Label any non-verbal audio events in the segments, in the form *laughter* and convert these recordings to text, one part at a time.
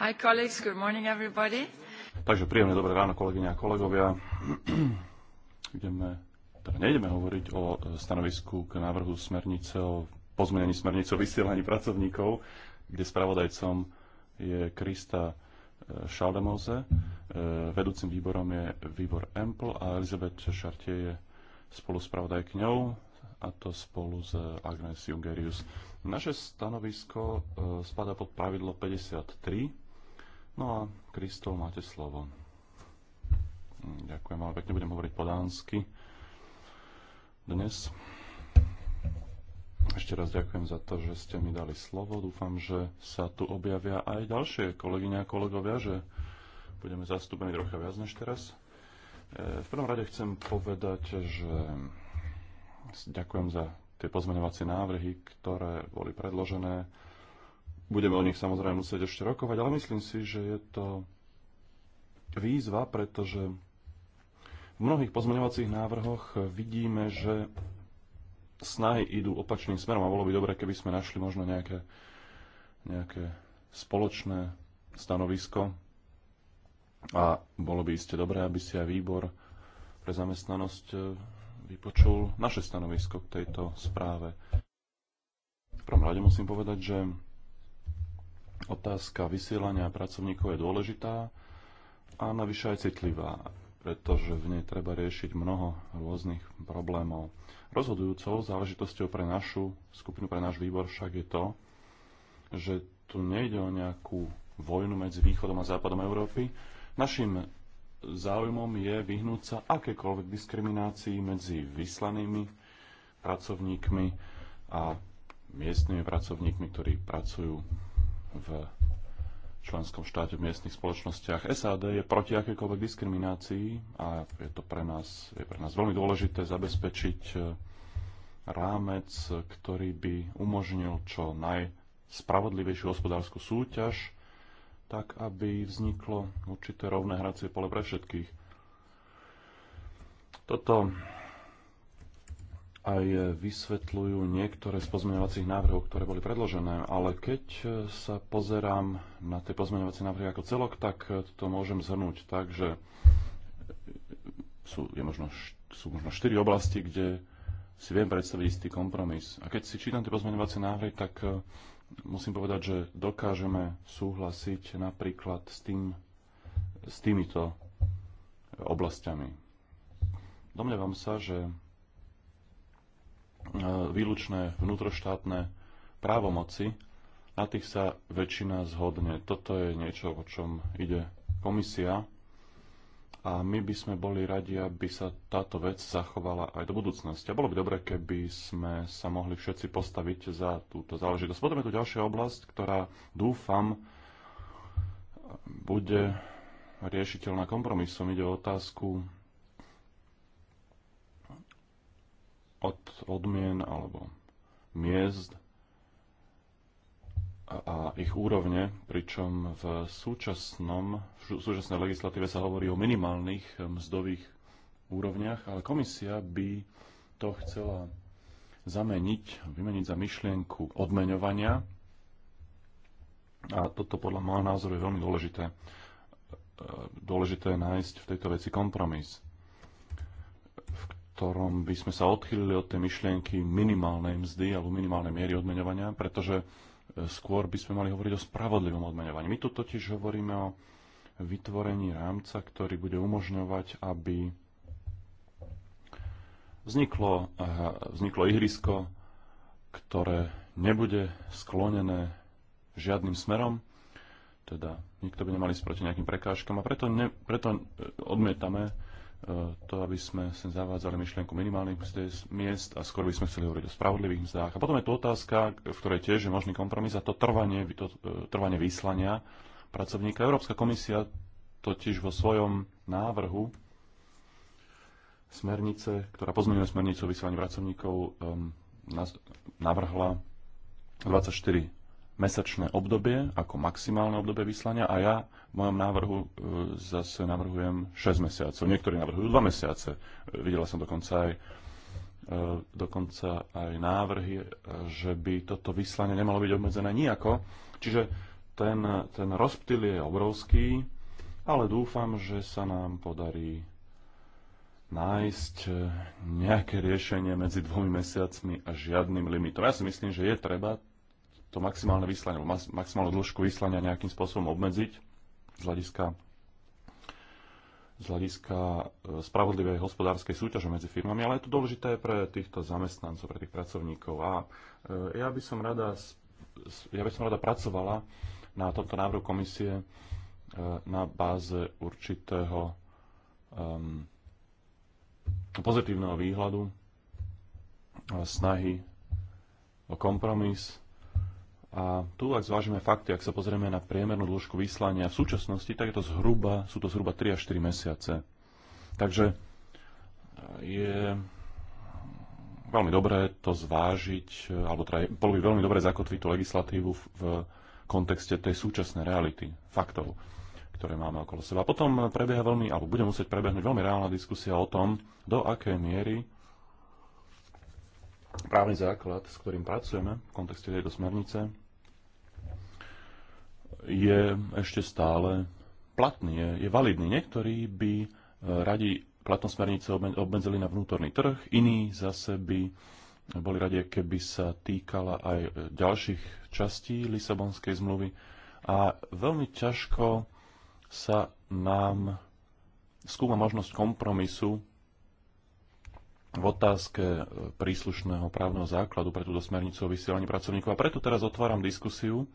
Hi colleagues, good morning everybody. Takže príjemne dobré ráno kolegyne a kolegovia. *clears throat* Ideme, teda nejdeme hovoriť o stanovisku k návrhu smernice o pozmenení smernice o vysielaní pracovníkov, kde spravodajcom je Krista e, Šaldemose, e, vedúcim výborom je výbor EMPL a Elizabeth Chartier je spolu spravodajkňou a to spolu s Agnes Jungerius. Naše stanovisko e, spada pod pravidlo 53 No a Kristol, máte slovo. Hm, ďakujem veľmi pekne, budem hovoriť po dánsky dnes. Ešte raz ďakujem za to, že ste mi dali slovo. Dúfam, že sa tu objavia aj ďalšie kolegyne a kolegovia, že budeme zastúpení trocha viac než teraz. E, v prvom rade chcem povedať, že ďakujem za tie pozmeňovacie návrhy, ktoré boli predložené Budeme o nich samozrejme musieť ešte rokovať, ale myslím si, že je to výzva, pretože v mnohých pozmeňovacích návrhoch vidíme, že snahy idú opačným smerom a bolo by dobré, keby sme našli možno nejaké, nejaké spoločné stanovisko a bolo by iste dobré, aby si aj výbor pre zamestnanosť e, vypočul naše stanovisko k tejto správe. V prvom rade musím povedať, že otázka vysielania pracovníkov je dôležitá a navyše aj citlivá, pretože v nej treba riešiť mnoho rôznych problémov. Rozhodujúcou záležitosťou pre našu skupinu, pre náš výbor však je to, že tu nejde o nejakú vojnu medzi východom a západom Európy. Našim záujmom je vyhnúť sa akékoľvek diskriminácii medzi vyslanými pracovníkmi a miestnymi pracovníkmi, ktorí pracujú v členskom štáte v miestnych spoločnostiach. SAD je proti akékoľvek diskriminácii a je to pre nás, je pre nás veľmi dôležité zabezpečiť e, rámec, ktorý by umožnil čo najspravodlivejšiu hospodárskú súťaž, tak aby vzniklo určité rovné hracie pole pre všetkých. Toto aj vysvetľujú niektoré z pozmeňovacích návrhov, ktoré boli predložené, ale keď sa pozerám na tie pozmeňovacie návrhy ako celok, tak to môžem zhrnúť tak, že sú, je možno, sú možno štyri oblasti, kde si viem predstaviť istý kompromis. A keď si čítam tie pozmeňovacie návrhy, tak eh, musím povedať, že dokážeme súhlasiť napríklad s, tým, s týmito oblastiami. Domnievam sa, že E, výlučné vnútroštátne právomoci, na tých sa väčšina zhodne. Toto je niečo, o čom ide komisia a my by sme boli radi, aby sa táto vec zachovala aj do budúcnosti. A bolo by dobre, keby sme sa mohli všetci postaviť za túto záležitosť. Potom je tu ďalšia oblasť, ktorá dúfam bude riešiteľná kompromisom. Ide o otázku od odmien alebo miest a ich úrovne, pričom v, súčasnom, v súčasnej legislatíve sa hovorí o minimálnych mzdových úrovniach, ale komisia by to chcela zameniť, vymeniť za myšlienku odmeňovania. A toto podľa môjho názoru je veľmi dôležité. E, dôležité je nájsť v tejto veci kompromis ktorom by sme sa odchýlili od tej myšlienky minimálnej mzdy alebo minimálnej miery odmeňovania, pretože e, skôr by sme mali hovoriť o spravodlivom odmeňovaní. My tu totiž hovoríme o vytvorení rámca, ktorý bude umožňovať, aby vzniklo, e, vzniklo ihrisko, ktoré nebude sklonené žiadnym smerom, teda nikto by nemal ísť proti nejakým prekážkom a preto, ne, preto e, odmietame E, to, aby sme sem zavádzali myšlienku minimálnych miest a skôr by sme chceli hovoriť o spravodlivých mzdách. A potom je tu otázka, v ktorej tiež je možný kompromis a to trvanie, to e, trvanie vyslania pracovníka. Európska komisia totiž vo svojom návrhu smernice, ktorá pozmenuje smernicu o pracovníkov, um, navrhla 24 mesačné obdobie ako maximálne obdobie vyslania a ja v mojom návrhu e, zase navrhujem 6 mesiacov, niektorí navrhujú 2 mesiace. E, videla som dokonca aj e, dokonca aj návrhy, že by toto vyslanie nemalo byť obmedzené nijako. Čiže ten, ten rozptyl je obrovský, ale dúfam, že sa nám podarí nájsť nejaké riešenie medzi dvomi mesiacmi a žiadnym limitom. Ja si myslím, že je treba to maximálne vyslanie, maximálnu dĺžku vyslania nejakým spôsobom obmedziť, z hľadiska, z hľadiska e, spravodlivej hospodárskej súťaže medzi firmami, ale je to dôležité pre týchto zamestnancov, pre tých pracovníkov. A e, ja by som rada, ja by som rada pracovala na tomto návrhu komisie e, na báze určitého um, pozitívneho výhľadu, snahy o kompromis a tu, ak zvážime fakty, ak sa pozrieme na priemernú dĺžku vyslania v súčasnosti, tak je to zhruba, sú to zhruba 3 až 4 mesiace. Takže e, je veľmi dobré to zvážiť, e, alebo teda bolo by veľmi dobré zakotviť tú legislatívu v kontexte tej súčasnej reality, faktov, ktoré máme okolo seba. Potom prebieha veľmi, alebo bude musieť prebehnúť veľmi reálna diskusia o tom, do akej miery právny základ, s ktorým pracujeme v kontexte tejto smernice, je ešte stále platný, je, je validný. Niektorí by e, radi platnosť smernice obmedzili na vnútorný trh, iní zase by boli radi, keby sa týkala aj e, ďalších častí Lisabonskej zmluvy. A veľmi ťažko sa nám skúma možnosť kompromisu v otázke e, príslušného právneho základu pre túto smernicu o vysielaní pracovníkov. A preto teraz otváram diskusiu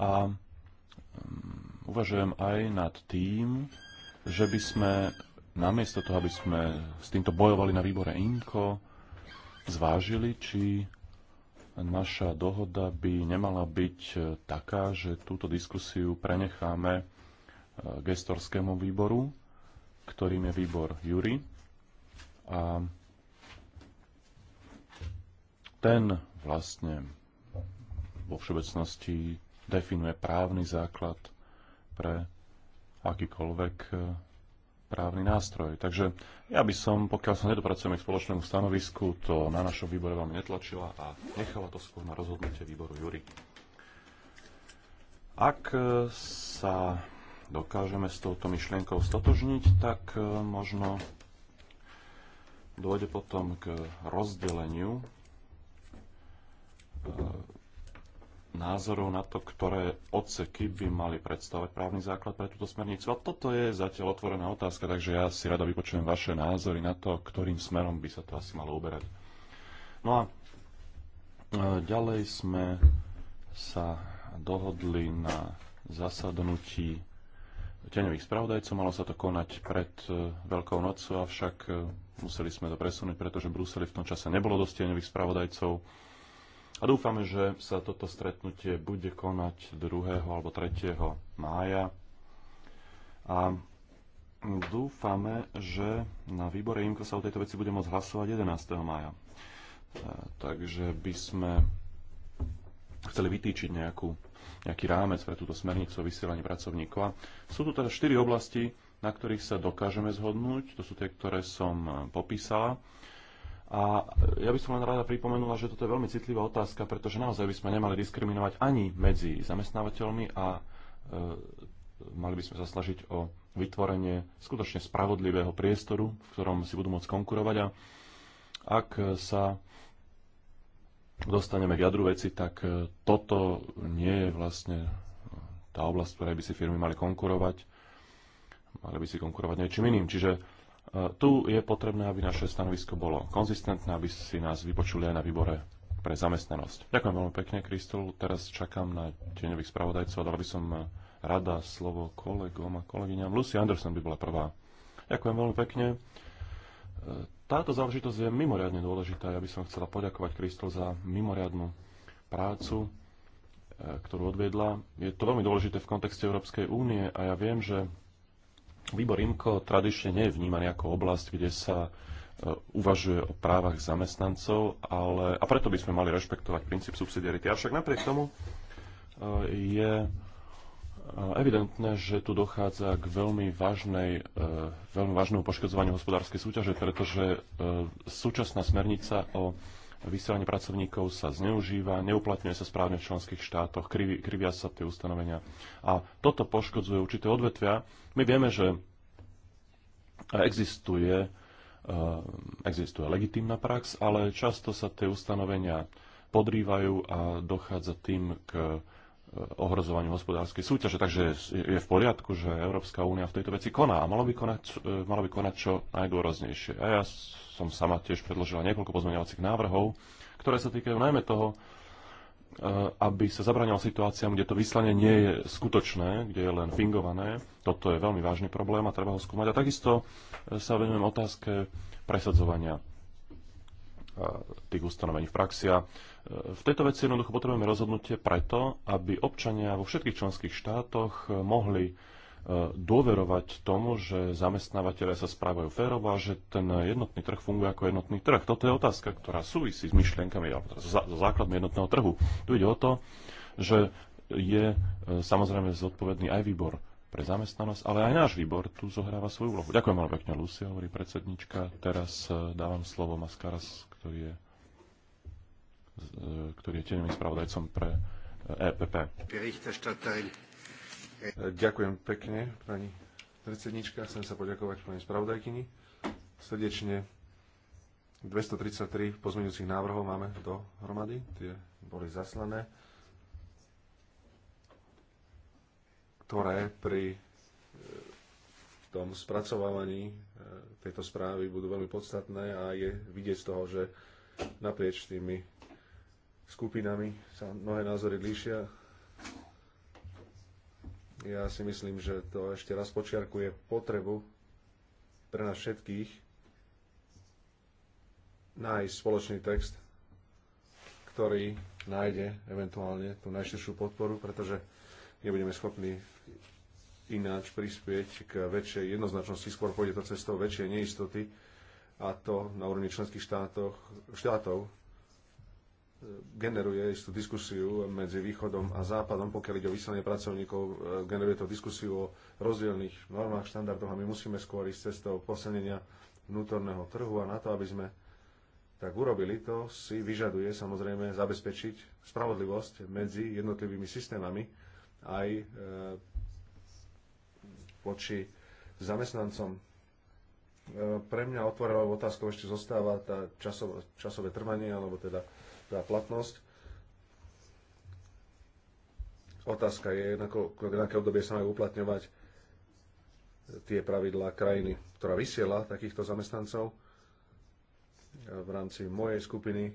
a mm, uvažujem aj nad tým, že by sme namiesto toho, aby sme s týmto bojovali na výbore INKO, zvážili, či naša dohoda by nemala byť e, taká, že túto diskusiu prenecháme e, gestorskému výboru, ktorým je výbor Jury. A ten vlastne vo všeobecnosti definuje právny základ pre akýkoľvek e, právny nástroj. Takže ja by som, pokiaľ sa nedopracujem k spoločnému stanovisku, to na našom výbore vám netlačila a nechala to skôr na rozhodnutie výboru Jury. Ak e, sa dokážeme s touto myšlienkou stotožniť, tak e, možno dôjde potom k rozdeleniu názorov na to, ktoré odseky by mali predstavovať právny základ pre túto smernicu. A toto je zatiaľ otvorená otázka, takže ja si rada vypočujem vaše názory na to, ktorým smerom by sa to asi malo uberať. No a e, ďalej sme sa dohodli na zasadnutí teňových spravodajcov. Malo sa to konať pred e, Veľkou nocou, avšak e, museli sme to presunúť, pretože v Bruseli v tom čase nebolo dosť teňových spravodajcov a dúfame, že sa toto stretnutie bude konať 2. alebo 3. mája. A dúfame, že na výbore IMKO sa o tejto veci bude môcť hlasovať 11. mája. E, takže by sme chceli vytýčiť nejakú, nejaký rámec pre túto smernicu o vysielaní pracovníkov. A sú tu teda štyri oblasti, na ktorých sa dokážeme zhodnúť. To sú tie, ktoré som popísala. A ja by som len rada pripomenula, že toto je veľmi citlivá otázka, pretože naozaj by sme nemali diskriminovať ani medzi zamestnávateľmi a e, mali by sme sa snažiť o vytvorenie skutočne spravodlivého priestoru, v ktorom si budú môcť konkurovať. A ak sa dostaneme k jadru veci, tak e, toto nie je vlastne tá oblasť, v ktorej by si firmy mali konkurovať. Mali by si konkurovať niečím iným. Čiže tu je potrebné, aby naše stanovisko bolo konzistentné, aby si nás vypočuli aj na výbore pre zamestnanosť. Ďakujem veľmi pekne, Kristol. Teraz čakám na tieňových spravodajcov a dala by som eh, rada slovo kolegom a kolegyňam. Lucy Anderson by bola prvá. Ďakujem veľmi pekne. Eh, táto záležitosť je mimoriadne dôležitá. Ja by som chcela poďakovať Kristol za mimoriadnu prácu, eh, ktorú odviedla. Je to veľmi dôležité v kontexte Európskej únie a ja viem, že Výbor IMCO tradične nie je vnímaný ako oblasť, kde sa e, uvažuje o právach zamestnancov, ale, a preto by sme mali rešpektovať princíp subsidiarity. Avšak napriek tomu e, je e, evidentné, že tu dochádza k veľmi, vážnej, veľmi vážnemu poškodzovaniu hospodárskej súťaže, pretože súčasná smernica o vysielanie pracovníkov sa zneužíva, neuplatňuje sa správne v členských štátoch, krivi, krivia sa tie ustanovenia. A toto poškodzuje určité odvetvia. My vieme, že existuje, eh, existuje legitímna prax, ale často sa tie ustanovenia podrývajú a dochádza tým k eh, ohrozovaniu hospodárskej súťaže. Takže je v poriadku, že Európska únia v tejto veci koná a malo by konať, eh, malo by konať čo najdôraznejšie. A ja som sama tiež predložila niekoľko pozmeňovacích návrhov, ktoré sa týkajú najmä toho, e, aby sa zabranilo situáciám, kde to vyslanie nie je skutočné, kde je len fingované. Toto je veľmi vážny problém a treba ho skúmať. A takisto e, sa venujem otázke presadzovania e, tých ustanovení v praxi. A v tejto veci jednoducho potrebujeme rozhodnutie preto, aby občania vo všetkých členských štátoch mohli dôverovať tomu, že zamestnávateľe sa správajú férovo a že ten jednotný trh funguje ako jednotný trh. Toto je otázka, ktorá súvisí s myšlienkami alebo teda s základmi jednotného trhu. Tu ide o to, že je e, samozrejme zodpovedný aj výbor pre zamestnanosť, ale aj náš výbor tu zohráva svoju úlohu. Ďakujem veľmi pekne, Lucia, hovorí predsednička. Teraz e, dávam slovo Maskaras, ktorý je, e, ktorý je tieňovým spravodajcom pre EPP. Ďakujem pekne, pani predsednička. Chcem sa poďakovať pani spravodajkyni. Srdečne 233 pozmeňujúcich návrhov máme dohromady. Tie boli zaslané, ktoré pri e, tom spracovávaní e, tejto správy budú veľmi podstatné a je vidieť z toho, že naprieč tými skupinami sa mnohé názory líšia ja si myslím, že to ešte raz počiarkuje potrebu pre nás všetkých nájsť spoločný text, ktorý nájde eventuálne tú najširšiu podporu, pretože nebudeme schopní ináč prispieť k väčšej jednoznačnosti, skôr pôjde to cestou väčšej neistoty a to na úrovni členských štátov, štátov generuje istú diskusiu medzi východom a západom, pokiaľ ide o vysielanie pracovníkov, e, generuje to diskusiu o rozdielných normách, štandardoch a my musíme skôr ísť cestou posilnenia vnútorného trhu a na to, aby sme tak urobili to, si vyžaduje samozrejme zabezpečiť spravodlivosť medzi jednotlivými systémami aj e, voči zamestnancom e, pre mňa otvorenou otázkou ešte zostáva tá časové, časové trvanie, alebo teda teda platnosť. Otázka je, na, ko, na aké obdobie sa majú uplatňovať tie pravidlá krajiny, ktorá vysiela takýchto zamestnancov. V rámci mojej skupiny e,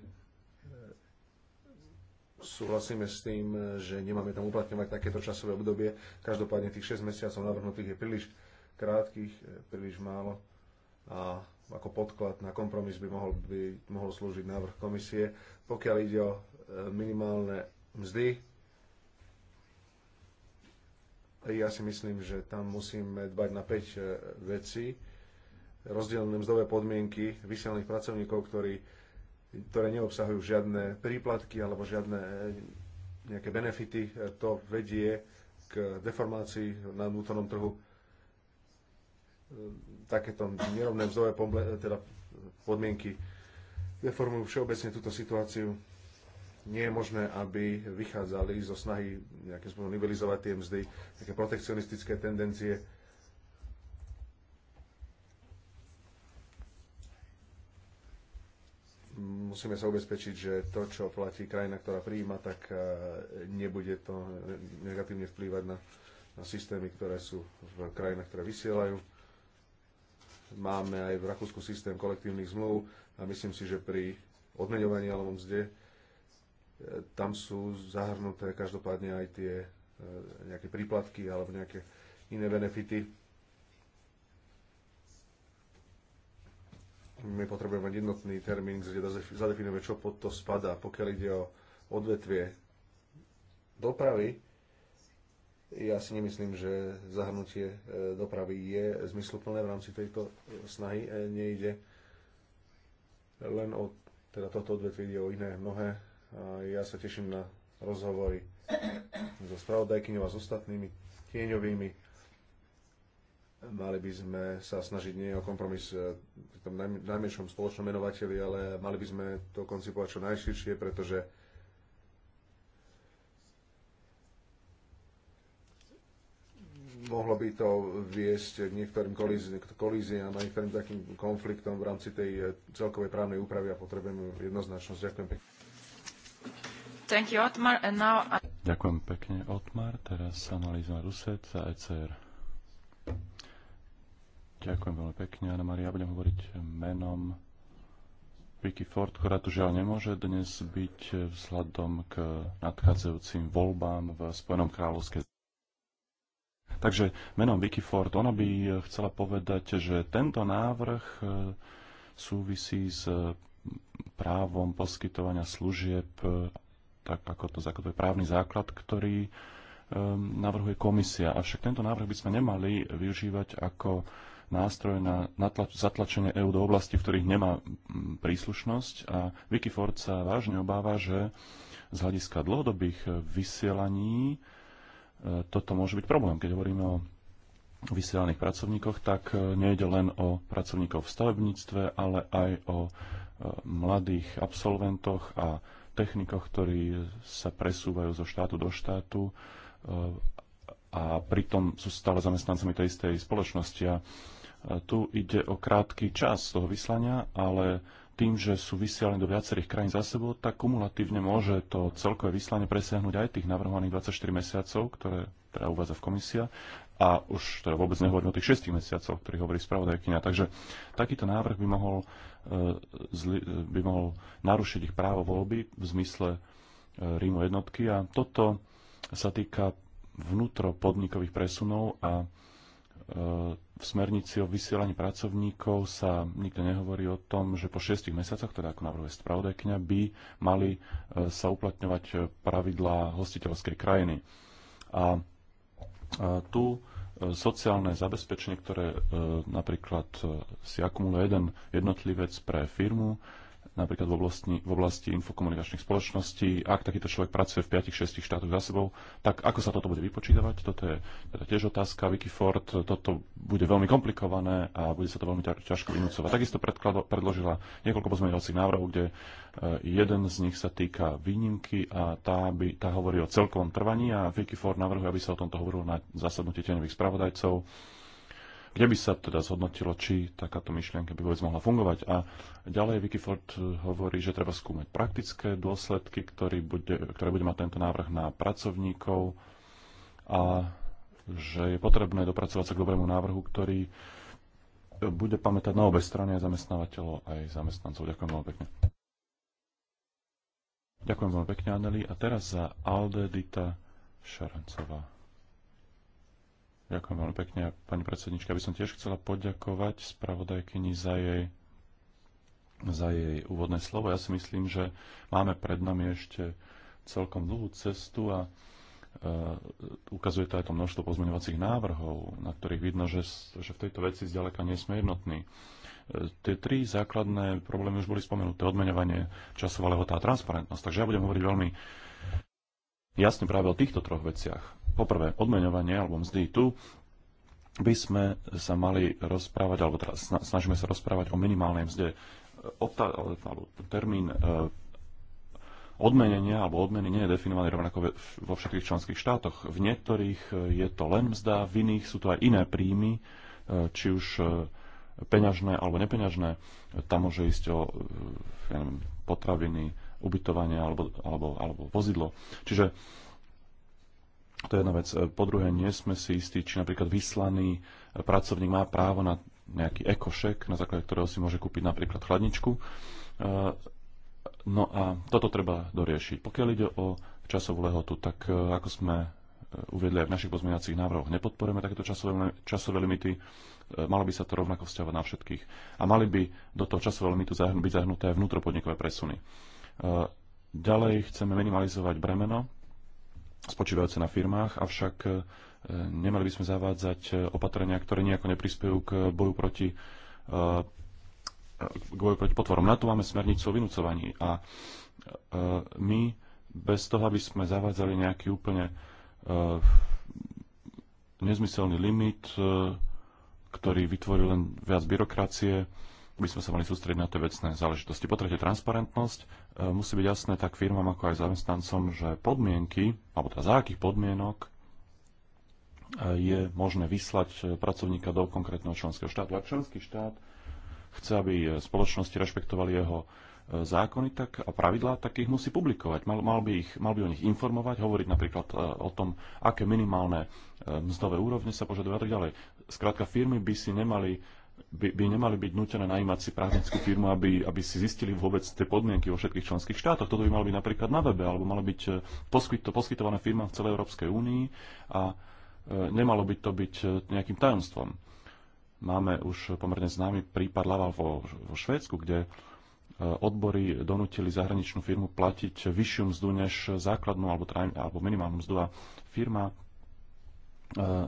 súhlasíme s tým, že nemáme tam uplatňovať takéto časové obdobie. Každopádne tých 6 mesiacov navrhnutých je príliš krátkých, e, príliš málo a ako podklad na kompromis by mohol, by mohol slúžiť návrh komisie pokiaľ ide o e, minimálne mzdy, ja si myslím, že tam musíme dbať na 5 e, vecí. Rozdielne mzdové podmienky vysielaných pracovníkov, ktorí, ktoré neobsahujú žiadne príplatky alebo žiadne e, nejaké benefity, to vedie k deformácii na vnútornom trhu. Takéto nerovné mzdové teda podmienky deformujú všeobecne túto situáciu. Nie je možné, aby vychádzali zo snahy nejakým spôsobom nivelizovať tie mzdy, také protekcionistické tendencie. Musíme sa ubezpečiť, že to, čo platí krajina, ktorá prijíma, tak e, nebude to negatívne vplývať na, na systémy, ktoré sú v krajinách, ktoré vysielajú máme aj v Rakúsku systém kolektívnych zmluv, a myslím si, že pri odmeňovaní alebo mzde e, tam sú zahrnuté každopádne aj tie e, nejaké príplatky alebo nejaké iné benefity. My potrebujeme mať jednotný termín, kde zadefinujeme, čo pod to spadá. Pokiaľ ide o odvetvie dopravy, ja si nemyslím, že zahrnutie e, dopravy je zmysluplné v rámci tejto snahy. Nejde len o teda toto odvetví je o iné mnohé. A ja sa teším na rozhovory so spravodajkyňou a s ostatnými tieňovými. Mali by sme sa snažiť nie o kompromis v e, tom najmenšom spoločnom menovateľi, ale mali by sme to koncipovať čo najširšie, pretože mohlo by to viesť k niektorým kolíziám a niektorým takým konfliktom v rámci tej eh, celkovej právnej úpravy a potrebujeme jednoznačnosť. Ďakujem pekne. Thank you, Otmar. And now I... Ďakujem pekne, Otmar. Teraz analýza Ruset za ECR. Ďakujem veľmi pekne, Anna Maria. Ja budem hovoriť menom Vicky Ford, ktorá tu žiaľ nemôže dnes byť vzhľadom k nadchádzajúcim voľbám v Spojenom kráľovskej Takže menom Vicky Ford, ona by e, chcela povedať, že tento návrh e, súvisí s e, právom poskytovania služieb, tak ako to zakotuje právny základ, ktorý navrhuje komisia. Avšak tento návrh by sme nemali využívať ako nástroj na zatlačenie EÚ do oblasti, v ktorých nemá príslušnosť. A Vicky Ford sa vážne obáva, že z hľadiska dlhodobých vysielaní E, toto môže byť problém. Keď hovoríme o vysielaných pracovníkoch, tak e, nejde len o pracovníkov v stavebníctve, ale aj o e, mladých absolventoch a technikoch, ktorí sa presúvajú zo štátu do štátu a pritom sú stále zamestnancami tej istej spoločnosti. A tu ide o krátky čas toho vyslania, ale tým, že sú vysielané do viacerých krajín za sebou, tak kumulatívne môže to celkové vyslanie presiahnuť aj tých navrhovaných 24 mesiacov, ktoré teda uvádza v komisia. A už teda vôbec nehovorím o tých 6 mesiacoch, ktorých hovorí spravodajkynia. Takže takýto návrh by mohol, e, e, by mohol narušiť ich právo voľby v zmysle e, Rímu jednotky. A toto sa týka vnútro podnikových presunov a v smernici o vysielaní pracovníkov sa nikto nehovorí o tom, že po šiestich mesiacoch, teda ako navrhuje spravodajkňa, by mali e, sa uplatňovať e, pravidlá hostiteľskej krajiny. A e, tu sociálne zabezpečenie, ktoré napríklad si akumuluje jeden jednotlivec pre firmu, napríklad v oblasti, v oblasti infokomunikačných spoločností. Ak takýto človek pracuje v 5-6 štátoch za sebou, tak ako sa toto bude vypočítavať? Toto je teda tiež otázka. Wikiford, toto bude veľmi komplikované a bude sa to veľmi ťažko vynúcovať. Takisto predložila niekoľko pozmeňovacích návrhov, kde e, jeden z nich sa týka výnimky a tá, by, tá hovorí o celkovom trvaní a Wikiford Ford navrhuje, aby sa o tomto hovorilo na zasadnutí tieňových spravodajcov kde by sa teda zhodnotilo, či takáto myšlienka by vôbec mohla fungovať. A ďalej WikiFord hovorí, že treba skúmať praktické dôsledky, ktoré bude, ktoré bude mať tento návrh na pracovníkov a že je potrebné dopracovať sa k dobrému návrhu, ktorý bude pamätať na obe strany, aj zamestnávateľov, aj zamestnancov. Ďakujem veľmi pekne. Ďakujem veľmi pekne, Anneli. A teraz za Alde Dita Šarancová. Ďakujem veľmi pekne. Pani predsednička, by som tiež chcela poďakovať spravodajkyni za jej, za jej úvodné slovo. Ja si myslím, že máme pred nami ešte celkom dlhú cestu a e, ukazuje to aj to množstvo pozmeňovacích návrhov, na ktorých vidno, že, že v tejto veci zďaleka nie sme jednotní. E, tie tri základné problémy už boli spomenuté. Odmeňovanie, časová lehota a transparentnosť. Takže ja budem hovoriť veľmi jasne práve o týchto troch veciach poprvé odmeňovanie alebo mzdy tu by sme sa mali rozprávať, alebo teraz snažíme sa rozprávať o minimálnej mzde. alebo termín e, odmenenia alebo odmeny nie je definovaný rovnako vo všetkých členských štátoch. V niektorých e, je to len mzda, v iných sú to aj iné príjmy, e, či už peňažné alebo nepeňažné. Tam môže ísť o ja neviem, potraviny, ubytovanie alebo, alebo, alebo vozidlo. Čiže to je jedna vec. E, po druhé, nie sme si istí, či napríklad vyslaný e, pracovník má právo na nejaký ekošek, na základe ktorého si môže kúpiť napríklad chladničku. E, no a toto treba doriešiť. Pokiaľ ide o časovú lehotu, tak ako sme uviedli aj v našich pozmeňacích návrhoch, nepodporujeme takéto časové, časové limity. Malo by sa to rovnako vzťahovať na všetkých. A mali by do toho časového limitu byť zahrnuté aj vnútropodnikové presuny. Ďalej chceme minimalizovať bremeno spočívajúce na firmách, avšak e, nemali by sme zavádzať e, opatrenia, ktoré nejako neprispejú k boju proti e, k boju proti potvorom. Na to máme smernicu o vynúcovaní a my bez toho, aby sme zavádzali nejaký úplne nezmyselný limit, ktorý vytvorí len viac byrokracie, by sme sa mali sústrediť na tie vecné záležitosti. Potrebujete transparentnosť. E, musí byť jasné tak firmám ako aj zamestnancom, že podmienky, alebo teda za akých podmienok e, je možné vyslať e, pracovníka do konkrétneho členského štátu. Ak členský štát chce, aby spoločnosti rešpektovali jeho zákony tak, a pravidlá, tak ich musí publikovať. Mal, mal, by ich, mal by o nich informovať, hovoriť napríklad o tom, aké minimálne mzdové úrovne sa požadujú a tak ďalej. Skrátka, firmy by si nemali by, by nemali byť nutené najímať si právnickú firmu, aby, aby si zistili vôbec tie podmienky vo všetkých členských štátoch. Toto by malo byť napríklad na webe, alebo malo byť e, poskyt, poskytované firma v celej Európskej únii a e, nemalo by to byť e, nejakým tajomstvom. Máme už pomerne známy prípad Laval vo, vo Švédsku, kde odbory donútili zahraničnú firmu platiť vyššiu mzdu než základnú alebo, alebo minimálnu mzdu a firma e,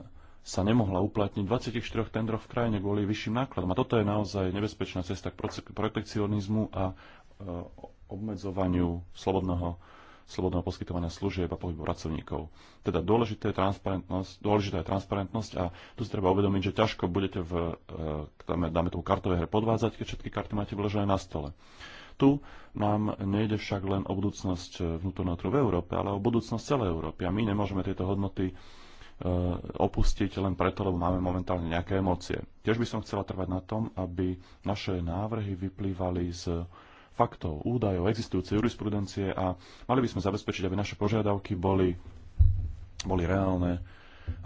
sa nemohla uplatniť 24 tendroch v krajine kvôli vyšším nákladom. A toto je naozaj nebezpečná cesta k protekcionizmu a e, obmedzovaniu slobodného, slobodného poskytovania služieb a pohybu pracovníkov. Teda dôležité je transparentnosť, dôležitá je transparentnosť a tu si treba uvedomiť, že ťažko budete v, e, dáme tomu kartovej hre podvádzať, keď všetky karty máte vložené na stole. Tu nám nejde však len o budúcnosť vnútorného trhu v Európe, ale o budúcnosť celej Európy. A my nemôžeme tieto hodnoty Eh, opustiť len preto, lebo máme momentálne nejaké emócie. Tiež by som chcela trvať na tom, aby naše návrhy vyplývali z faktov, údajov, existujúcej jurisprudencie a mali by sme zabezpečiť, aby naše požiadavky boli, boli reálne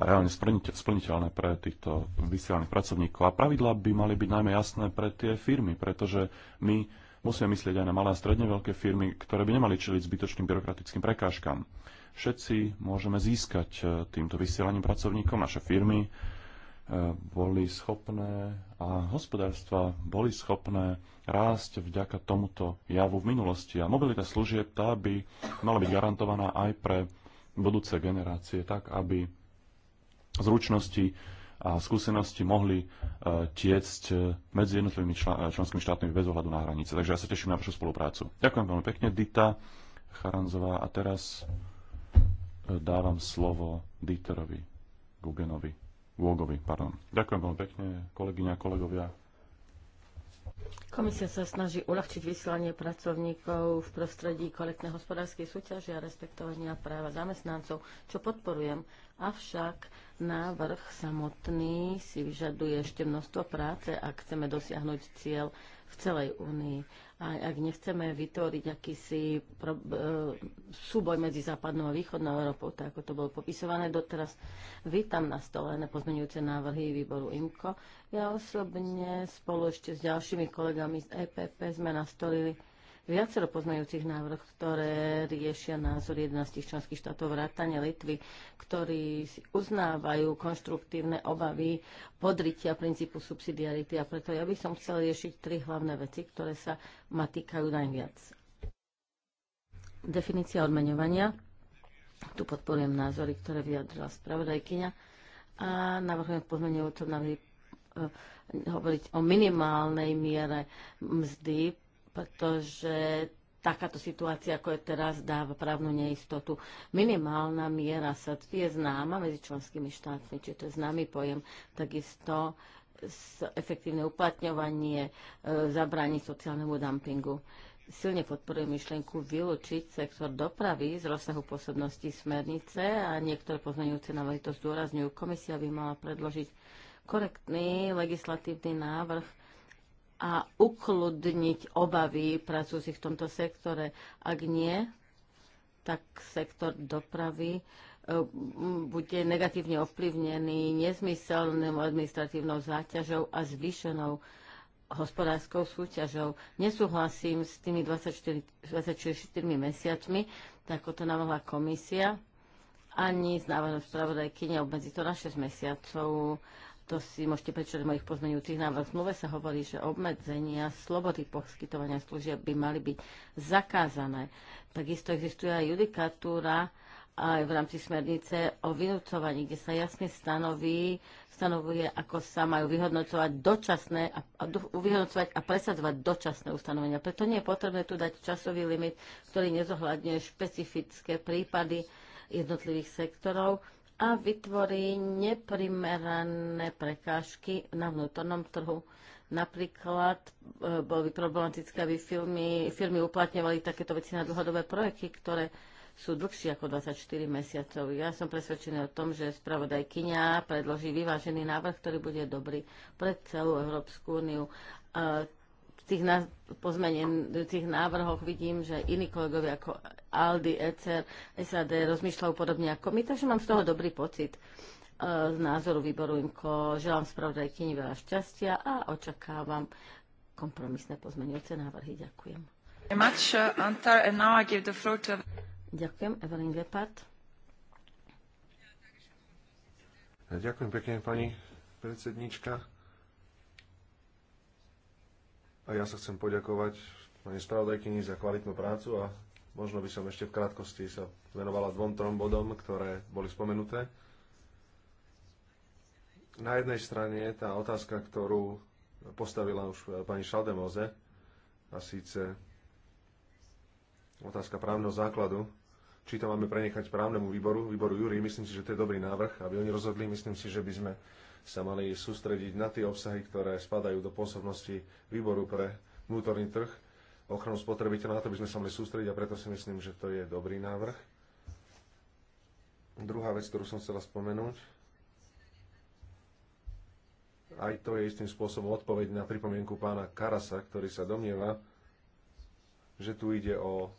a reálne splniteľné pre týchto vysielaných pracovníkov. A pravidlá by mali byť najmä jasné pre tie firmy, pretože my musíme myslieť aj na malé a stredne veľké firmy, ktoré by nemali čeliť zbytočným byrokratickým prekážkam všetci môžeme získať e, týmto vysielaním pracovníkom. Naše firmy e, boli schopné a hospodárstva boli schopné rásť vďaka tomuto javu v minulosti. A mobilita služieb tá by mala byť garantovaná aj pre budúce generácie, tak aby zručnosti a skúsenosti mohli e, tiecť medzi jednotlivými členskými štátmi bez ohľadu na hranice. Takže ja sa teším na vašu spoluprácu. Ďakujem veľmi pekne, Dita Charanzová. A teraz dávam slovo Dieterovi Gugenovi. Vôgovi, pardon. Ďakujem veľmi pekne, kolegyňa, kolegovia. Komisia sa snaží uľahčiť vysielanie pracovníkov v prostredí kolektnej hospodárskej súťaže a respektovania práva zamestnancov, čo podporujem. Avšak návrh samotný si vyžaduje ešte množstvo práce, a chceme dosiahnuť cieľ v celej únii. A ak nechceme vytvoriť akýsi pro, e, súboj medzi západnou a východnou Európou, tak ako to bolo popisované doteraz, vítam na stole na pozmeňujúce návrhy výboru IMCO. Ja osobne spolu ešte s ďalšími kolegami z EPP sme nastolili viacero poznajúcich návrh, ktoré riešia názor 11 členských štátov vrátane Litvy, ktorí uznávajú konštruktívne obavy podritia princípu subsidiarity a preto ja by som chcel riešiť tri hlavné veci, ktoré sa ma týkajú najviac. Definícia odmeňovania. Tu podporujem názory, ktoré vyjadrila spravodajkyňa a navrhujem pozmeňujúcom návrhy e, hovoriť o minimálnej miere mzdy pretože takáto situácia, ako je teraz, dáva právnu neistotu. Minimálna miera sadzby je známa medzi členskými štátmi, čiže to je známy pojem. Takisto efektívne uplatňovanie e, sociálnemu dumpingu. Silne podporujem myšlienku vylúčiť sektor dopravy z rozsahu pôsobnosti smernice a niektoré poznajúce návrhy to zdôrazňujú. Komisia by mala predložiť korektný legislatívny návrh, a ukludniť obavy pracujúcich v tomto sektore. Ak nie, tak sektor dopravy e, bude negatívne ovplyvnený nezmyselnou administratívnou záťažou a zvýšenou hospodárskou súťažou. Nesúhlasím s tými 24, 24 mesiacmi, tak ako to navrhla komisia, ani s návrhom spravodajky neobmedzi to na 6 mesiacov to si môžete prečítať v mojich pozmeňujúcich návrhoch. V zmluve sa hovorí, že obmedzenia slobody poskytovania služieb by mali byť zakázané. Takisto existuje aj judikatúra aj v rámci smernice o vynúcovaní, kde sa jasne stanoví, stanovuje, ako sa majú vyhodnocovať dočasné a, a vyhodnocovať a presadzovať dočasné ustanovenia. Preto nie je potrebné tu dať časový limit, ktorý nezohľadňuje špecifické prípady jednotlivých sektorov, a vytvorí neprimerané prekážky na vnútornom trhu. Napríklad e, boli problematické, aby firmy, firmy uplatňovali takéto veci na dlhodobé projekty, ktoré sú dlhšie ako 24 mesiacov. Ja som presvedčený o tom, že spravodajkyňa predloží vyvážený návrh, ktorý bude dobrý pre celú Európsku úniu. E, tých, na, pozmenen, tých návrhoch vidím, že iní kolegovia ako Aldi, ECR, SAD rozmýšľajú podobne ako my, takže mám z toho dobrý pocit e, z názoru výboru IMKO. Želám spravodajkyni veľa šťastia a očakávam kompromisné pozmeňujúce návrhy. Ďakujem. Uh, Ďakujem, Evelyn Gepard. Ďakujem pekne, pani predsednička. A ja sa chcem poďakovať pani spravodajkyni za kvalitnú prácu a možno by som ešte v krátkosti sa venovala dvom, trom bodom, ktoré boli spomenuté. Na jednej strane je tá otázka, ktorú postavila už pani Šaldemoze, a síce otázka právneho základu, či to máme prenechať právnemu výboru, výboru Júri. Myslím si, že to je dobrý návrh, aby oni rozhodli. Myslím si, že by sme sa mali sústrediť na tie obsahy, ktoré spadajú do pôsobnosti výboru pre vnútorný trh, ochranu spotrebiteľa, na to by sme sa mali sústrediť a preto si myslím, že to je dobrý návrh. Druhá vec, ktorú som chcela spomenúť, aj to je istým spôsobom odpoveď na pripomienku pána Karasa, ktorý sa domnieva, že tu ide o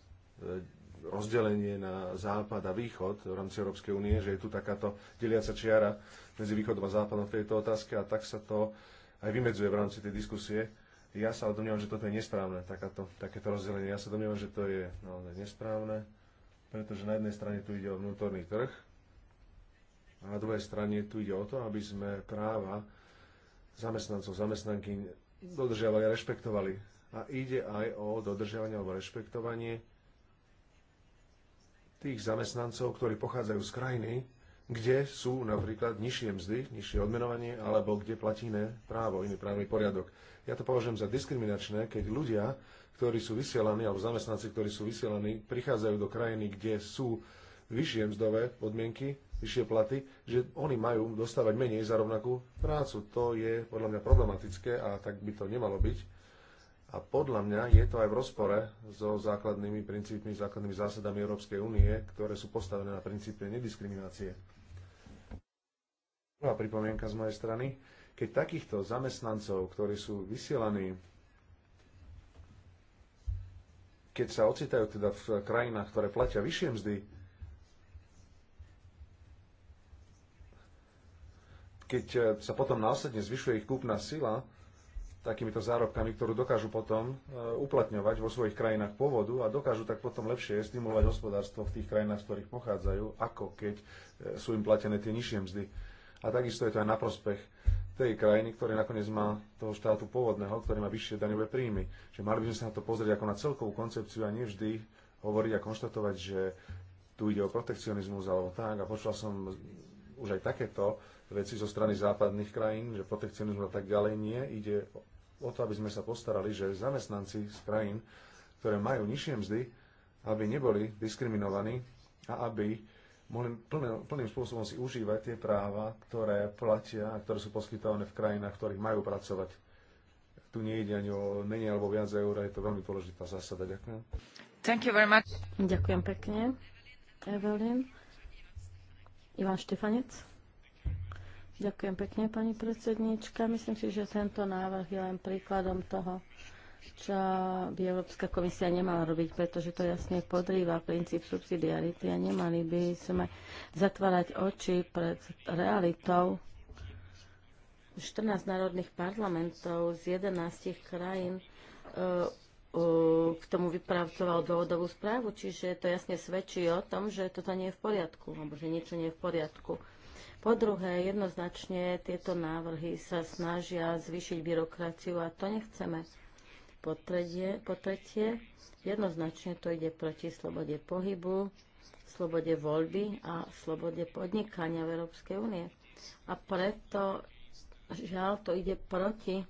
e, rozdelenie na západ a východ v rámci Európskej únie, že je tu takáto deliaca čiara medzi východom a západom v tejto otázke a tak sa to aj vymedzuje v rámci tej diskusie. Ja sa domnievam, že toto je nesprávne, takáto, takéto rozdelenie. Ja sa domnievam, že to je naozaj nesprávne, pretože na jednej strane tu ide o vnútorný trh a na druhej strane tu ide o to, aby sme práva zamestnancov, zamestnanky dodržiavali a rešpektovali. A ide aj o dodržiavanie alebo rešpektovanie tých zamestnancov, ktorí pochádzajú z krajiny, kde sú napríklad nižšie mzdy, nižšie odmenovanie, alebo kde platí iné právo, iný právny poriadok. Ja to považujem za diskriminačné, keď ľudia, ktorí sú vysielaní, alebo zamestnanci, ktorí sú vysielaní, prichádzajú do krajiny, kde sú vyššie mzdové podmienky, vyššie platy, že oni majú dostávať menej za rovnakú prácu. To je podľa mňa problematické a tak by to nemalo byť. A podľa mňa je to aj v rozpore so základnými princípmi, základnými zásadami Európskej únie, ktoré sú postavené na princípe nediskriminácie. Prvá pripomienka z mojej strany. Keď takýchto zamestnancov, ktorí sú vysielaní, keď sa ocitajú teda v krajinách, ktoré platia vyššie mzdy, keď sa potom následne zvyšuje ich kúpna sila, takýmito zárobkami, ktorú dokážu potom e, uplatňovať vo svojich krajinách pôvodu a dokážu tak potom lepšie stimulovať hospodárstvo v tých krajinách, z ktorých pochádzajú, ako keď e, sú im platené tie nižšie mzdy. A takisto je to aj na prospech tej krajiny, ktorý nakoniec má toho štátu pôvodného, ktorý má vyššie daňové príjmy. Čiže mali by sme sa na to pozrieť ako na celkovú koncepciu a nie vždy hovoriť a konštatovať, že tu ide o protekcionizmus alebo tak. A počula som už aj takéto veci zo strany západných krajín, že protekcionizmus a tak ďalej nie. Ide o to, aby sme sa postarali, že zamestnanci z krajín, ktoré majú nižšie mzdy, aby neboli diskriminovaní a aby mohli plný, plným spôsobom si užívať tie práva, ktoré platia a ktoré sú poskytované v krajinách, v ktorých majú pracovať. Tu ide ani o menej alebo viac eur, je to veľmi dôležitá zásada. Ďakujem. Thank you very much. Ďakujem pekne. Evelyn. Ivan Štefanec. Ďakujem pekne, pani predsednička. Myslím si, že tento návrh je len príkladom toho, čo by Európska komisia nemala robiť, pretože to jasne podrýva princíp subsidiarity a nemali by sme zatvárať oči pred realitou. 14 národných parlamentov z 11 krajín eh, k tomu vypracoval dôvodovú správu, čiže to jasne svedčí o tom, že toto nie je v poriadku, alebo že niečo nie je v poriadku. Po druhé, jednoznačne tieto návrhy sa snažia zvýšiť byrokraciu a to nechceme. Po tretie, po tretie jednoznačne to ide proti slobode pohybu, slobode voľby a slobode podnikania v Európskej únie. A preto, žiaľ, to ide proti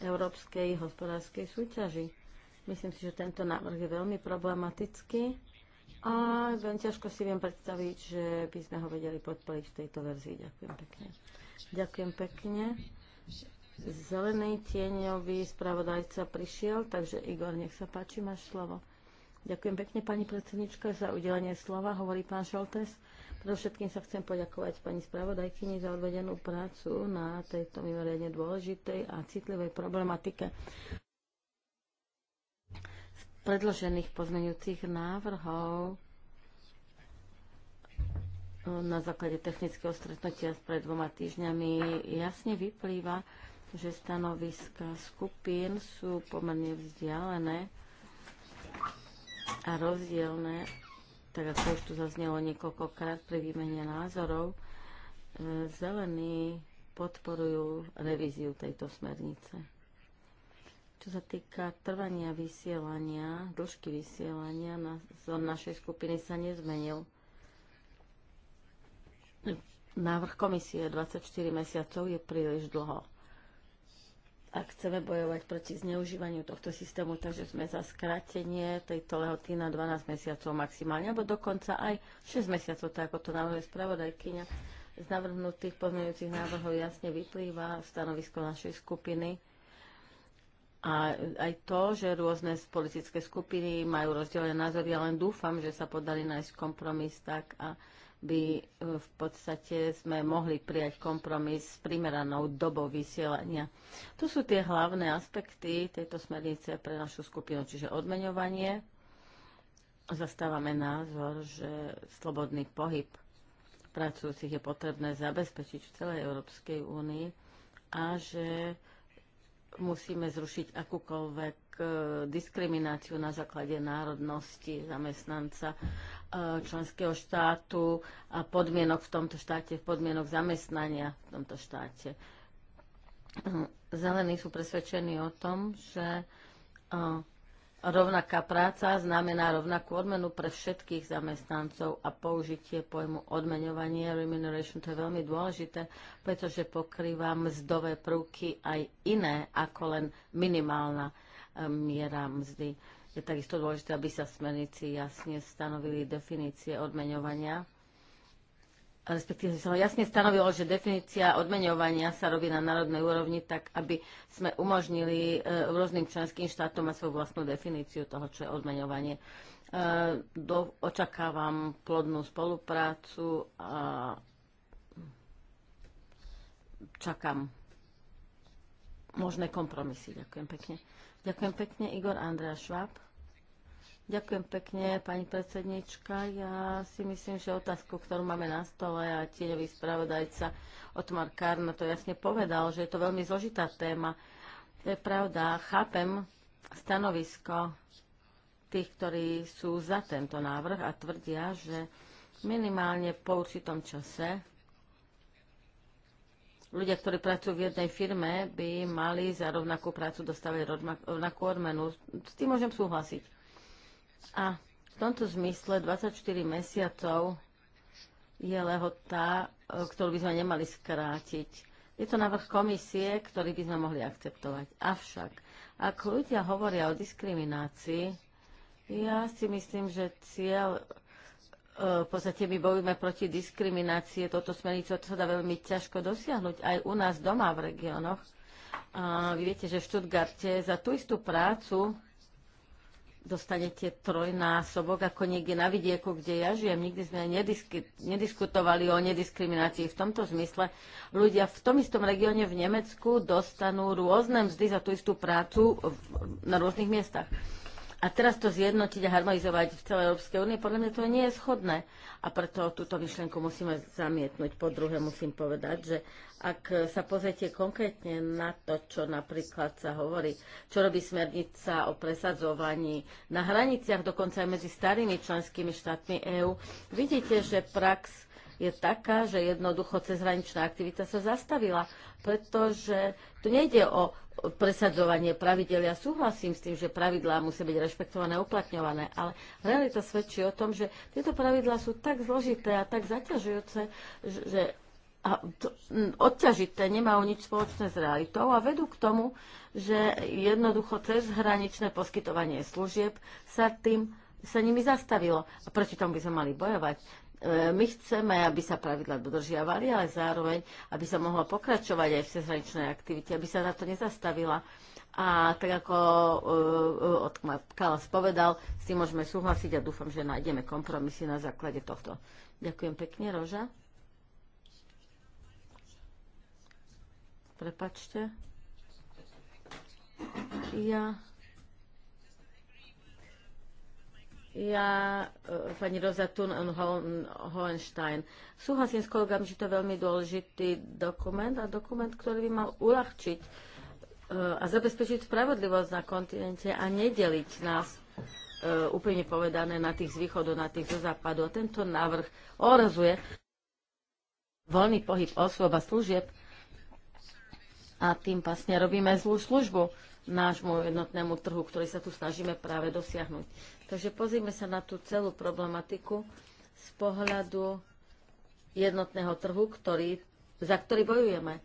európskej hospodárskej súťaži. Myslím si, že tento návrh je veľmi problematický a veľmi ťažko si viem predstaviť, že by sme ho vedeli podporiť v tejto verzii. Ďakujem pekne. Ďakujem pekne. Zelený tieňový spravodajca prišiel, takže Igor, nech sa páči, máš slovo. Ďakujem pekne, pani predsednička, za udelenie slova, hovorí pán Šoltes. všetkým sa chcem poďakovať pani spravodajkyni za odvedenú prácu na tejto mimoriadne dôležitej a citlivej problematike predložených pozmeňujúcich návrhov na základe technického stretnutia pred dvoma týždňami jasne vyplýva, že stanoviska skupín sú pomerne vzdialené a rozdielne, tak ako už tu zaznelo niekoľkokrát pri výmene názorov, e, zelení podporujú revíziu tejto smernice. Čo sa týka trvania vysielania, dĺžky vysielania na, z našej skupiny sa nezmenil. Návrh komisie 24 mesiacov je príliš dlho. Ak chceme bojovať proti zneužívaniu tohto systému, takže sme za skrátenie tejto lehoty na 12 mesiacov maximálne, alebo dokonca aj 6 mesiacov, tak ako to navrhuje spravodajkyňa. Z navrhnutých pozmeňujúcich návrhov jasne vyplýva stanovisko našej skupiny a aj to, že rôzne politické skupiny majú rozdelené názory, ja len dúfam, že sa podali nájsť kompromis tak, aby e, v podstate sme mohli prijať kompromis s primeranou dobou vysielania. To sú tie hlavné aspekty tejto smernice pre našu skupinu, čiže odmeňovanie. Zastávame názor, že slobodný pohyb pracujúcich je potrebné zabezpečiť v celej Európskej únii a že musíme zrušiť akúkoľvek e, diskrimináciu na základe národnosti zamestnanca e, členského štátu a podmienok v tomto štáte, podmienok zamestnania v tomto štáte. E, Zelení sú presvedčení o tom, že Rovnaká práca znamená rovnakú odmenu pre všetkých zamestnancov a použitie pojmu odmeňovanie remuneration to je veľmi dôležité, pretože pokrýva mzdové prúky aj iné ako len minimálna eh, miera mzdy. Je takisto dôležité, aby sa smernici jasne stanovili definície odmeňovania respektíve sa jasne stanovilo, že definícia odmeňovania sa robí na národnej úrovni tak, aby sme umožnili e, rôznym členským štátom mať svoju vlastnú definíciu toho, čo je odmeňovanie. E, do, očakávam plodnú spoluprácu a čakám možné kompromisy. Ďakujem pekne. Ďakujem pekne, Igor Andrea Šváb. Ďakujem pekne, pani predsednička. Ja si myslím, že otázku, ktorú máme na stole a tieňový spravodajca Otmar Karno to jasne povedal, že je to veľmi zložitá téma. To je pravda. Chápem stanovisko tých, ktorí sú za tento návrh a tvrdia, že minimálne po určitom čase ľudia, ktorí pracujú v jednej firme, by mali za rovnakú prácu dostávať rovnakú odmenu. S tým môžem súhlasiť. A v tomto zmysle 24 mesiacov je lehota, e, ktorú by sme nemali skrátiť. Je to návrh komisie, ktorý by sme mohli akceptovať. Avšak, ak ľudia hovoria o diskriminácii, ja si myslím, že cieľ e, v podstate my bojujeme proti diskriminácii. Toto smernicu sa dá veľmi ťažko dosiahnuť aj u nás doma v regiónoch. A vy viete, že v Štutgarte za tú istú prácu dostanete trojnásobok ako niekde na vidieku, kde ja žijem. Nikdy sme nediskutovali o nediskriminácii. V tomto zmysle ľudia v tom istom regióne v Nemecku dostanú rôzne mzdy za tú istú prácu na rôznych miestach. A teraz to zjednotiť a harmonizovať v celej Európskej únie, podľa mňa to nie je schodné. A preto túto myšlienku musíme zamietnúť. Po druhé musím povedať, že ak sa pozriete konkrétne na to, čo napríklad sa hovorí, čo robí smernica o presadzovaní na hraniciach, dokonca aj medzi starými členskými štátmi EÚ, vidíte, že prax je taká, že jednoducho cezhraničná aktivita sa zastavila, pretože tu nejde o presadzovanie pravidel. Ja súhlasím s tým, že pravidlá musia byť rešpektované a uplatňované, ale realita svedčí o tom, že tieto pravidlá sú tak zložité a tak zaťažujúce, že a to, odťažité nemajú nič spoločné s realitou a vedú k tomu, že jednoducho cez hraničné poskytovanie služieb sa tým sa nimi zastavilo. A proti tomu by sme mali bojovať. E, my chceme, aby sa pravidla dodržiavali, ale zároveň, aby sa mohla pokračovať aj v cezhraničnej aktivite, aby sa na to nezastavila. A tak ako uh, e, e, Kalas povedal, s tým môžeme súhlasiť a dúfam, že nájdeme kompromisy na základe tohto. Ďakujem pekne, Roža. Prepačte. Ja Ja, e, pani Rosa Thun und Hohenstein, súhlasím s kolegami, že to je veľmi dôležitý dokument a dokument, ktorý by mal uľahčiť e, a zabezpečiť spravodlivosť na kontinente a nedeliť nás e, úplne povedané na tých z východu, na tých zo západu. A tento návrh orazuje voľný pohyb osôb a služieb a tým vlastne robíme zlú službu nášmu jednotnému trhu, ktorý sa tu snažíme práve dosiahnuť. Takže pozrime sa na tú celú problematiku z pohľadu jednotného trhu, ktorý, za ktorý bojujeme,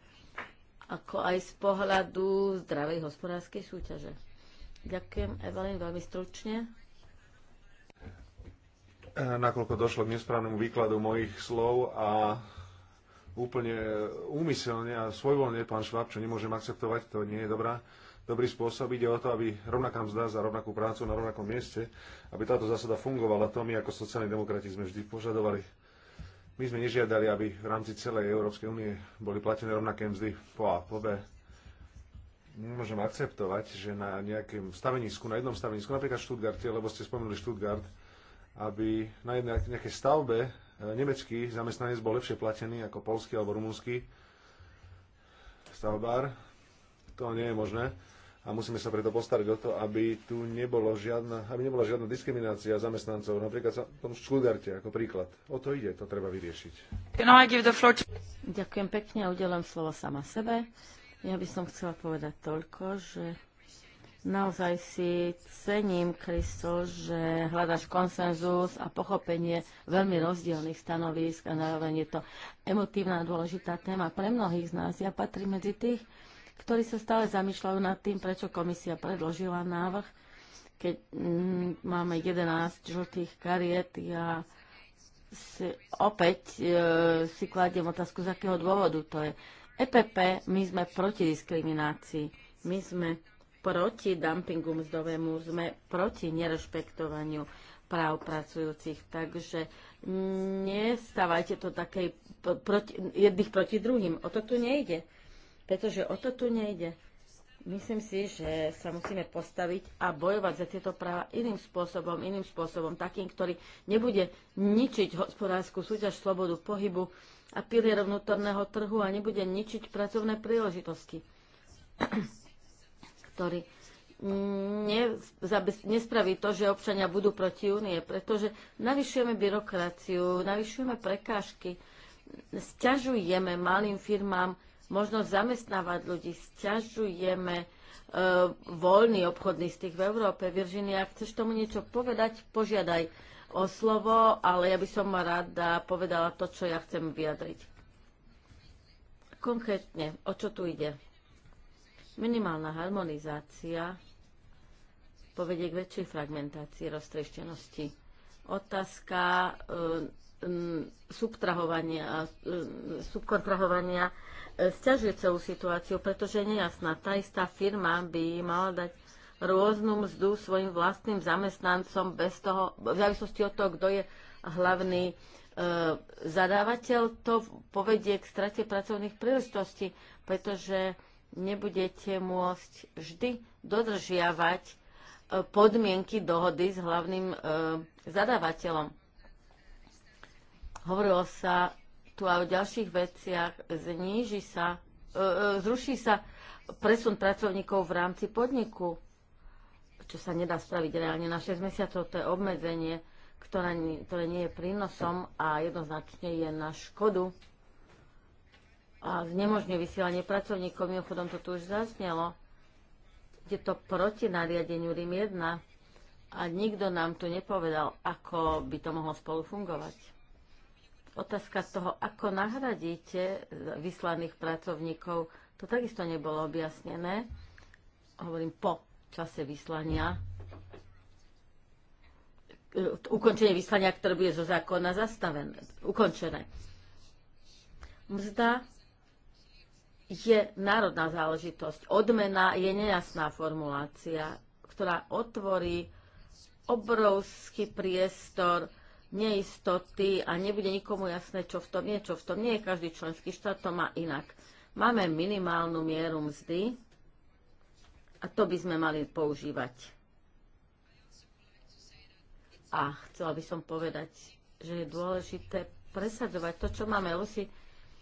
ako aj z pohľadu zdravej hospodárskej súťaže. Ďakujem, Evelyn, veľmi stručne nakoľko došlo k nesprávnemu výkladu mojich slov a úplne úmyselne a svojvoľne pán Šváb, čo nemôžem akceptovať, to nie je dobrá dobrý spôsob. Ide o to, aby rovnaká mzda za rovnakú prácu na rovnakom mieste, aby táto zásada fungovala. To my ako sociálni demokrati sme vždy požadovali. My sme nežiadali, aby v rámci celej Európskej únie boli platené rovnaké mzdy po A, po B. Nemôžem akceptovať, že na nejakom stavenisku, na jednom stavenisku, napríklad v Stuttgarte, lebo ste spomenuli Stuttgart, aby na jednej nejakej stavbe e, nemecký zamestnanec bol lepšie platený ako polský alebo rumúnsky stavbár. To nie je možné a musíme sa preto postarať o to, aby tu nebolo žiadna, aby nebola žiadna diskriminácia zamestnancov, napríklad sa tom škludarte ako príklad. O to ide, to treba vyriešiť. Ďakujem pekne a udelám slovo sama sebe. Ja by som chcela povedať toľko, že naozaj si cením, Kristo, že hľadaš konsenzus a pochopenie veľmi rozdielných stanovisk a zároveň je to emotívna a dôležitá téma pre mnohých z nás. Ja patrím medzi tých, ktorí sa stále zamýšľajú nad tým, prečo komisia predložila návrh, keď mm, máme 11 žltých kariet. Ja si, opäť e, si kladiem otázku, z akého dôvodu to je. EPP, my sme proti diskriminácii, my sme proti dumpingu mzdovému, sme proti nerešpektovaniu práv pracujúcich. Takže mm, nestávajte to takej proti, jedných proti druhým. O to tu nejde pretože o to tu nejde. Myslím si, že sa musíme postaviť a bojovať za tieto práva iným spôsobom, iným spôsobom, takým, ktorý nebude ničiť hospodárskú súťaž, slobodu pohybu a pilier vnútorného trhu a nebude ničiť pracovné príležitosti, *clears throat* ktorý nespraví to, že občania budú proti únie, pretože navyšujeme byrokraciu, navyšujeme prekážky, sťažujeme malým firmám možnosť zamestnávať ľudí, sťažujeme e, voľný obchodný styk v Európe. Virginia, ak chceš tomu niečo povedať, požiadaj o slovo, ale ja by som rada povedala to, čo ja chcem vyjadriť. Konkrétne, o čo tu ide? Minimálna harmonizácia povedie k väčšej fragmentácii roztreštenosti. Otázka e, subtrahovania, a subkontrahovania e, stiažuje celú situáciu, pretože je nejasná. Tá istá firma by mala dať rôznu mzdu svojim vlastným zamestnancom bez toho, v závislosti od toho, kto je hlavný e, zadávateľ, to povedie k strate pracovných príležitostí, pretože nebudete môcť vždy dodržiavať e, podmienky dohody s hlavným e, zadávateľom Hovorilo sa tu aj o ďalších veciach. Zníži sa, e, e, zruší sa presun pracovníkov v rámci podniku, čo sa nedá spraviť reálne na 6 mesiacov. To je obmedzenie, ktoré, ktoré nie je prínosom a jednoznačne je na škodu a znemožňuje vysielanie pracovníkov. Mimochodom, to tu už zaznelo. Je to proti nariadeniu RIM 1 a nikto nám tu nepovedal, ako by to mohlo spolu fungovať. Otázka toho, ako nahradíte vyslaných pracovníkov, to takisto nebolo objasnené. Hovorím po čase vyslania. E, ukončenie vyslania, ktoré bude zo zákona zastavené, ukončené. Mzda je národná záležitosť. Odmena je nejasná formulácia, ktorá otvorí obrovský priestor neistoty a nebude nikomu jasné, čo v tom je, čo v tom nie je. Každý členský štát to má inak. Máme minimálnu mieru mzdy a to by sme mali používať. A chcela by som povedať, že je dôležité presadzovať to, čo máme. Lucy,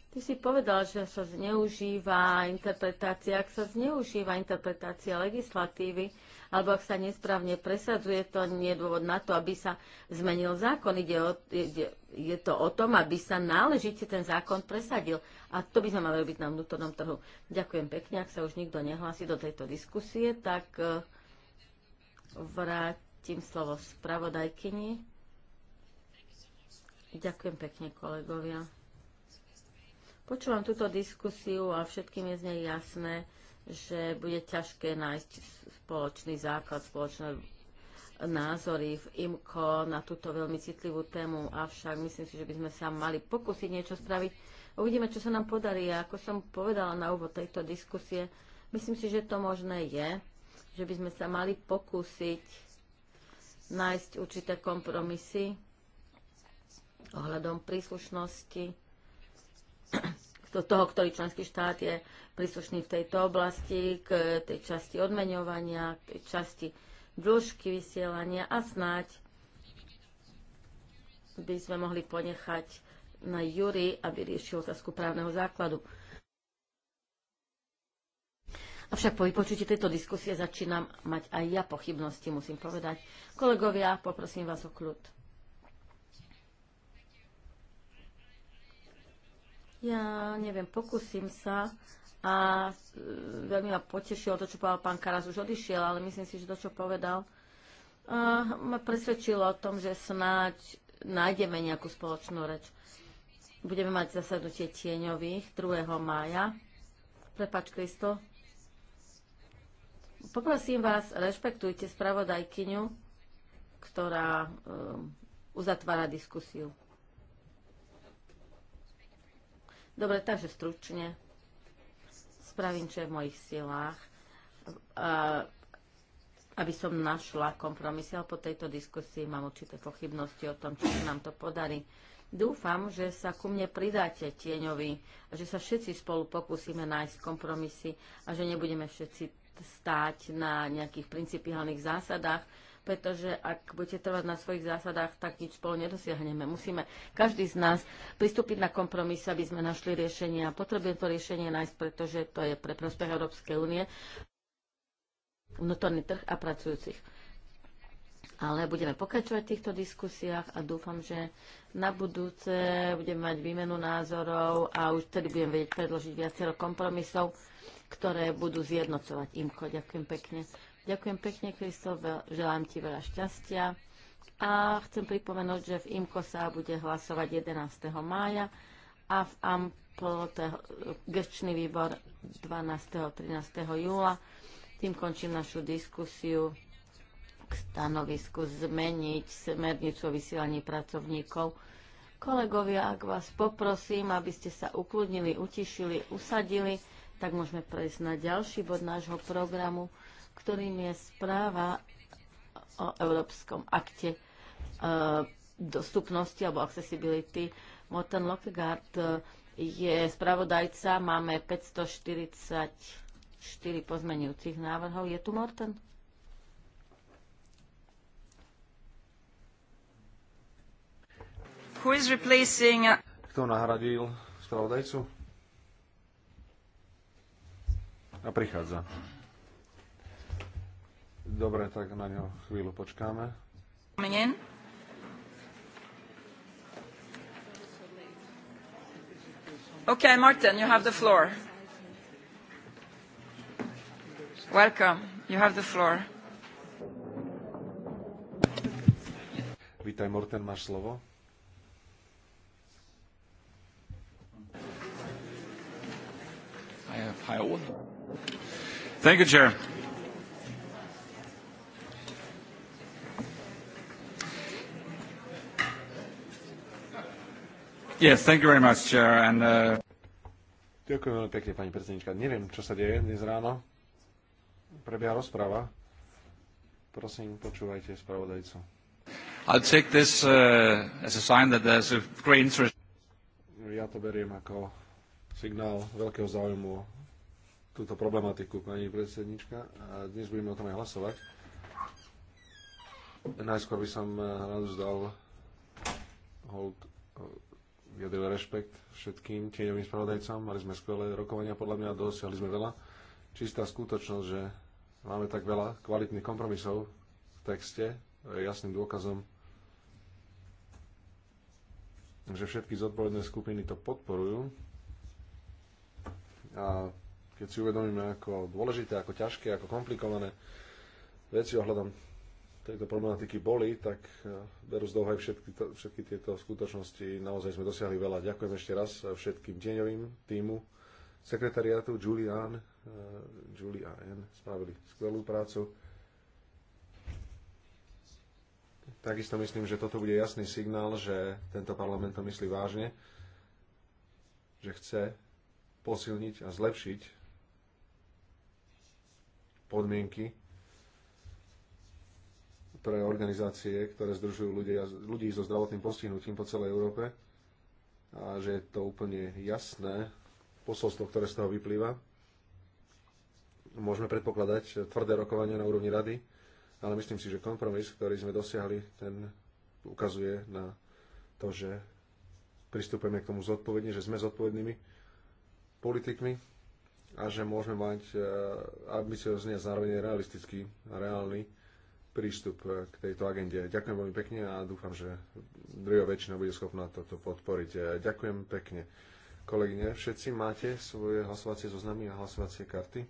ty si povedal, že sa zneužíva interpretácia. Ak sa zneužíva interpretácia legislatívy, alebo ak sa nesprávne presadzuje, to nie je dôvod na to, aby sa zmenil zákon. Ide o, ide, je to o tom, aby sa náležite ten zákon presadil. A to by sme mali robiť na vnútornom trhu. Ďakujem pekne, ak sa už nikto nehlási do tejto diskusie, tak e, vrátim slovo spravodajkyni. Ďakujem pekne, kolegovia. Počúvam túto diskusiu a všetkým je z nej jasné, že bude ťažké nájsť spoločný základ, spoločné názory v IMCO na túto veľmi citlivú tému, avšak myslím si, že by sme sa mali pokúsiť niečo spraviť. Uvidíme, čo sa nám podarí. A ako som povedala na úvod tejto diskusie, myslím si, že to možné je, že by sme sa mali pokúsiť nájsť určité kompromisy ohľadom príslušnosti toho, ktorý členský štát je príslušný v tejto oblasti, k tej časti odmeňovania, k tej časti dĺžky vysielania a snáď by sme mohli ponechať na Juri, aby riešil otázku právneho základu. Avšak po vypočutí tejto diskusie začínam mať aj ja pochybnosti, musím povedať. Kolegovia, poprosím vás o kľud. Ja neviem, pokúsim sa a e, veľmi ma potešilo to, čo povedal pán Karas, už odišiel, ale myslím si, že to, čo povedal, uh, ma presvedčilo o tom, že snáď nájdeme nejakú spoločnú reč. Budeme mať zasadnutie tieňových 2. mája. Prepač, Kristo. Poprosím vás, rešpektujte spravodajkyňu, ktorá um, uzatvára diskusiu. Dobre, takže stručne spravím, čo je v mojich silách, aby som našla kompromis. Ale po tejto diskusii mám určité pochybnosti o tom, či nám to podarí. Dúfam, že sa ku mne pridáte tieňovi, že sa všetci spolu pokúsime nájsť kompromisy a že nebudeme všetci stáť na nejakých principiálnych zásadách, pretože ak budete trvať na svojich zásadách, tak nič spolu nedosiahneme. Musíme každý z nás pristúpiť na kompromis, aby sme našli riešenie a potrebujem to riešenie nájsť, pretože to je pre prospech Európskej únie, vnútorný trh a pracujúcich. Ale budeme pokračovať v týchto diskusiách a dúfam, že na budúce budeme mať výmenu názorov a už tedy budem vedieť predložiť viacero kompromisov, ktoré budú zjednocovať IMCO. Ďakujem pekne. Ďakujem pekne, Kristo, želám ti veľa šťastia. A chcem pripomenúť, že v IMKO sa bude hlasovať 11. mája a v AMPL, gestčný výbor 12. 13. júla. Tým končím našu diskusiu k stanovisku zmeniť smernicu o vysielaní pracovníkov. Kolegovia, ak vás poprosím, aby ste sa ukludnili, utišili, usadili, tak môžeme prejsť na ďalší bod nášho programu ktorým je správa o Európskom akte e, dostupnosti alebo accessibility. Morten Lockegaard e, je spravodajca, máme 544 pozmenujúcich návrhov. Je tu Morten? Who is replacing... Uh, Kto nahradil spravodajcu? A prichádza. Dobre, tak na ňo chvíľu počkáme. Menen. OK, Martin, you have the floor. Welcome. You have the floor. Vítaj, Morten, máš slovo. Hi, hi, Thank you, Chair. Yes, thank you very much, Chair, and, uh... Ďakujem veľmi pekne, pani predsednička. Neviem, čo sa deje dnes ráno. Prebieha rozpráva. Prosím, počúvajte spravodajcu. I'll take this uh, as a sign that there's a great interest. Ja to beriem ako signál veľkého záujmu o túto problematiku, pani predsednička. A dnes budeme o tom aj hlasovať. Najskôr by som vzdal uh, hold uh, vyjadril rešpekt všetkým tieňovým spravodajcom. Mali sme skvelé rokovania, podľa mňa dosiahli sme veľa. Čistá skutočnosť, že máme tak veľa kvalitných kompromisov v texte, je jasným dôkazom, že všetky zodpovedné skupiny to podporujú. A keď si uvedomíme, ako dôležité, ako ťažké, ako komplikované veci ohľadom tejto problematiky boli, tak berú z aj všetky, všetky tieto skutočnosti. Naozaj sme dosiahli veľa. Ďakujem ešte raz všetkým deňovým týmu sekretariátu Julian, e, Julie a N spravili skvelú prácu. Takisto myslím, že toto bude jasný signál, že tento parlament to myslí vážne, že chce posilniť a zlepšiť podmienky pre organizácie, ktoré združujú ľudia, ľudí so zdravotným postihnutím po celej Európe a že je to úplne jasné posolstvo, ktoré z toho vyplýva. Môžeme predpokladať tvrdé rokovania na úrovni rady, ale myslím si, že kompromis, ktorý sme dosiahli, ten ukazuje na to, že pristupujeme k tomu zodpovedne, že sme zodpovednými politikmi a že môžeme mať eh, ambiciozne a zároveň realistický a reálny prístup k tejto agende. Ďakujem veľmi pekne a dúfam, že druhá väčšina bude schopná toto podporiť. Ďakujem pekne. Kolegyne, všetci máte svoje hlasovacie zoznamy a hlasovacie karty?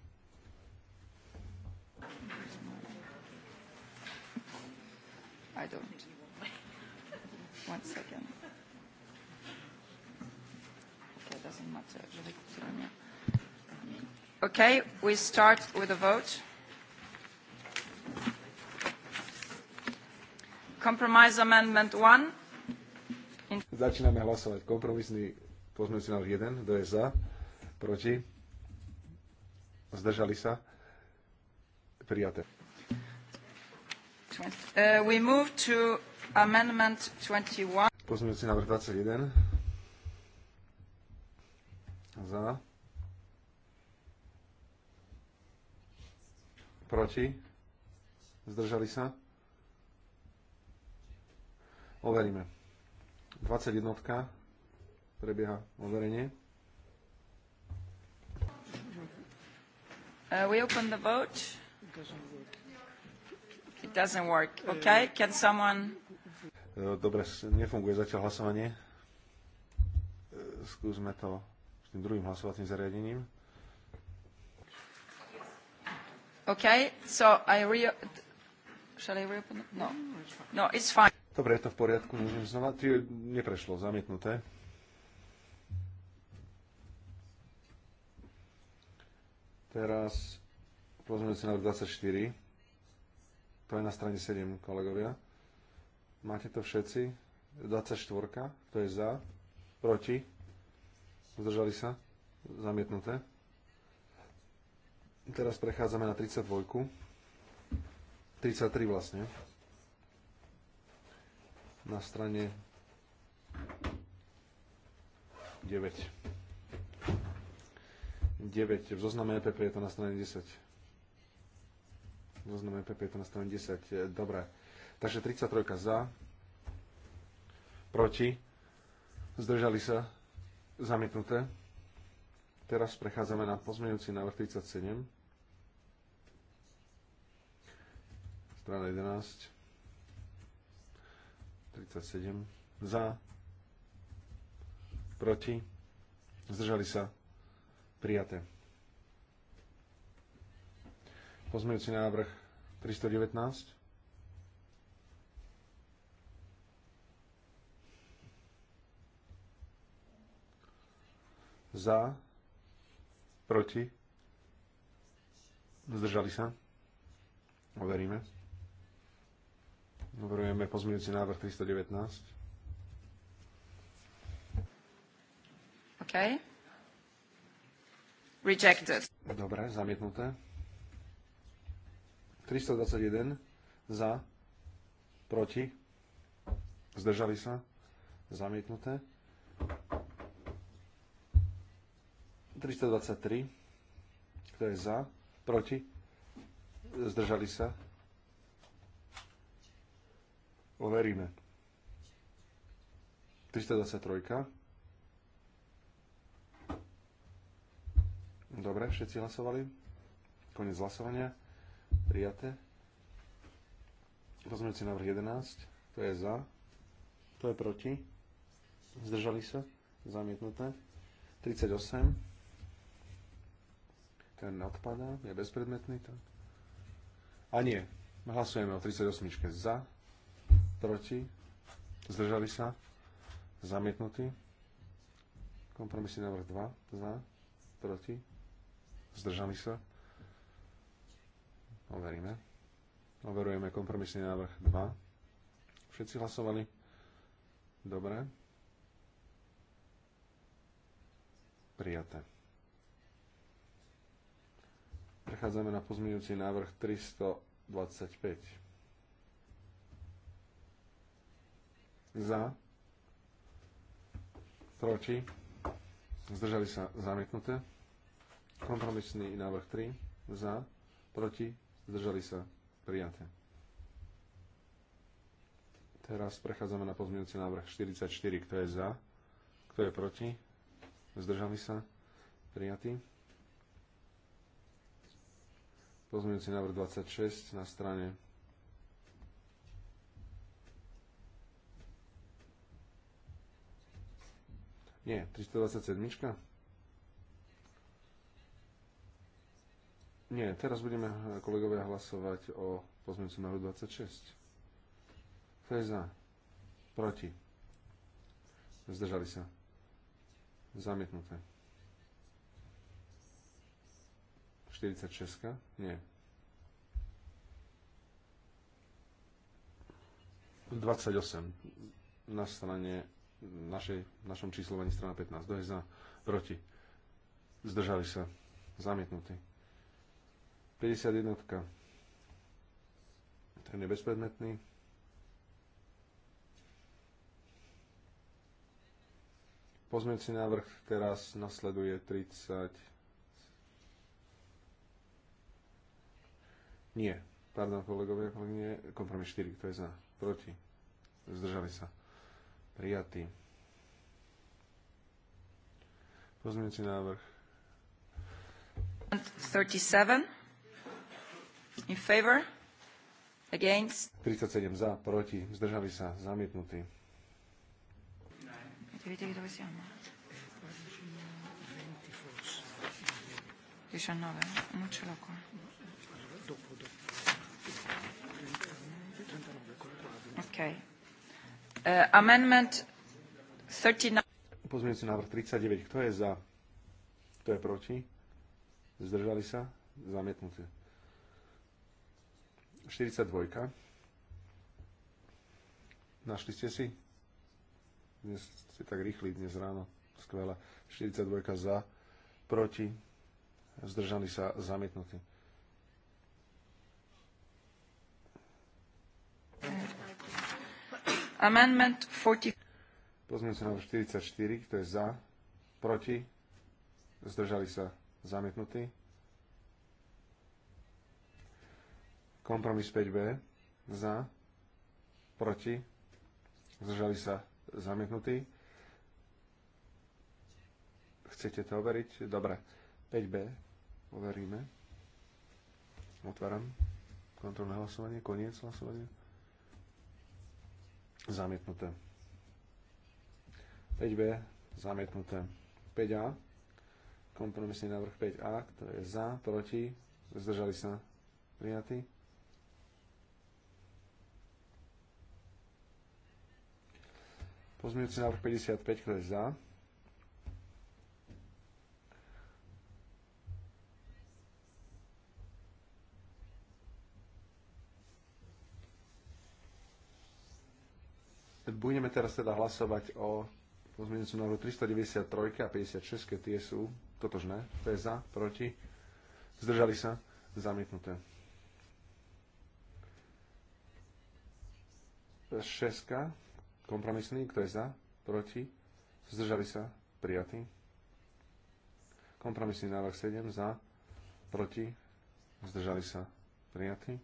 I don't. One second. Okay, doesn't matter. Okay, we start with a vote. Compromise amendment 1. Začíname hlasovať. Kompromisný pozmeňujúci návrh 1. Kto je za? Proti? Zdržali sa? Prijaté. Uh, we move to amendment 21. Pozmeňujúci návrh 21. Za. Proti? Zdržali sa? Overíme. 21. Prebieha overenie. Uh, we open the vote. It doesn't work. Okay, can someone... Uh, dobre, nefunguje zatiaľ hlasovanie. Uh, skúsme to s tým druhým hlasovacím zariadením. Okay, so I re... Shall I reopen? No. No, it's fine. Dobre, je to v poriadku, môžem znova. Tri neprešlo, zamietnuté. Teraz sa na 24. To je na strane 7, kolegovia. Máte to všetci? 24, to je za, proti, zdržali sa, zamietnuté. Teraz prechádzame na 32, 33 vlastne na strane 9. 9. V zozname EPP je to na strane 10. V zozname EPP je to na strane 10. E, dobre. Takže 33 za. Proti. Zdržali sa. Zamietnuté. Teraz prechádzame na pozmeňujúci návrh 37. Strana 11. 37 za, proti, zdržali sa, prijaté. Pozmejúci návrh 319. Za, proti, zdržali sa, overíme. Navrhujeme pozmeňujúci návrh 319. OK. Rejected. Dobre, zamietnuté. 321 za, proti, zdržali sa, zamietnuté. 323, kto je za, proti, zdržali sa, Overíme. 323. Dobre, všetci hlasovali. Konec hlasovania. Prijaté. Pozmeňujúci návrh 11. To je za. To je proti. Zdržali sa. Zamietnuté. 38. Ten odpadá. Je bezpredmetný. Tak. A nie. Hlasujeme o 38. Za proti, zdržali sa, zamietnutí. Kompromisný návrh 2, za, proti, zdržali sa. Overíme. Overujeme kompromisný návrh 2. Všetci hlasovali? Dobre. Prijaté. Prechádzame na pozmeňujúci návrh 325. za, proti, zdržali sa zamietnuté. Kompromisný návrh 3 za, proti, zdržali sa prijaté. Teraz prechádzame na pozmeňujúci návrh 44, kto je za, kto je proti, zdržali sa prijatý. Pozmeňujúci návrh 26 na strane Nie, 327. Nie, teraz budeme, eh, kolegovia, hlasovať o pozmeňujúcom návrhu 26. Kto je za? Proti? Zdržali sa? Zamietnuté. 46. Nie. 28. Na strane našej, našom číslovaní strana 15. Kto je za? Proti. Zdržali sa. zamietnutí 51. Ten je bezpredmetný. Pozmeňujúci návrh teraz nasleduje 30. Nie. Pardon, kolegovia, kolegyne. Kompromis 4. Kto je za? Proti. Zdržali sa prijatý. Pozmeňujúci návrh. 37 in favor against 37 za proti zdržali sa zamietnutí Okay. Uh, amendment Pozmeňujúci návrh 39. Kto je za? Kto je proti? Zdržali sa? Zamietnutie. 42. Našli ste si? Dnes ste tak rýchli, dnes ráno. Skvelá. 42 za, proti, zdržali sa, zamietnutí. Uh, Amendment 40. Pozmeňujúci návrh 44, kto je za, proti, zdržali sa zamietnutí. Kompromis 5b, za, proti, zdržali sa zamietnutí. Chcete to overiť? Dobre. 5b, overíme. Otváram kontrolné hlasovanie, koniec hlasovania zamietnuté. 5B, zamietnuté. 5A, kompromisný návrh 5A, kto je za, proti, zdržali sa, prijatí. Pozmiňujúci návrh 55, kto je za, Budeme teraz teda hlasovať o pozmeňujúcom návrhu 393 a 56, keď tie sú totožné. To je za, proti. Zdržali sa. Zamietnuté. 6. Kompromisný. Kto je za? Proti. Zdržali sa. Prijatý. Kompromisný návrh 7. Za. Proti. Zdržali sa. Prijatý.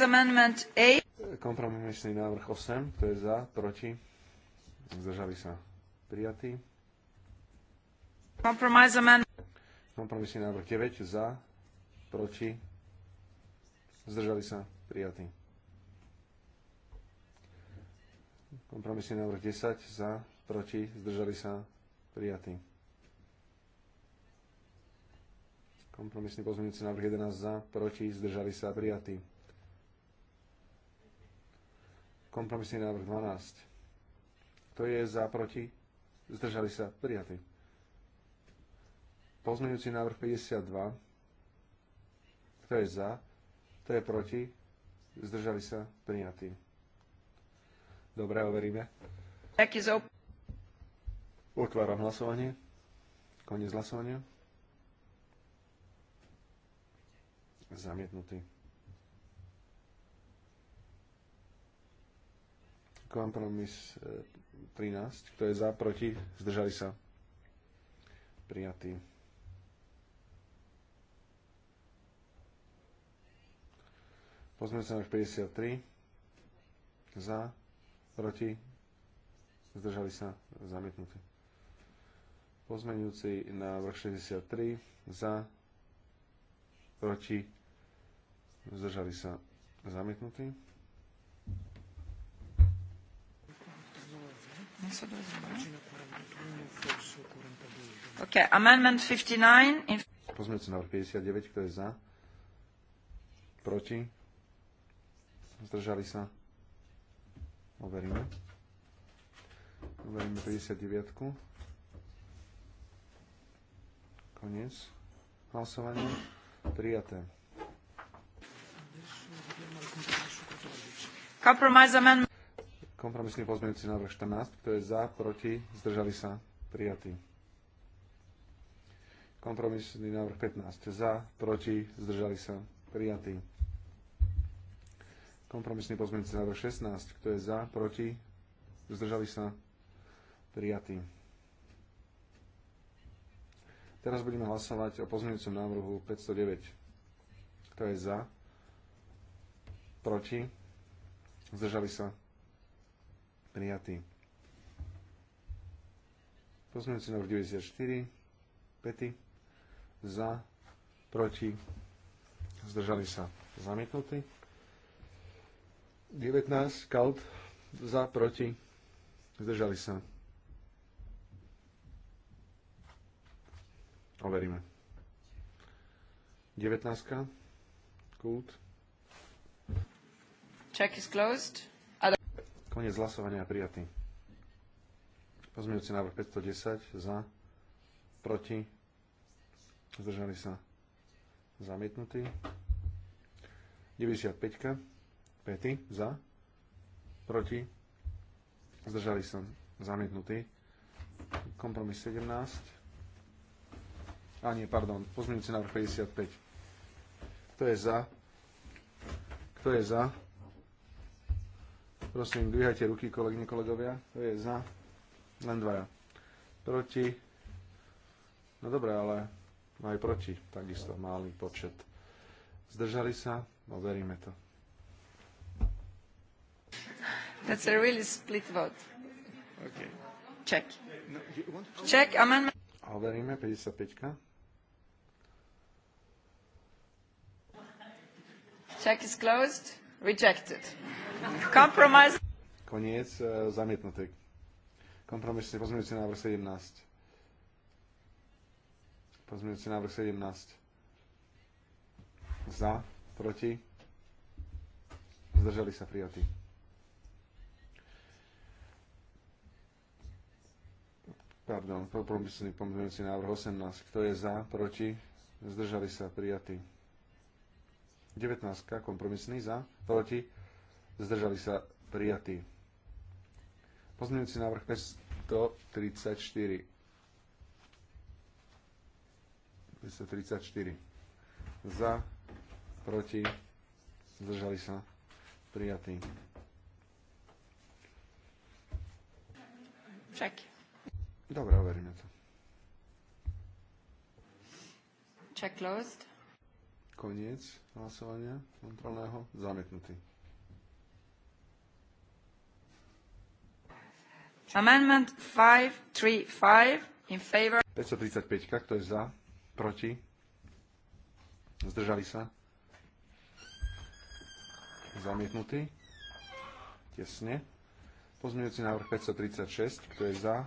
amendment Kompromisný návrh 8, to je za, proti. Zdržali sa prijatí. Kompromisný návrh 9, za, proti. Zdržali sa prijatí. Kompromisný návrh 10, za, proti. Zdržali sa prijatí. Kompromisný pozmeňujúci návrh 11 za, proti, zdržali sa, prijatý. Kompromisný návrh 12. Kto je za, proti, zdržali sa, prijatý. Pozmeňujúci návrh 52. Kto je za, kto je proti, zdržali sa, prijatý. Dobre, overíme. Otváram hlasovanie. Koniec hlasovania. Zamietnutý. Kompromis 13. E, Kto je za, proti? Zdržali sa. Prijatý. Pozme sa na 53. Za, proti, zdržali sa, zamietnutí. Pozmenujúci návrh 63. Za, proti, Zdržali sa zamietnutí. OK, amendment 59. Pozmeňujúci návrh 59, kto je za? Proti? Zdržali sa? Overíme. Overíme 59. Koniec. Hlasovanie. Prijaté. Kompromisný pozmeňujúci návrh 14, kto je za, proti, zdržali sa, prijatý. Kompromisný návrh 15, za, proti, zdržali sa, prijatý. Kompromisný pozmeňujúci návrh 16, kto je za, proti, zdržali sa, prijatý. Teraz budeme hlasovať o pozmeňujúcom návrhu 509. Kto je za? Proti? Zdržali sa? Prijatý. Pozmeňujúci návrh 94. Pety. Za. Proti. Zdržali sa? Zamietnutý. 19. Kalt. Za. Proti. Zdržali sa? Overíme. 19. Kult. Check is closed. Konec hlasovania prijatý. Pozmeňujúci návrh 510 za, proti, zdržali sa zamietnutí. 95, 5 za, proti, zdržali sa zamietnutí. Kompromis 17. A nie, pardon, pozmeňujúci návrh 55. Kto je za? Kto je za? Prosím, dvíhajte ruky, kolegyne, kolegovia. To je za. Len dvaja. Proti. No dobré, ale aj proti. Takisto malý počet. Zdržali sa? No veríme to. That's a really split vote. Okay. Check. No, to... Check amendment. Overíme 55. -ka. Check is closed. Rejected. Compromise. Koniec, e, zamietnutý. Kompromisný pozmeňujúci návrh 17. Pozmeňujúci návrh 17. Za, proti. Zdržali sa prijatí. Pardon, kompromisný pozmeňujúci návrh 18. Kto je za, proti? Zdržali sa prijatí. 19. Kompromisný za, proti, zdržali sa prijatí. Pozmeňujúci návrh 534. 534. Za, proti, zdržali sa prijatí. Však. Dobre, overíme to. Check closed. Koniec hlasovania kontrolného. Zamietnutý. Amendment 535 in favor. 535, kto je za? Proti? Zdržali sa? Zamietnutý. Tesne. Pozmeňujúci návrh 536, kto je za?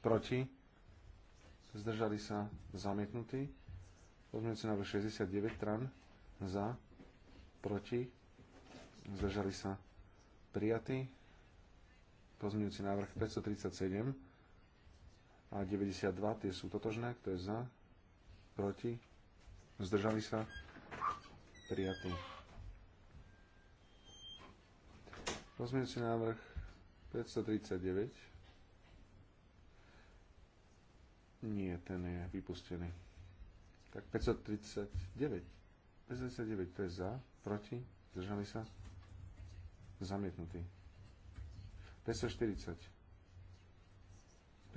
Proti? Zdržali sa? Zamietnutý. Pozmeňujúci návrh 69 tran za, proti, zdržali sa prijatí. Pozmeňujúci návrh 537 a 92, tie sú totožné, kto je za, proti, zdržali sa prijatí. Pozmeňujúci návrh 539 nie, ten je vypustený. Tak 539. 539, to je za, proti, zdržali sa, zamietnutý. 540.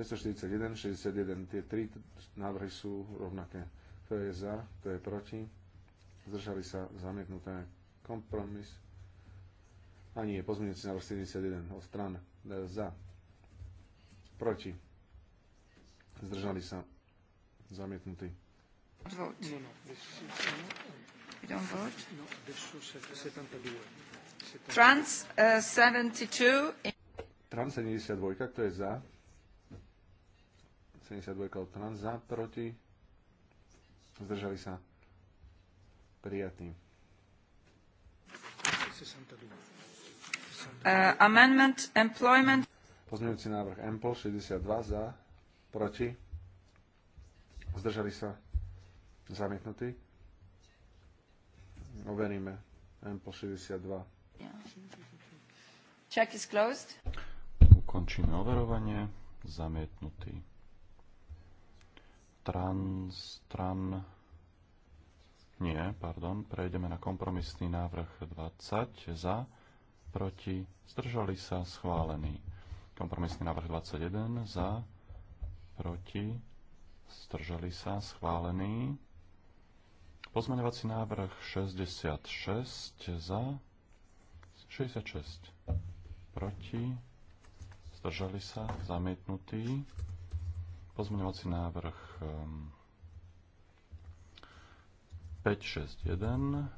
541, 61, tie tri návrhy sú rovnaké. To je za, to je proti, zdržali sa, zamietnuté. Kompromis. A nie, pozmeňujúci návrh 71 od stran e, za, proti, zdržali sa, zamietnutý. Vote. No, no don't vote? No, trans uh, 72. Trans 72, kto je za? 72 trans za, proti? Zdržali sa? Prijatý. Uh, amendment, employment. Pozmeňujúci návrh MPL 62 za, proti? Zdržali sa? Zamietnutý. Overíme. M po 62. Check is closed. Ukončíme overovanie. Zamietnutý. Trans, tran, nie, pardon. Prejdeme na kompromisný návrh 20 za, proti, zdržali sa, schválený. Kompromisný návrh 21 za, proti, zdržali sa, schválený. Pozmeňovací návrh 66 za, 66 proti, zdržali sa, zamietnutý. Pozmeňovací návrh 561 ehm,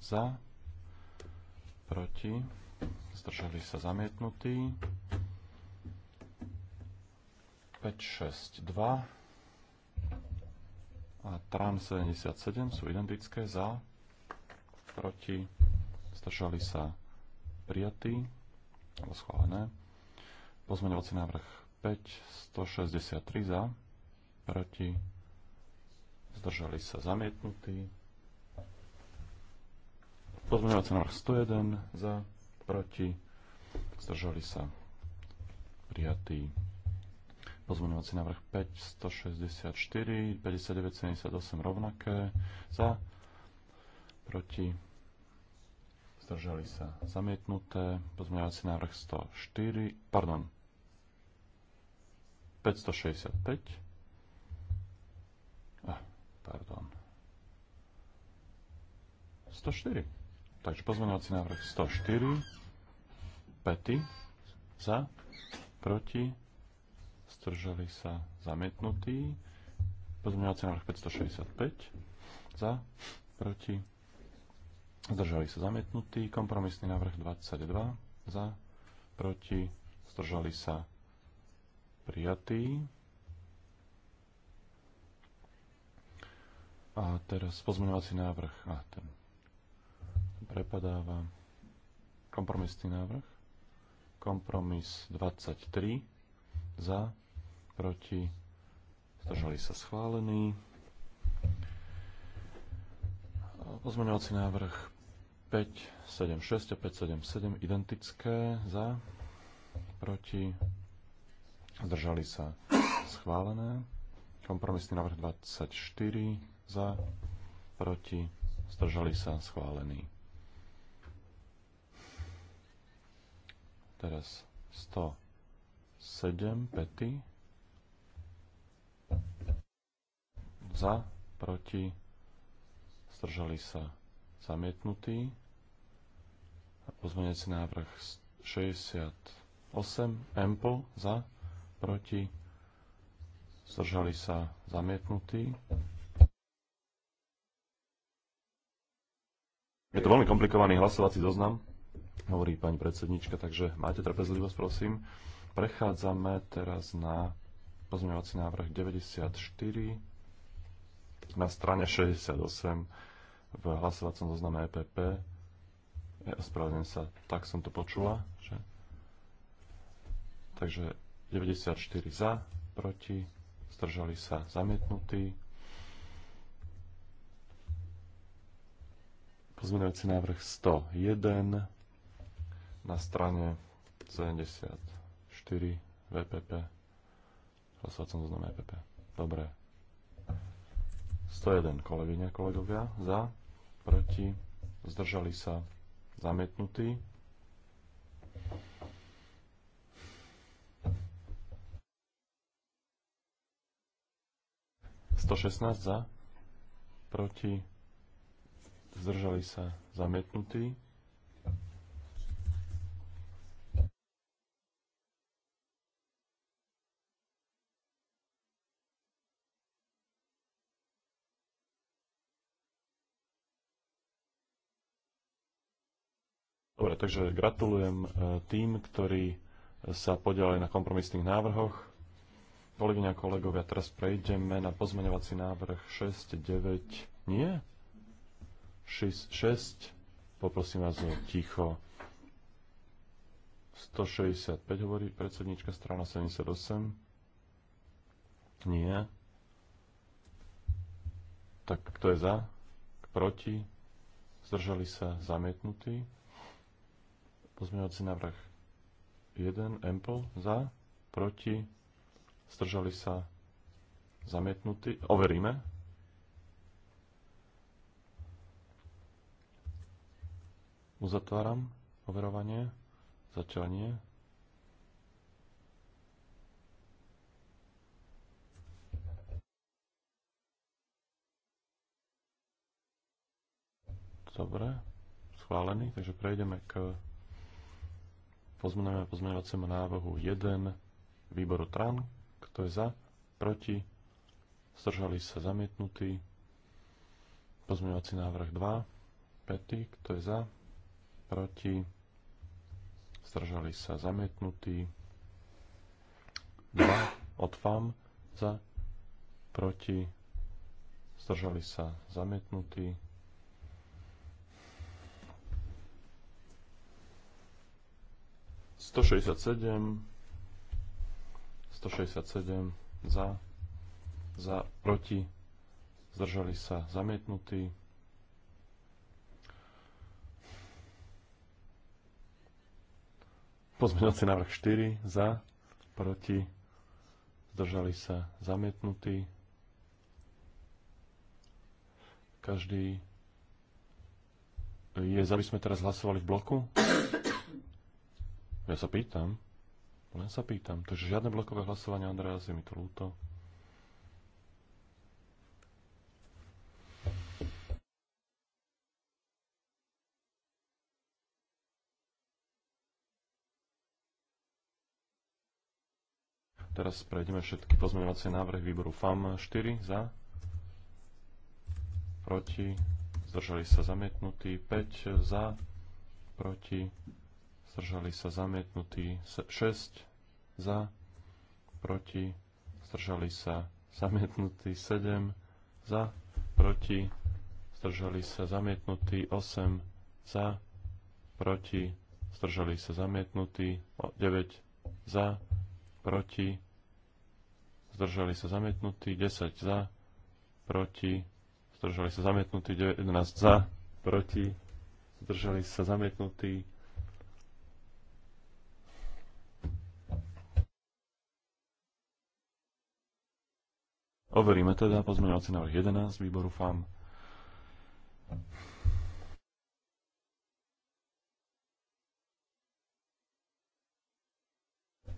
za, proti, zdržali sa, zamietnutý. 562 a TRAM 77 sú identické za, proti, stržali sa prijatí, alebo schválené. Pozmeňovací návrh 5, 163 za, proti, zdržali sa zamietnutí. Pozmeňovací návrh 101 za, proti, zdržali sa prijatí. Pozmeňovací návrh 5, 164, 59, 78 rovnaké. Za, proti, zdržali sa zamietnuté. Pozmeňovací návrh 104, pardon, 565. Ah, eh, pardon. 104. Takže pozmeňovací návrh 104, 5, za, proti, zdržali sa zamietnutí. Pozmeňovací návrh 565 za, proti, zdržali sa zamietnutí. Kompromisný návrh 22 za, proti, zdržali sa prijatí. A teraz pozmeňovací návrh, a ten prepadáva kompromisný návrh. Kompromis 23 za, proti, zdržali sa schválení, Pozmeňovací návrh 5, 7, 6 a 5, 7, 7 identické za, proti, zdržali sa schválené. Kompromisný návrh 24 za, proti, zdržali sa schválený. Teraz 107 pety za, proti, zdržali sa zamietnutí. Pozmeňujúci návrh 68, Ample za, proti, zdržali sa zamietnutí. Je to veľmi komplikovaný hlasovací zoznam, hovorí pani predsednička, takže máte trpezlivosť, prosím. Prechádzame teraz na pozmeňovací návrh 94 na strane 68 v hlasovacom zozname EPP. Ja, e, ospravedlňujem sa, tak som to počula. Že... Takže 94 za, proti, zdržali sa zamietnutí. Pozmeňujúci návrh 101 na strane 74 VPP. Hlasovacom zozname EPP. Dobre, 101 kolegyňa kolegovia, za, proti, zdržali sa, zamietnutí. Sto šestnáct za, proti, zdržali sa, zamietnutí. Takže gratulujem e, tým, ktorí sa podielali na kompromisných návrhoch. Kolegyňa a kolegovia, teraz prejdeme na pozmeňovací návrh 6, 9, nie? 6, 6, poprosím vás o ticho. 165 hovorí predsednička, strana 78. Nie. Tak kto je za? Proti? Zdržali sa zamietnutí? Pozmeňovací návrh 1, Ample, za, proti, zdržali sa, zamietnutý. Overíme. Uzatváram overovanie, zatiaľ nie. Dobre, schválený, takže prejdeme k Pozmenujeme pozmeňovacemu návrhu 1 výboru TRAN. Kto je za? Proti? Zdržali sa zamietnutí. Pozmeňovací návrh 2. Pety. Kto je za? Proti? Zdržali sa zamietnutí. 2. Od FAM. Za? Proti? Zdržali sa zamietnutí. 167. 167 za, za, proti, zdržali sa zamietnutí. Pozmeňovací návrh 4 za, proti, zdržali sa zamietnutí. Každý je za, aby sme teraz hlasovali v bloku? Ja sa pýtam. Len sa pýtam. Takže žiadne blokové hlasovanie, Andrea, je mi to ľúto. Teraz prejdeme všetky pozmeňovacie návrhy výboru FAM 4 za, proti, zdržali sa zamietnutí, 5 za, proti, zdržali sa zamietnutí 6 za, proti, zdržali sa zamietnutí 7 za, proti, zdržali sa zamietnutí 8 za, proti, zdržali sa zamietnutí 9 za, proti, zdržali sa zamietnutí 10 za, proti, zdržali sa zamietnutí 11 za, proti, zdržali sa zamietnutí Overíme teda pozmeňovací návrh 11 výboru FAM.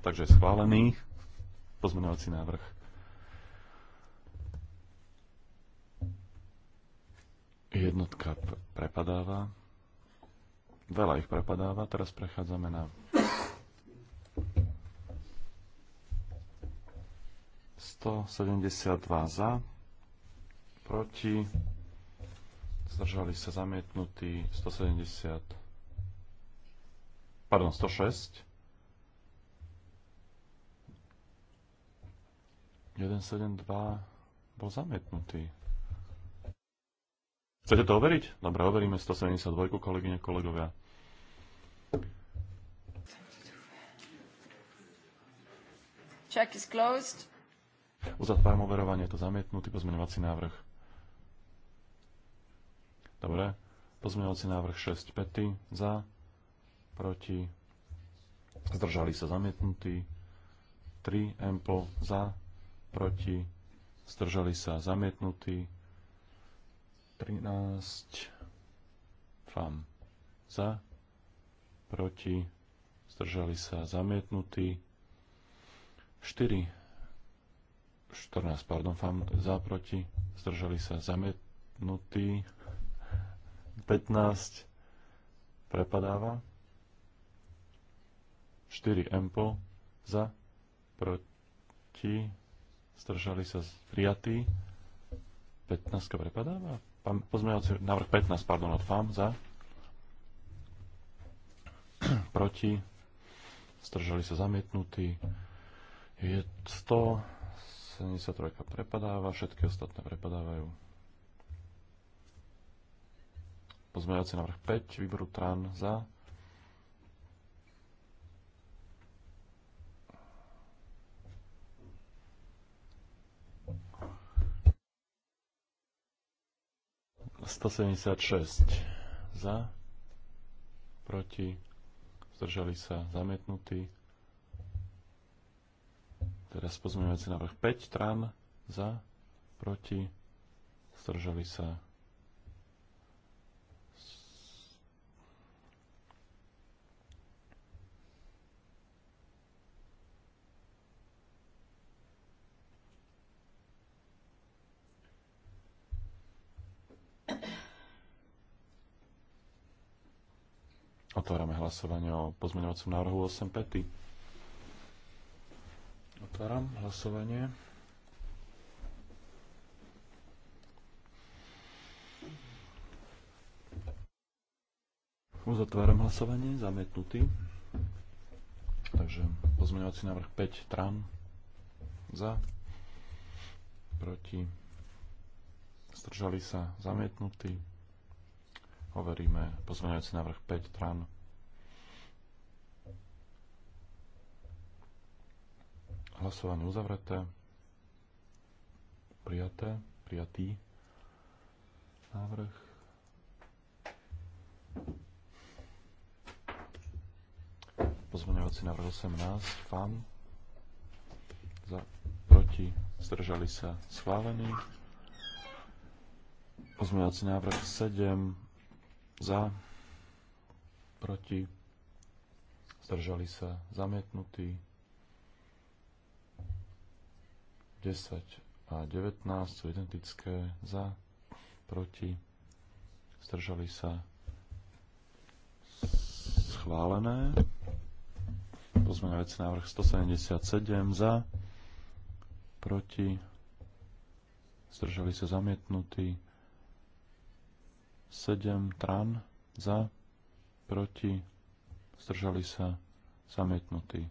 Takže schválený pozmeňovací návrh. Jednotka prepadáva. Veľa ich prepadáva. Teraz prechádzame na 172 za, proti, zdržali sa zamietnutí 170, pardon, 106, 172 bol zamietnutý. Chcete to overiť? Dobre, overíme 172, kolegyne, kolegovia. Check is closed. Uzatváram overovanie, je to zamietnutý pozmeňovací návrh. Dobre. Pozmeňovací návrh 6 5 za, proti, zdržali sa zamietnutí. 3 MPO za, proti, zdržali sa zamietnutí. 13 fam za, proti, zdržali sa zamietnutí. 4 14, pardon, fam za, proti, zdržali sa zamietnutí, 15 prepadáva, 4 empo za, proti, zdržali sa prijatí, 15 prepadáva, pozmeňovací návrh 15, pardon, od FAM za, proti, zdržali sa zamietnutí, je 100, 73 prepadáva, všetky ostatné prepadávajú. Pozmeňovací návrh 5 výboru TRAN za. šesť za, proti, zdržali sa zamietnutí. Teraz pozmeňujúci návrh 5, tran, za, proti, zdržali sa. Otvárame hlasovanie o pozmeňovacom návrhu 8 Otváram hlasovanie. Uzatváram hlasovanie, zamietnutý. Takže pozmeňovací návrh 5, tran, za, proti, zdržali sa, zamietnutý. Overíme pozmeňovací návrh 5, tran, Hlasovanie uzavreté. Prijaté. Prijatý. Návrh. Pozmeňovací návrh 18. FAM. Za, proti. Zdržali sa. Schválený. Pozmeňovací návrh 7. Za. Proti. Zdržali sa. Zamietnutý. 10 a 19 sú identické za, proti, zdržali sa schválené. Pozmeňovací návrh 177 za, proti, zdržali sa zamietnutí, 7 tran za, proti, zdržali sa zamietnutí,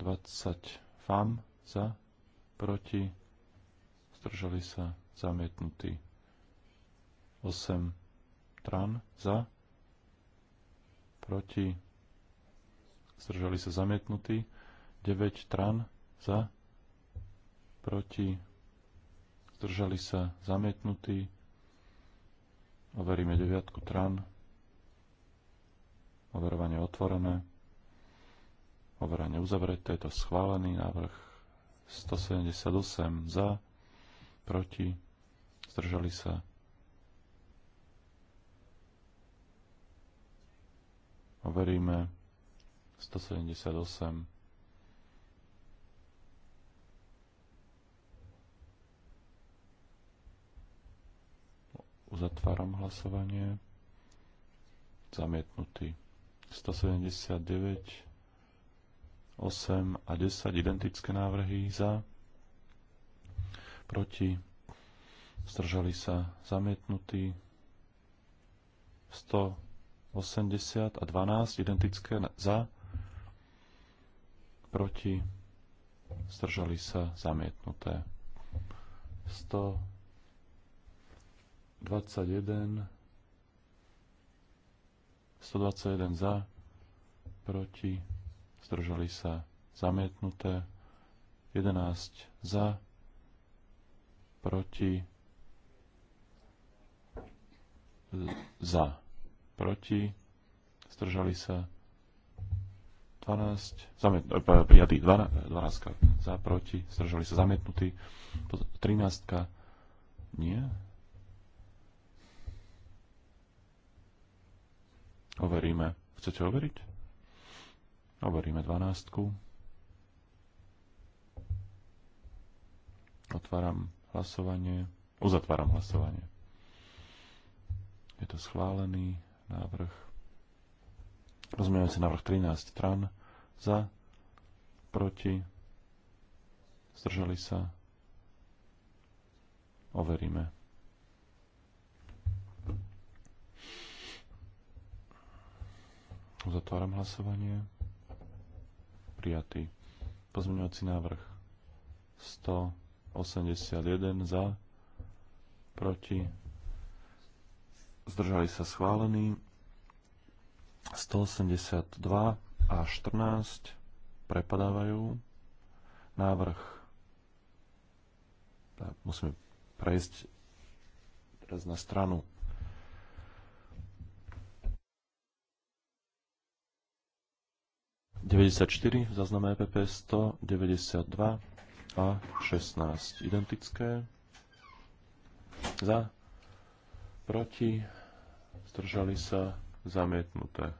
20 fam za, proti, zdržali sa, zamietnutí. 8 tran za, proti, zdržali sa, zamietnutí. 9 tran za, proti, zdržali sa, zamietnutí. Overíme 9, tran. Overovanie otvorené. Overanie uzavreté. Je to schválený návrh 178 za, proti, zdržali sa. Overíme 178. Uzatváram hlasovanie. Zamietnutý. 179 8 a 10 identické návrhy za, proti, zdržali sa zamietnutí 180 a 12 identické za, proti, zdržali sa zamietnuté 121 121 za, proti, zdržali sa zamietnuté, 11 za, proti, za, proti, zdržali sa 12, zamiet, e, prijatý 12, 12 za, proti, zdržali sa zamietnutí, 13 nie. Overíme. Chcete overiť? Overíme dvanástku. Otváram hlasovanie. Uzatváram hlasovanie. Je to schválený návrh. si návrh 13 stran za, proti, zdržali sa. Overíme. Uzatváram hlasovanie prijatý. Pozmeňovací návrh 181 za, proti, zdržali sa schválení, 182 a 14 prepadávajú. Návrh musíme prejsť teraz na stranu 94 v pp EPP 192 a 16 identické. Za, proti, zdržali sa, zamietnuté.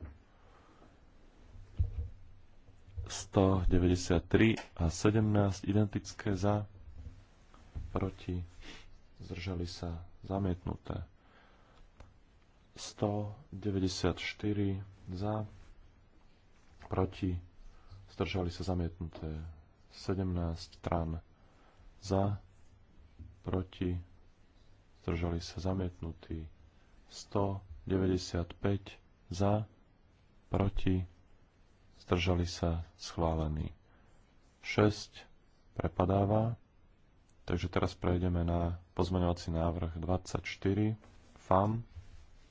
193 a 17 identické za, proti, zdržali sa, zamietnuté. 194 za, proti, zdržali sa zamietnuté 17 stran za, proti, zdržali sa zamietnutí 195 za, proti, zdržali sa schválení. 6 prepadáva, takže teraz prejdeme na pozmeňovací návrh 24 FAM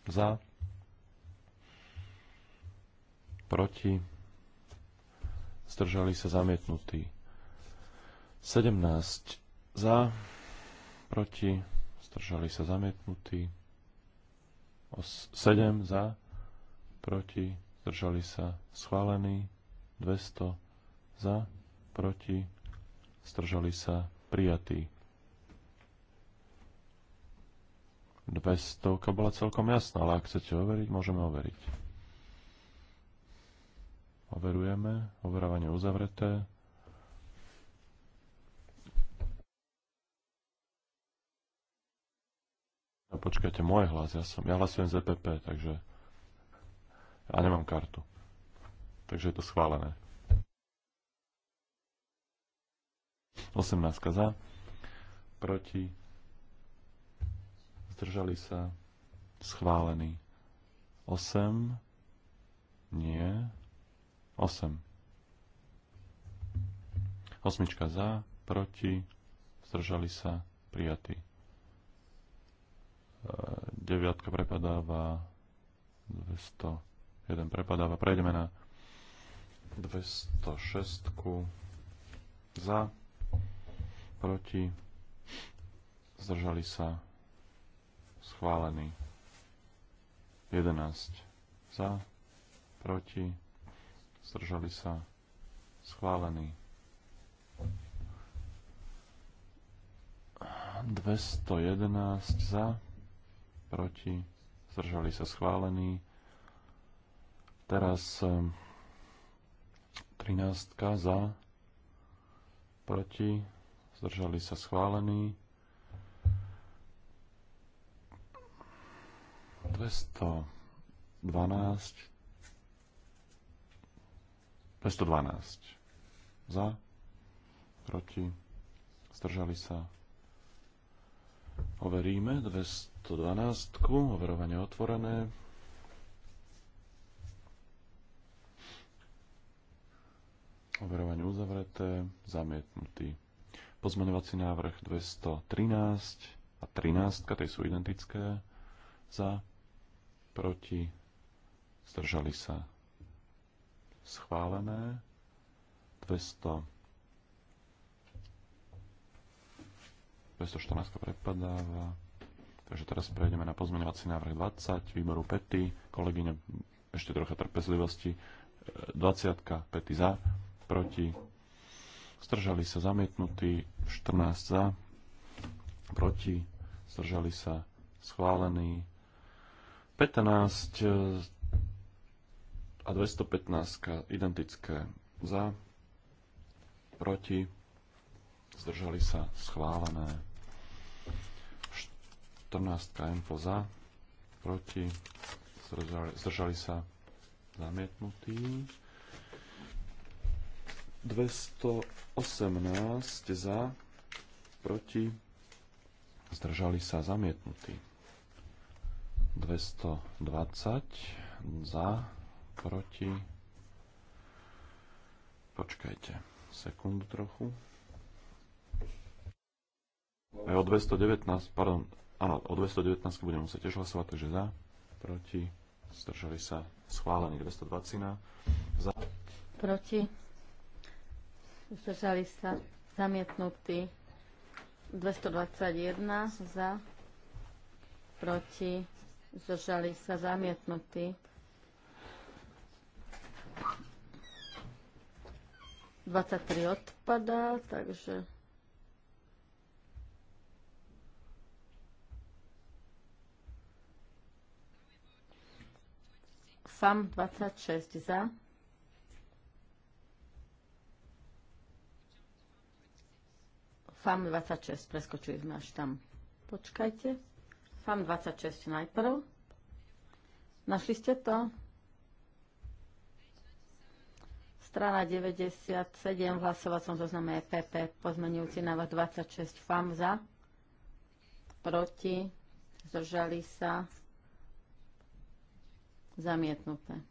za, proti, zdržali sa zamietnutí. 17 za, proti, zdržali sa zamietnutí. 7 za, proti, zdržali sa schválení. 200 za, proti, zdržali sa prijatí. 200 bola celkom jasná, ale ak chcete overiť, môžeme overiť. Overujeme. Overávanie uzavreté. A no, počkajte, môj hlas, ja, som, ja hlasujem z EPP, takže ja nemám kartu. Takže je to schválené. 18 za, proti, zdržali sa, schválený. 8, nie, 8. Osmička za, proti, zdržali sa, prijatí. E, deviatka prepadáva, 201 prepadáva. Prejdeme na 206 za, proti, zdržali sa, schválený. 11 za, proti, zdržali sa, schválení. 211 za, proti, zdržali sa, schválení. Teraz 13 za, proti, zdržali sa, schválení, 212 212. Za, proti, zdržali sa. Overíme 212, overovanie otvorené. Overovanie uzavreté, zamietnutý. Pozmeňovací návrh 213 a 13, tie sú identické. Za, proti, zdržali sa schválené. 200 214 prepadáva. Takže teraz prejdeme na pozmeňovací návrh 20 výboru Pety. Kolegyne, ešte trocha trpezlivosti. 20 Pety za, proti. stržali sa zamietnutí 14 za, proti. stržali sa schválení 15 a 215 identické za, proti, zdržali sa schválené. 14 M za, proti, zdržali, zdržali sa zamietnutí. 218 za, proti, zdržali sa zamietnutí. 220 za, proti. Počkajte sekundu trochu. Aj e, o 219, pardon, áno, o 219 budeme musieť tiež hlasovať, takže za, proti, zdržali sa schválený 220, za, proti, zdržali sa zamietnutí 221, za, proti, zdržali sa zamietnutí 23 odpadá, takže... Sam 26 za. FAM 26, preskočili sme až tam. Počkajte. FAM 26 najprv. Našli ste to? Strana 97 v hlasovacom zozname PP, pozmenujúci návrh 26 FAM za, proti, zdržali sa, zamietnuté.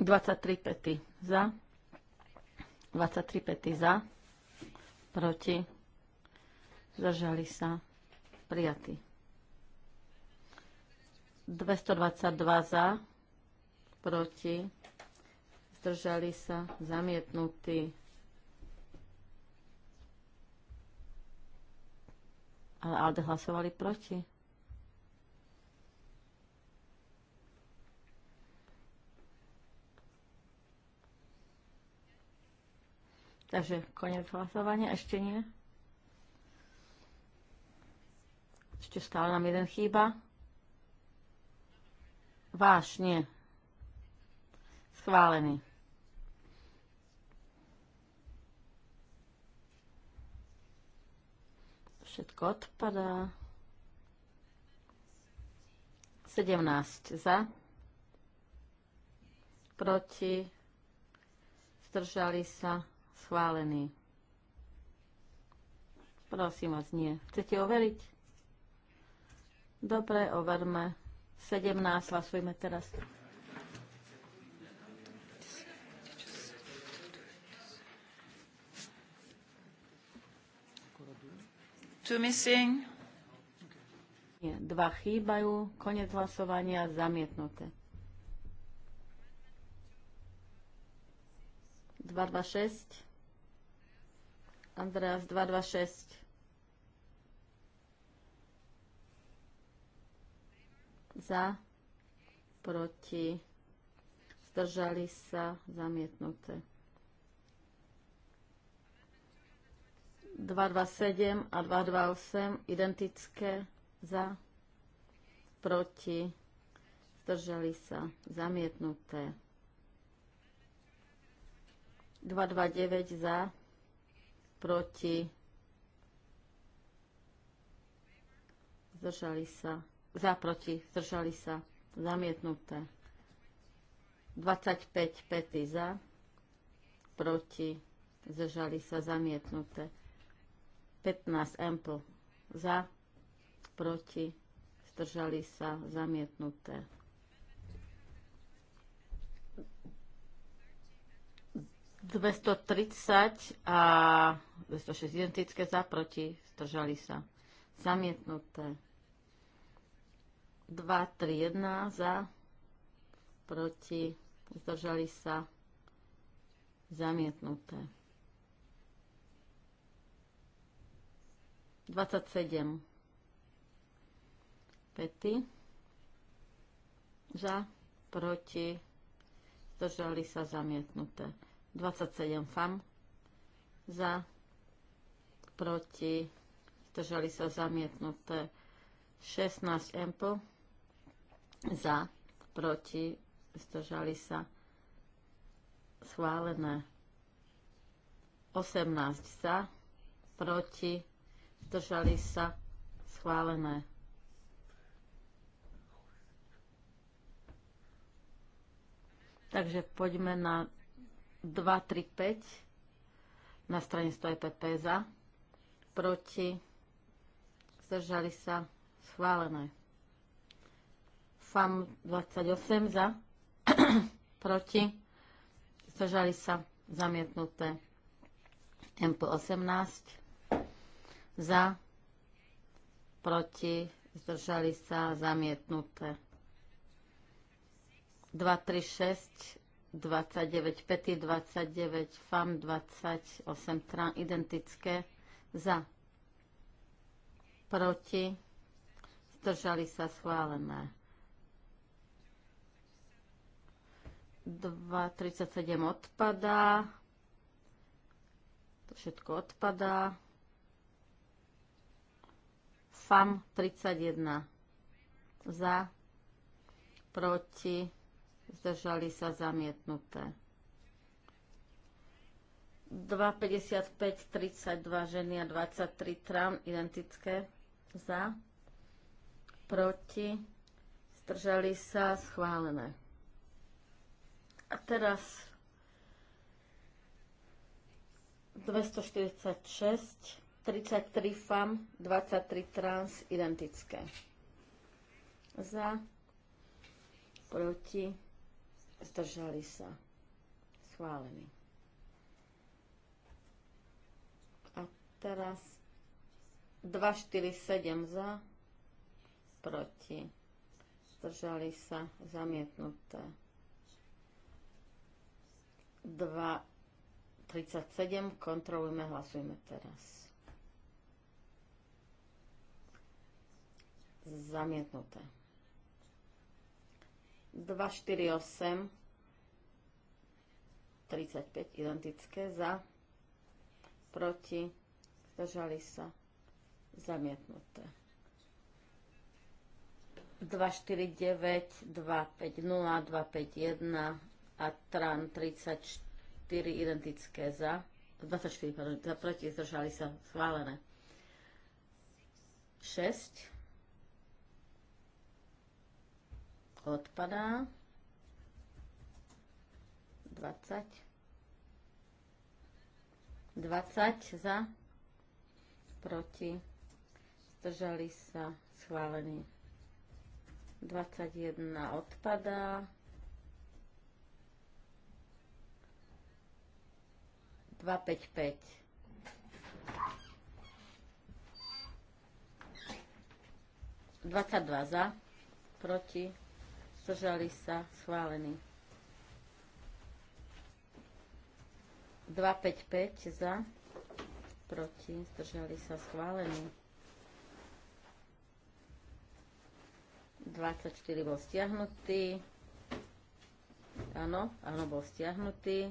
Dvadsaťtri pety za. Dvadsaťtri pety za proti, zdržali sa, prijatí. 222 za, proti, zdržali sa, zamietnutí. Ale Alde hlasovali proti. Takže koniec hlasovania, ešte nie. Ešte stále nám jeden chýba. Váš, nie. Schválený. Všetko odpadá. 17 za. Proti. Zdržali sa. Schválený. Prosím vás, nie. Chcete overiť? Dobre, overme. 17, hlasujme teraz. Two missing. Nie, dva chýbajú. Konec hlasovania zamietnuté. 226. Andreas 226. Za, proti, zdržali sa, zamietnuté. 227 a 228 identické za, proti, zdržali sa, zamietnuté. 229 za, proti, zdržali sa, za, proti, zdržali sa, zamietnuté. 25 pety za, proti, zdržali sa, zamietnuté. 15 ampl za, proti, zdržali sa, zamietnuté. 230 a 206 identické za, proti, zdržali sa. Zamietnuté. 2, 3, 1 za, proti, zdržali sa. Zamietnuté. 27. Pety. Za, proti, zdržali sa zamietnuté. 27 FAM za, proti, zdržali sa zamietnuté 16 EMPL za, proti, zdržali sa schválené 18 za, proti, zdržali sa schválené Takže poďme na 235 na strane 100 EPP za, proti, zdržali sa, schválené. FAM *clears throat* 28 za, proti, zdržali sa, zamietnuté. MP 18 za, proti, zdržali sa, zamietnuté. 236 29, Petit 29, fam 28, tran, identické, za, proti, zdržali sa schválené. 2, 37 odpadá, to všetko odpadá, FAM 31 za, proti, zdržali sa zamietnuté. 2,55, 32 ženy a 23 tram, identické, za, proti, zdržali sa, schválené. A teraz 246, 33 FAM, 23 trans, identické. Za, proti, Zdržali sa. Schválený. A teraz 247 za, proti. Zdržali sa. Zamietnuté. 2 37, kontrolujme, hlasujme teraz. Zamietnuté. 248 35 identické za proti zdržali sa zamietnuté 249 250 251 a tran 34 identické za 24 pardon, za proti zdržali sa schválené 6 odpadá. 20. 20 za, proti, zdržali sa, schválení 21 odpadá. 255. 22 za, proti, zdržali sa, schválený. 255 za, proti, zdržali sa, schválený. 24 bol stiahnutý. Áno, áno, bol stiahnutý.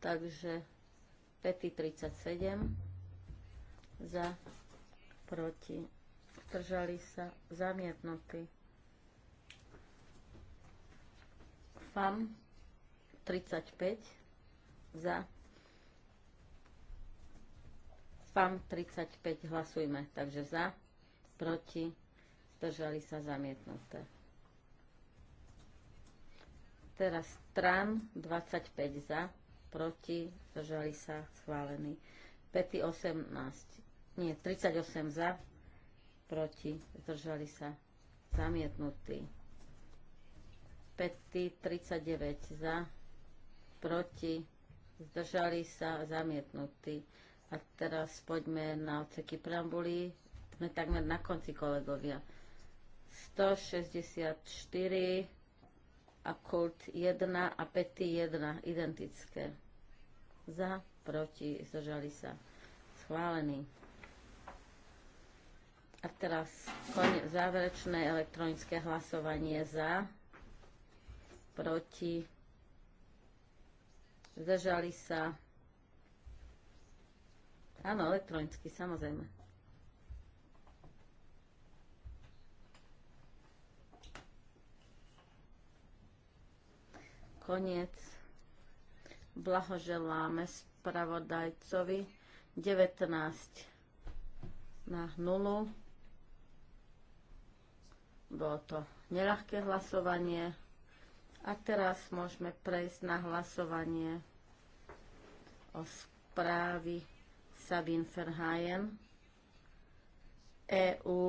Takže 537 za, proti, zdržali sa, zamietnutí. FAM 35 za. FAM 35 hlasujme, takže za, proti, zdržali sa, zamietnuté. Teraz stran 25 za, proti, zdržali sa, schválený. Pety 18, nie, 38 za, proti, zdržali sa, zamietnutý. 5, 39 za, proti, zdržali sa, zamietnutý. A teraz poďme na odseky preambuly. Sme takmer na konci, kolegovia. 164 a kult 1 a pety 1 identické. Za, proti, zdržali sa. Schválený. A teraz kone, záverečné elektronické hlasovanie za, proti, zdržali sa. Áno, elektronicky, samozrejme. Koniec. Blahoželáme spravodajcovi 19 na 0. Bolo to neľahké hlasovanie. A teraz môžeme prejsť na hlasovanie o správy Sabine Verheyen. EU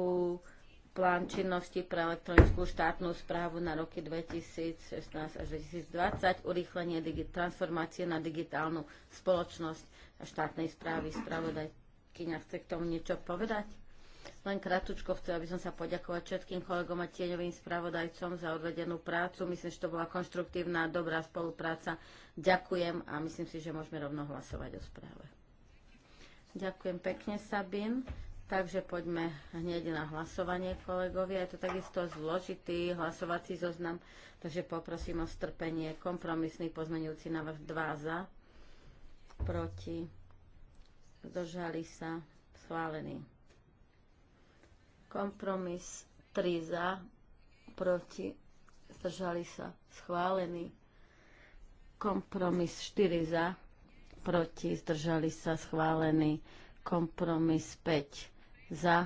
plán činnosti pre elektronickú štátnu správu na roky 2016 až 2020, urýchlenie transformácie na digitálnu spoločnosť a štátnej správy. Spravodajkyňa chce k tomu niečo povedať? Len kratučko chcela by som sa poďakovať všetkým kolegom a tieňovým spravodajcom za odvedenú prácu. Myslím, že to bola konštruktívna, dobrá spolupráca. Ďakujem a myslím si, že môžeme rovno hlasovať o správe. Ďakujem pekne, Sabin. Takže poďme hneď na hlasovanie, kolegovia. Je to takisto zložitý hlasovací zoznam, takže poprosím o strpenie. Kompromisný pozmenujúci návrh 2 za, proti, zdržali sa, schválený. Kompromis 3 za, proti, zdržali sa, schválený. Kompromis 4 za, proti, zdržali sa, schválený. Kompromis 5 za,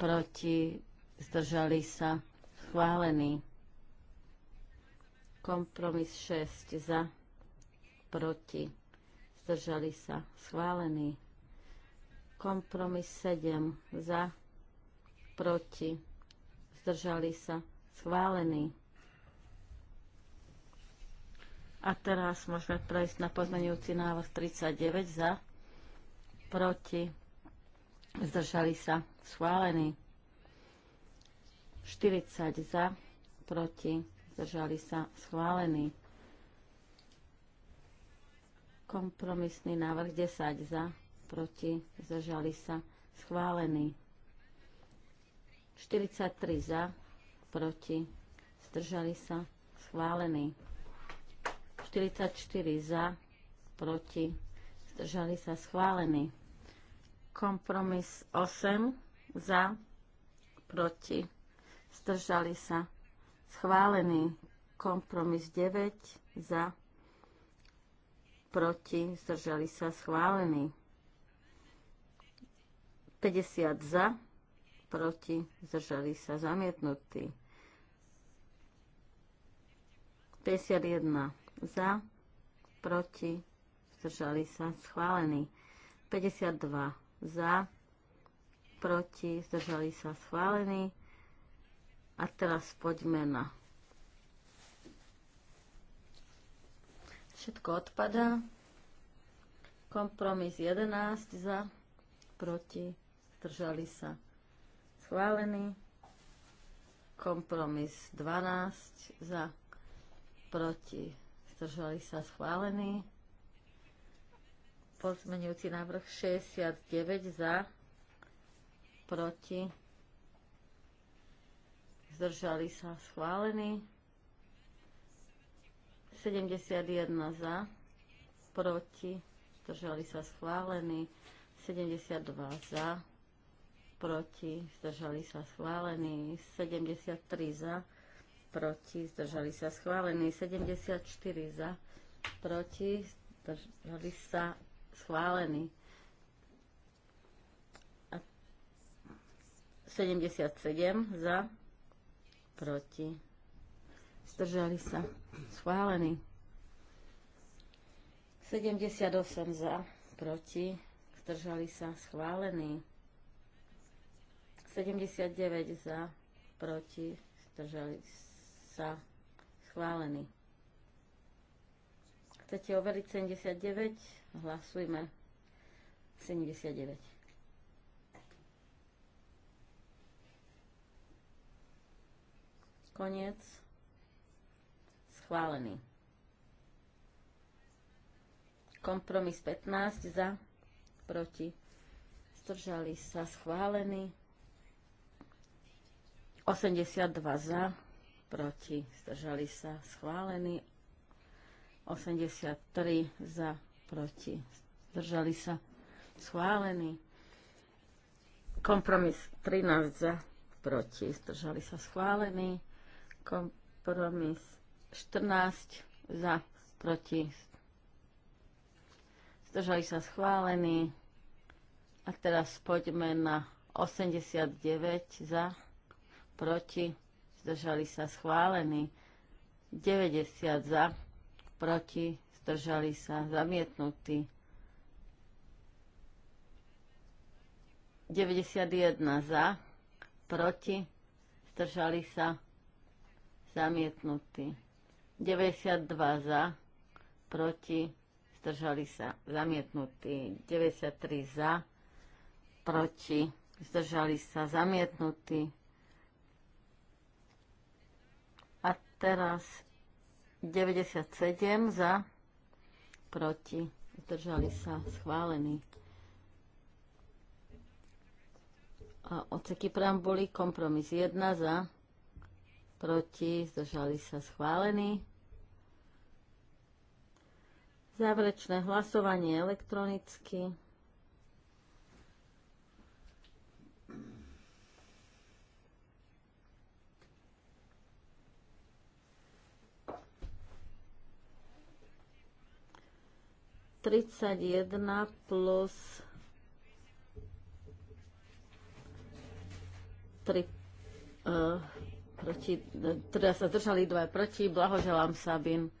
proti, zdržali sa, schválený. Kompromis 6 za, proti, zdržali sa, schválený. Kompromis 7 za, proti, zdržali sa, schválený. A teraz môžeme prejsť na pozmeňujúci návrh 39 za, proti, zdržali sa, schválený. 40 za, proti, zdržali sa, schválený. Kompromisný návrh 10 za, proti, zdržali sa, schválený. 43 za, proti, zdržali sa, schválený. 44 za, proti, zdržali sa, schválený. Kompromis 8 za, proti, zdržali sa, schválený. Kompromis 9 za, proti, zdržali sa, schválený. 50 za, proti, zdržali sa zamietnutí. 51 za, proti, zdržali sa schválení. 52 za, proti, zdržali sa schválení. A teraz poďme na. Všetko odpadá. Kompromis 11 za, proti, zdržali sa schválený. Kompromis 12 za, proti, zdržali sa schválený. Pozmenujúci návrh 69 za, proti, zdržali sa schválený. 71 za, proti, zdržali sa schválený. 72 za, proti, zdržali sa schválení, 73 za, proti, zdržali sa schválení, 74 za, proti, zdržali sa schválení. 77 za, proti, zdržali sa schválení. 78 za, proti, zdržali sa schválení. 79 za, proti, zdržali sa, schválený. Chcete overiť 79? Hlasujme. 79. Koniec. Schválený. Kompromis 15 za, proti, zdržali sa schválený. 82 za, proti, zdržali sa, schválený. 83 za, proti, zdržali sa, schválený. Kompromis 13 za, proti, zdržali sa, schválený. Kompromis 14 za, proti, zdržali sa, schválený. A teraz poďme na 89 za, proti, zdržali sa schválení. 90 za, proti, zdržali sa zamietnutí. 91 za, proti, zdržali sa zamietnutí. 92 za, proti, zdržali sa zamietnutí. 93 za, proti, zdržali sa zamietnutí. Teraz 97 za, proti, zdržali sa, schválení. A odseky boli kompromis 1 za, proti, zdržali sa, schválení. Záverečné hlasovanie elektronicky. 31 plus 3 uh, e, proti, e, teda sa zdržali dva proti, blahoželám Sabin.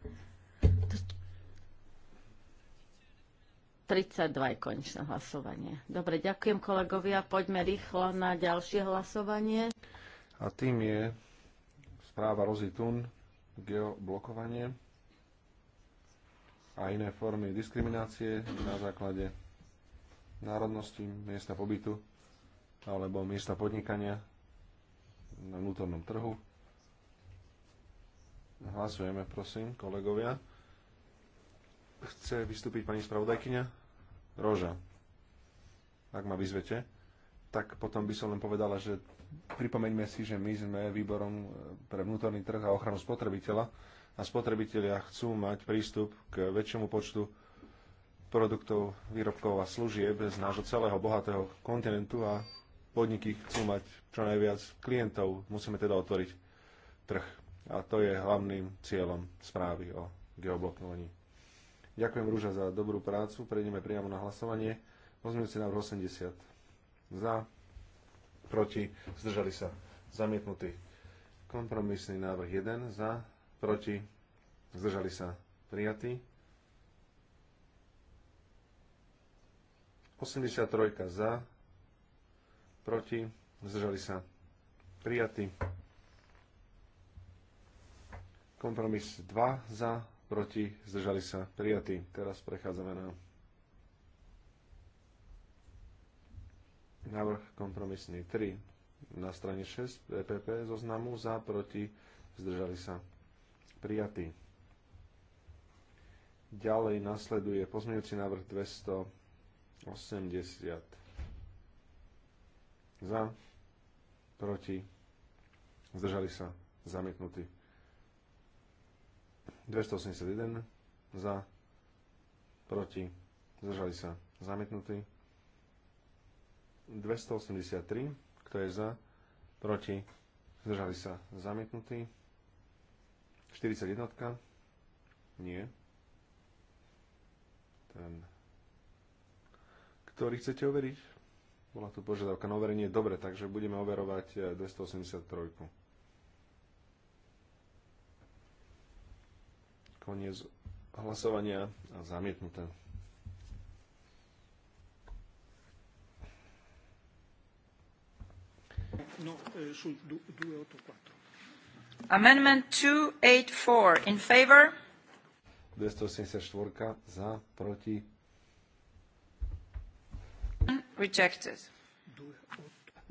32 je konečné hlasovanie. Dobre, ďakujem kolegovia. Poďme rýchlo na ďalšie hlasovanie. A tým je správa Rozitun, geoblokovanie a iné formy diskriminácie na základe národnosti, miesta pobytu alebo miesta podnikania na vnútornom trhu. Hlasujeme, prosím, kolegovia. Chce vystúpiť pani spravodajkyňa? Roža. Ak ma vyzvete, tak potom by som len povedala, že pripomeňme si, že my sme výborom pre vnútorný trh a ochranu spotrebiteľa a spotrebitelia chcú mať prístup k väčšiemu počtu produktov, výrobkov a služieb z nášho celého bohatého kontinentu a podniky chcú mať čo najviac klientov. Musíme teda otvoriť trh. A to je hlavným cieľom správy o geoblokovaní. Ďakujem Rúža za dobrú prácu. Prejdeme priamo na hlasovanie. Pozmeňujúci návrh 80. Za, proti, zdržali sa. Zamietnutý. Kompromisný návrh 1. Za, proti, zdržali sa prijatí. 83 za, proti, zdržali sa prijatí. Kompromis 2 za, proti, zdržali sa prijatí. Teraz prechádzame na návrh kompromisný 3 na strane 6 e PPP zoznamu za, proti, zdržali sa prijatý. Ďalej nasleduje pozmeňujúci návrh 280 za, proti, zdržali sa, zamietnutý. 281 za, proti, zdržali sa, zamietnutý. 283, kto je za, proti, zdržali sa, zamietnutý. 41? Nie. Ten, ktorý chcete overiť? Bola tu požiadavka na overenie. Dobre, takže budeme overovať 283. Eh, Koniec hlasovania a zamietnuté. No, eh, sú 284. Amendment 284 in favor. 284 za, proti. Rejected.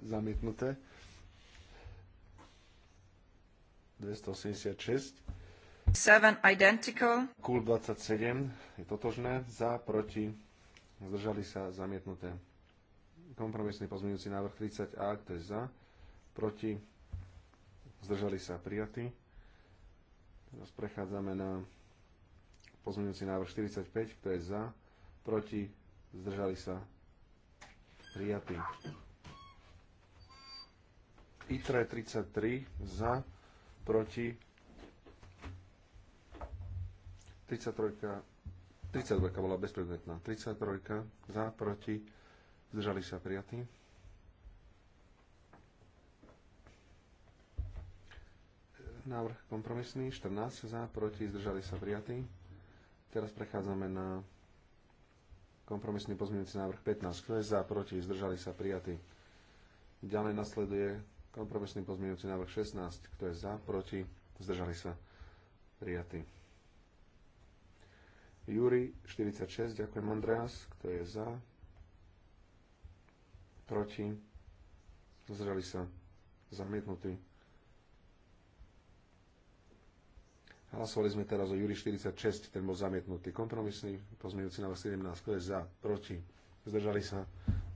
Zamietnuté. 286. 7 identical. Kul 27 je totožné, za, proti. Zdržali sa zamietnuté. Kompromisný pozmeňujúci návrh 30A, kto je za, proti zdržali sa prijatí. Teraz prechádzame na pozmeňujúci návrh 45, kto je za, proti, zdržali sa prijatí. ITRE 33 za, proti 33 32 bola bezpredmetná 33 za, proti zdržali sa prijatí Návrh kompromisný 14 za, proti, zdržali sa prijatí. Teraz prechádzame na kompromisný pozmeňujúci návrh 15. Kto je za, proti, zdržali sa prijatí. Ďalej nasleduje kompromisný pozmeňujúci návrh 16. Kto je za, proti, zdržali sa prijatí. Júri 46, ďakujem Andreas, kto je za, proti, zdržali sa, zamietnutí. Hlasovali sme teraz o Júri 46, ten bol zamietnutý. Kompromisný pozmeňujúci návrh 17, kto je za, proti, zdržali sa,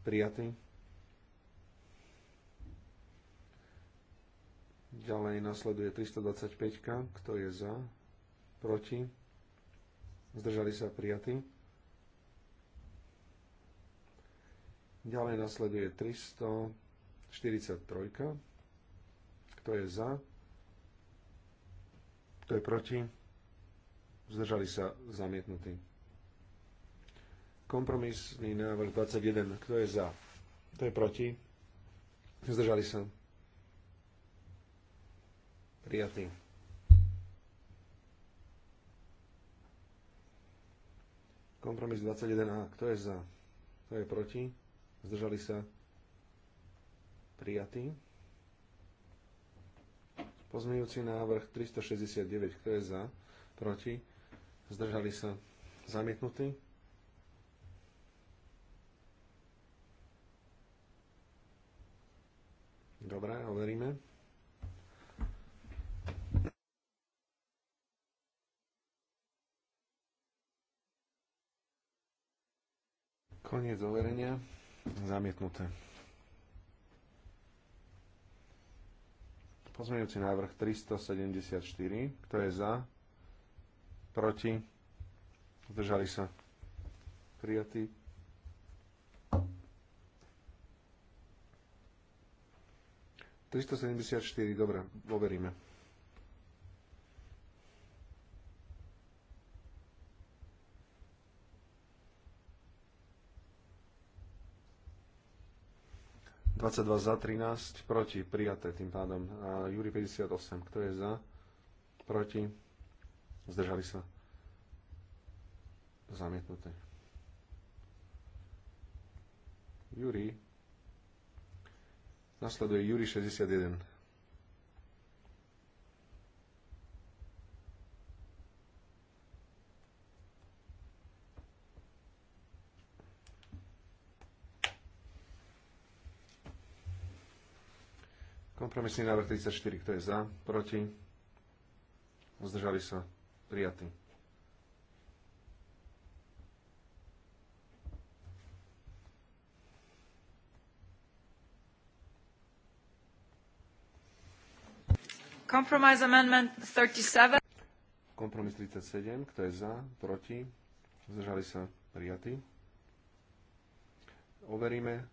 prijatý. Ďalej nasleduje 325, kto je za, proti, zdržali sa, prijatý. Ďalej nasleduje 343, kto je za, kto je proti? Zdržali sa zamietnutí. Kompromisný návrh 21. Kto je za? Kto je proti? Zdržali sa. Prijatý. Kompromis 21a. Kto je za? Kto je proti? Zdržali sa? Prijatý. Pozmeňujúci návrh 369, kto je za, proti, zdržali sa, zamietnutí. Dobre, overíme. Koniec overenia. Zamietnuté. Pozmeňujúci návrh 374. Kto je za? Proti? Zdržali sa? Prijatý. 374, dobre, overíme. 22 za, 13 proti, prijaté tým pádom. A Júri 58, kto je za? Proti? Zdržali sa? Zamietnuté. Júri. Nasleduje Júri 61. Kompromisný návrh 34, kto je za, proti, zdržali sa, prijatý. Compromise amendment 37. Kompromis 37, kto je za, proti, zdržali sa, prijatý. Overíme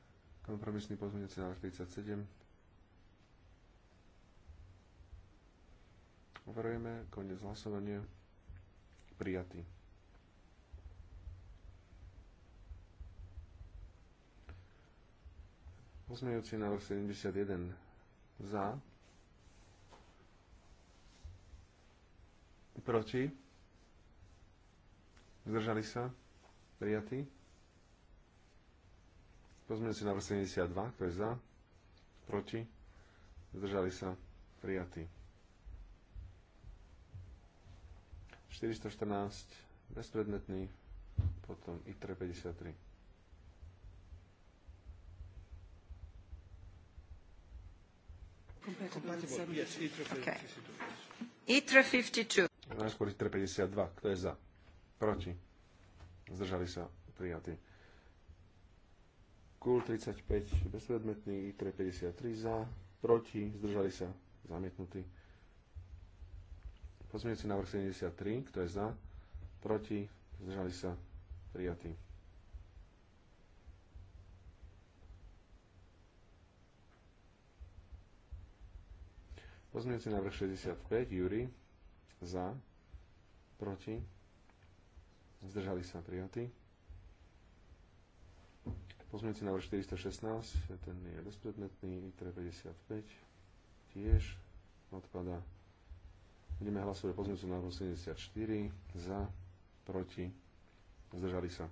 kompromisný pozmeňujúci návrh 37. Overujeme, koniec hlasovania. Prijatý. Pozmejúci návrh 71 za. Proti. Zdržali sa. Prijatý. Pozmejúci návrh 72, to je za. Proti. Zdržali sa. Prijatý. 414 bezpredmetný, potom ITRE 53. Okay. ITRE 52. Najskôr ITRE 52. Kto je za? Proti? Zdržali sa prijatí. KUL 35 bezpredmetný, ITRE 53 za, proti, zdržali sa zamietnutí. Pozmeňujúci návrh 73, kto je za? Proti? Zdržali sa? Prijatý. Pozmeňujúci návrh 65, Júri, za, proti, zdržali sa Prijatý. Pozmeňujúci návrh 416, ten je bezpredmetný, ITRE 55, tiež odpada Budeme hlasovať o pozmeňujúcom návrhu 74 za, proti, zdržali sa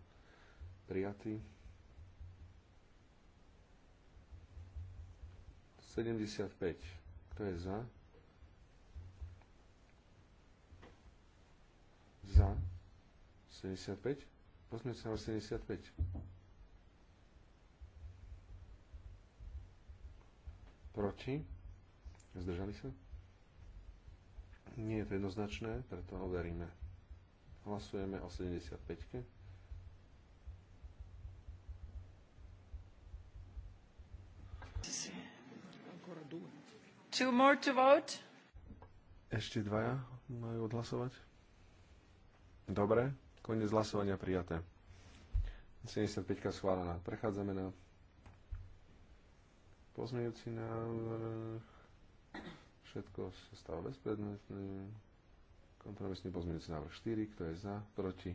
prijatí. 75. Kto je za? Za. 75? Pozmeňujúci návrh 75. Proti? Zdržali sa? Nie je to jednoznačné, preto overíme. Hlasujeme o 75. -ke. Two more to vote. Ešte dvaja majú odhlasovať. Dobre, koniec hlasovania prijaté. 75 schválená. Prechádzame na pozmejúci návrh všetko sa stalo bezpredmetným. Kompromisný pozmeňujúci návrh 4, kto je za, proti,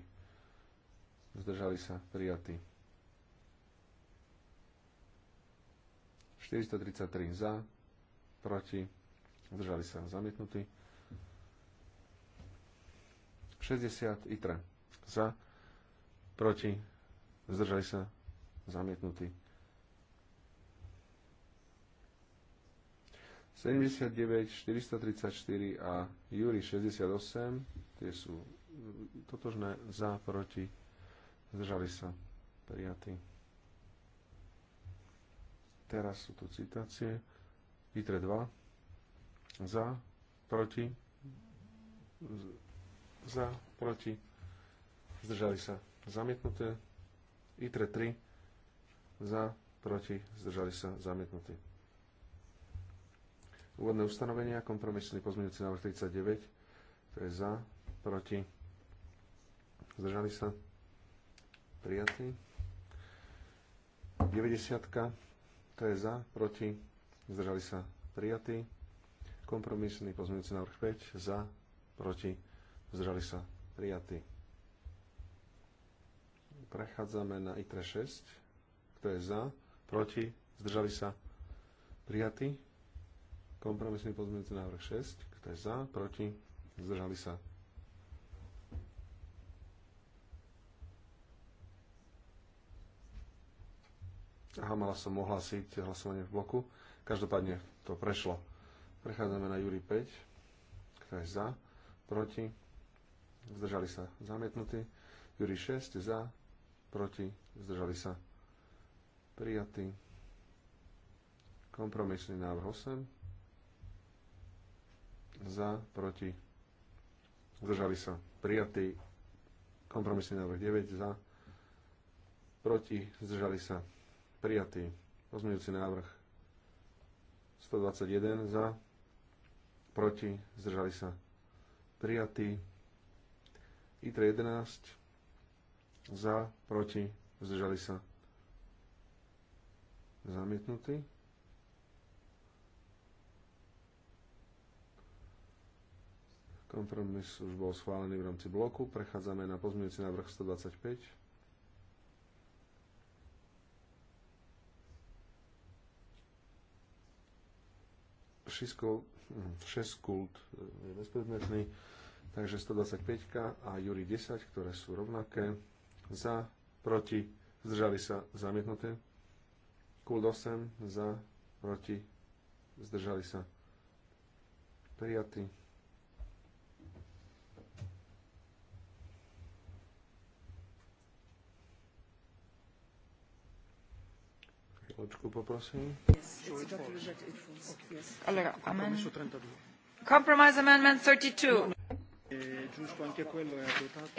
zdržali sa, prijatí 433 za, proti, zdržali sa, zamietnutí 60 itre za, proti, zdržali sa, zamietnutí. 79, 434 a Júri 68, tie sú totožné za, proti, zdržali sa, prijatí. Teraz sú tu citácie. Vitre 2, za, proti, za, proti, zdržali sa, zamietnuté. ITRE 3, za, proti, zdržali sa, zamietnuté. Úvodné ustanovenia, kompromisný pozmeňujúci návrh 39, to je za, proti, zdržali sa, prijatý. 90, to je za, proti, zdržali sa, prijatý. Kompromisný pozmeňujúci návrh 5, za, proti, zdržali sa, prijatý. Prechádzame na ITRE 6, kto je za, proti, zdržali sa, prijatý. Kompromisný pozmeňujúci návrh 6. Kto je za? Proti? Zdržali sa? Aha, mala som ohlásiť hlasovanie v bloku. Každopádne to prešlo. Prechádzame na Júri 5. Kto je za? Proti? Zdržali sa? Zamietnutí. Júri 6. Za? Proti? Zdržali sa? Prijatý. Kompromisný návrh 8 za, proti, zdržali sa prijatý. Kompromisný návrh 9 za, proti, zdržali sa prijatý. Pozmeňujúci návrh 121 za, proti, zdržali sa prijatý. ITRE 11 za, proti, zdržali sa zamietnutý. Kompromis už bol schválený v rámci bloku. Prechádzame na pozmeňujúci návrh 125. Šisko, mhm, šeskult eh, je bezpredmetný, takže 125 a Juri 10, ktoré sú rovnaké. Za, proti, zdržali sa zamietnuté. Kult 8, za, proti, zdržali sa prijatí. Počku poprosím. Allora, amen. Compromise amendment 32. Eh,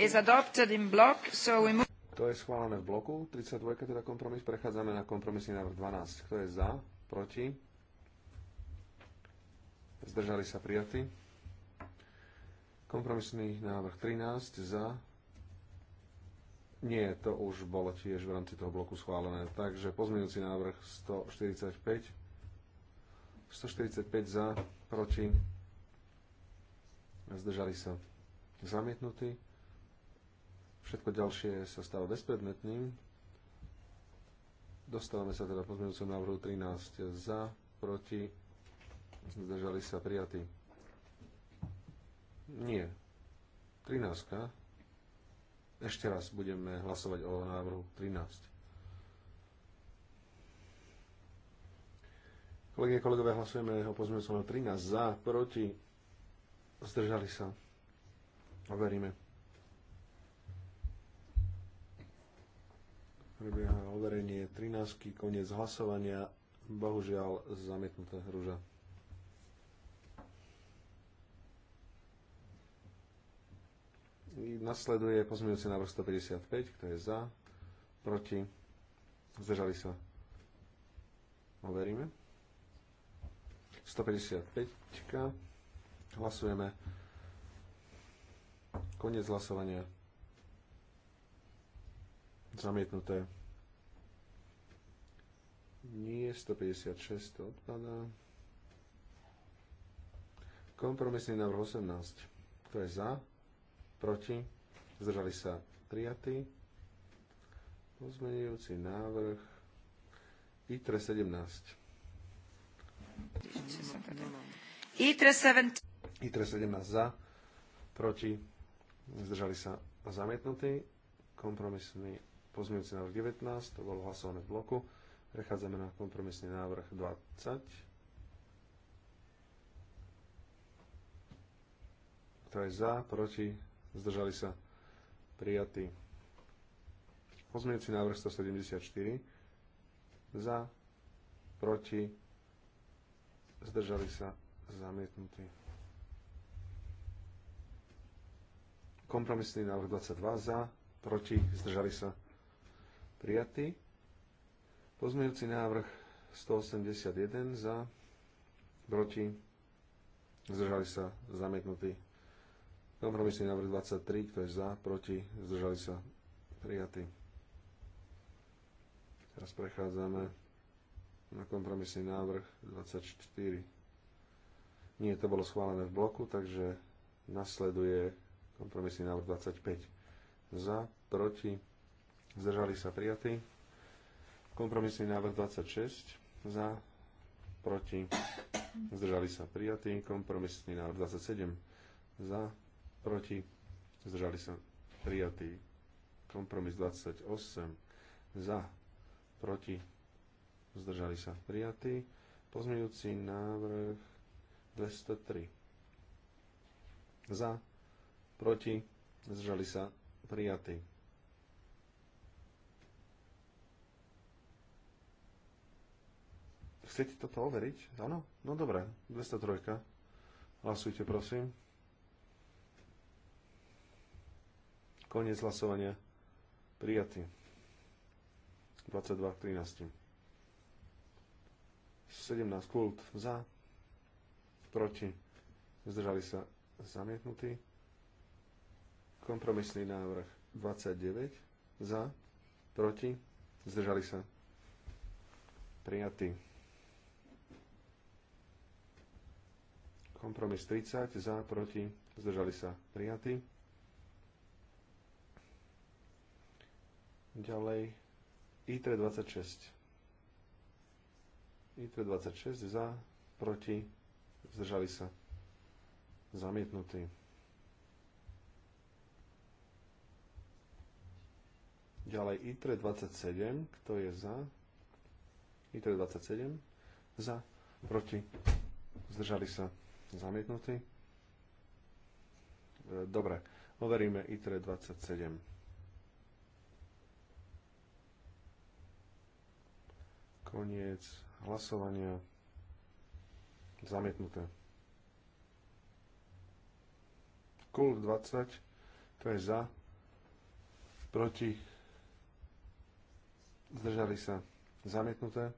Is adopted in block, so we move... To je schválené v bloku. 32, teda kompromis. Prechádzame na kompromisný návrh 12. Kto je za? Proti? Zdržali sa prijatí. Kompromisný návrh 13. Za? Nie, to už bolo tiež v rámci toho bloku schválené. Takže pozmeňujúci návrh 145. 145 za, proti. Zdržali sa zamietnutí. Všetko ďalšie sa stáva bezpredmetným. Dostávame sa teda pozmeňujúcom návrhu 13 za, proti. Zdržali sa prijatí. Nie. 13. Ešte raz budeme hlasovať o návrhu 13. Kolegyne, kolegové, hlasujeme o pozmeňujúcom na 13 za, proti, zdržali sa. Overíme. Prebieha overenie 13. koniec hlasovania. Bohužiaľ zamietnuté hruža. Nasleduje pozmeňujúci návrh 155, kto je za, proti, zdržali sa. Overíme. 155. Hlasujeme. Koniec hlasovania. Zamietnuté. Nie, 156 to odpadá. Kompromisný návrh 18. Kto je za? proti, zdržali sa prijatí. Pozmenujúci návrh ITRE 17. ITRE 17. ITRE 17 za, proti, zdržali sa zamietnutí. Kompromisný pozmenujúci návrh 19, to bolo hlasované v bloku. Prechádzame na kompromisný návrh 20. Kto je za, proti, zdržali sa, prijatý. Pozmeňujúci návrh 174, za, proti, zdržali sa, zamietnutý. Kompromisný návrh 22, za, proti, zdržali sa, prijatý. Pozmeňujúci návrh 181, za, proti, zdržali sa, zamietnutý. Kompromisný návrh 23, kto je za, proti, zdržali sa, prijatý. Teraz prechádzame na kompromisný návrh 24. Nie, to bolo schválené v bloku, takže nasleduje kompromisný návrh 25. Za, proti, zdržali sa, prijatý. Kompromisný návrh 26. Za, proti, zdržali sa, prijatý. Kompromisný návrh 27. Za, proti, zdržali sa prijatí. Kompromis 28 za, proti, zdržali sa prijatí. Pozmeňujúci návrh 203 za, proti, zdržali sa prijatí. Chcete toto overiť? Áno? No dobre, 203. Hlasujte prosím. Koniec hlasovania. Prijatý. 22 k 13. 17 kult za. Proti. Zdržali sa zamietnutí. Kompromisný návrh 29 za. Proti. Zdržali sa. Prijatý. Kompromis 30 za. Proti. Zdržali sa. Prijatý. Ďalej ITRE 26. I3 26 za, proti, zdržali sa. Zamietnutý. Ďalej ITRE 27, kto je za? I3 27, za, proti, zdržali sa. Zamietnutý. E, dobre, overíme ITRE 27. Koniec hlasovania. Zamietnuté. Kult 20. To je za. Proti. Zdržali sa. Zamietnuté.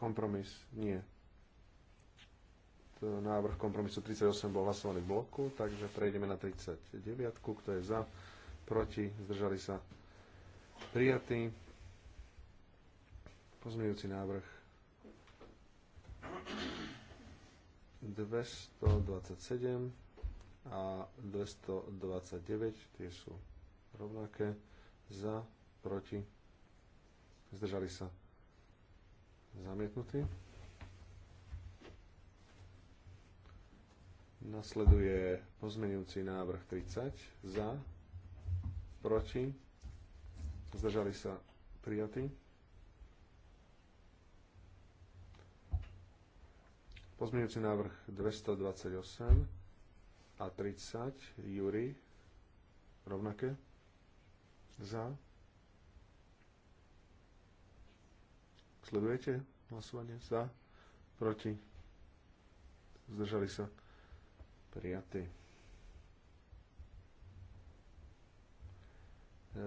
Kompromis. Nie. To návrh kompromisu 38 bol hlasovaný v bloku, takže prejdeme na 39. Kto je za? Proti. Zdržali sa. Prijatý. Pozmeňujúci návrh 227 a 229, tie sú rovnaké, za, proti, zdržali sa zamietnutí. Nasleduje pozmeňujúci návrh 30, za, proti, zdržali sa prijatí. Pozmeňujúci návrh 228 a 30, Júri, rovnaké, za. Sledujete hlasovanie? Za, proti, zdržali sa, Prijatý.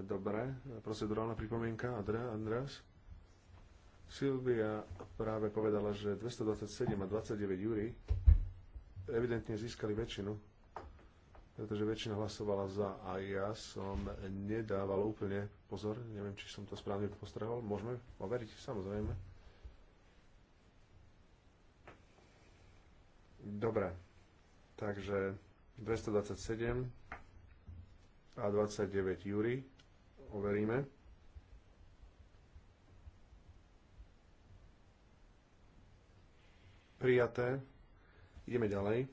Dobre, procedurálna pripomienka, Andreas. Silvia práve povedala, že 227 a 29 júri evidentne získali väčšinu, pretože väčšina hlasovala za a ja som nedával úplne pozor, neviem, či som to správne postrehol, môžeme overiť, samozrejme. Dobre, takže 227 a 29 júri overíme. Prijaté. Ideme ďalej.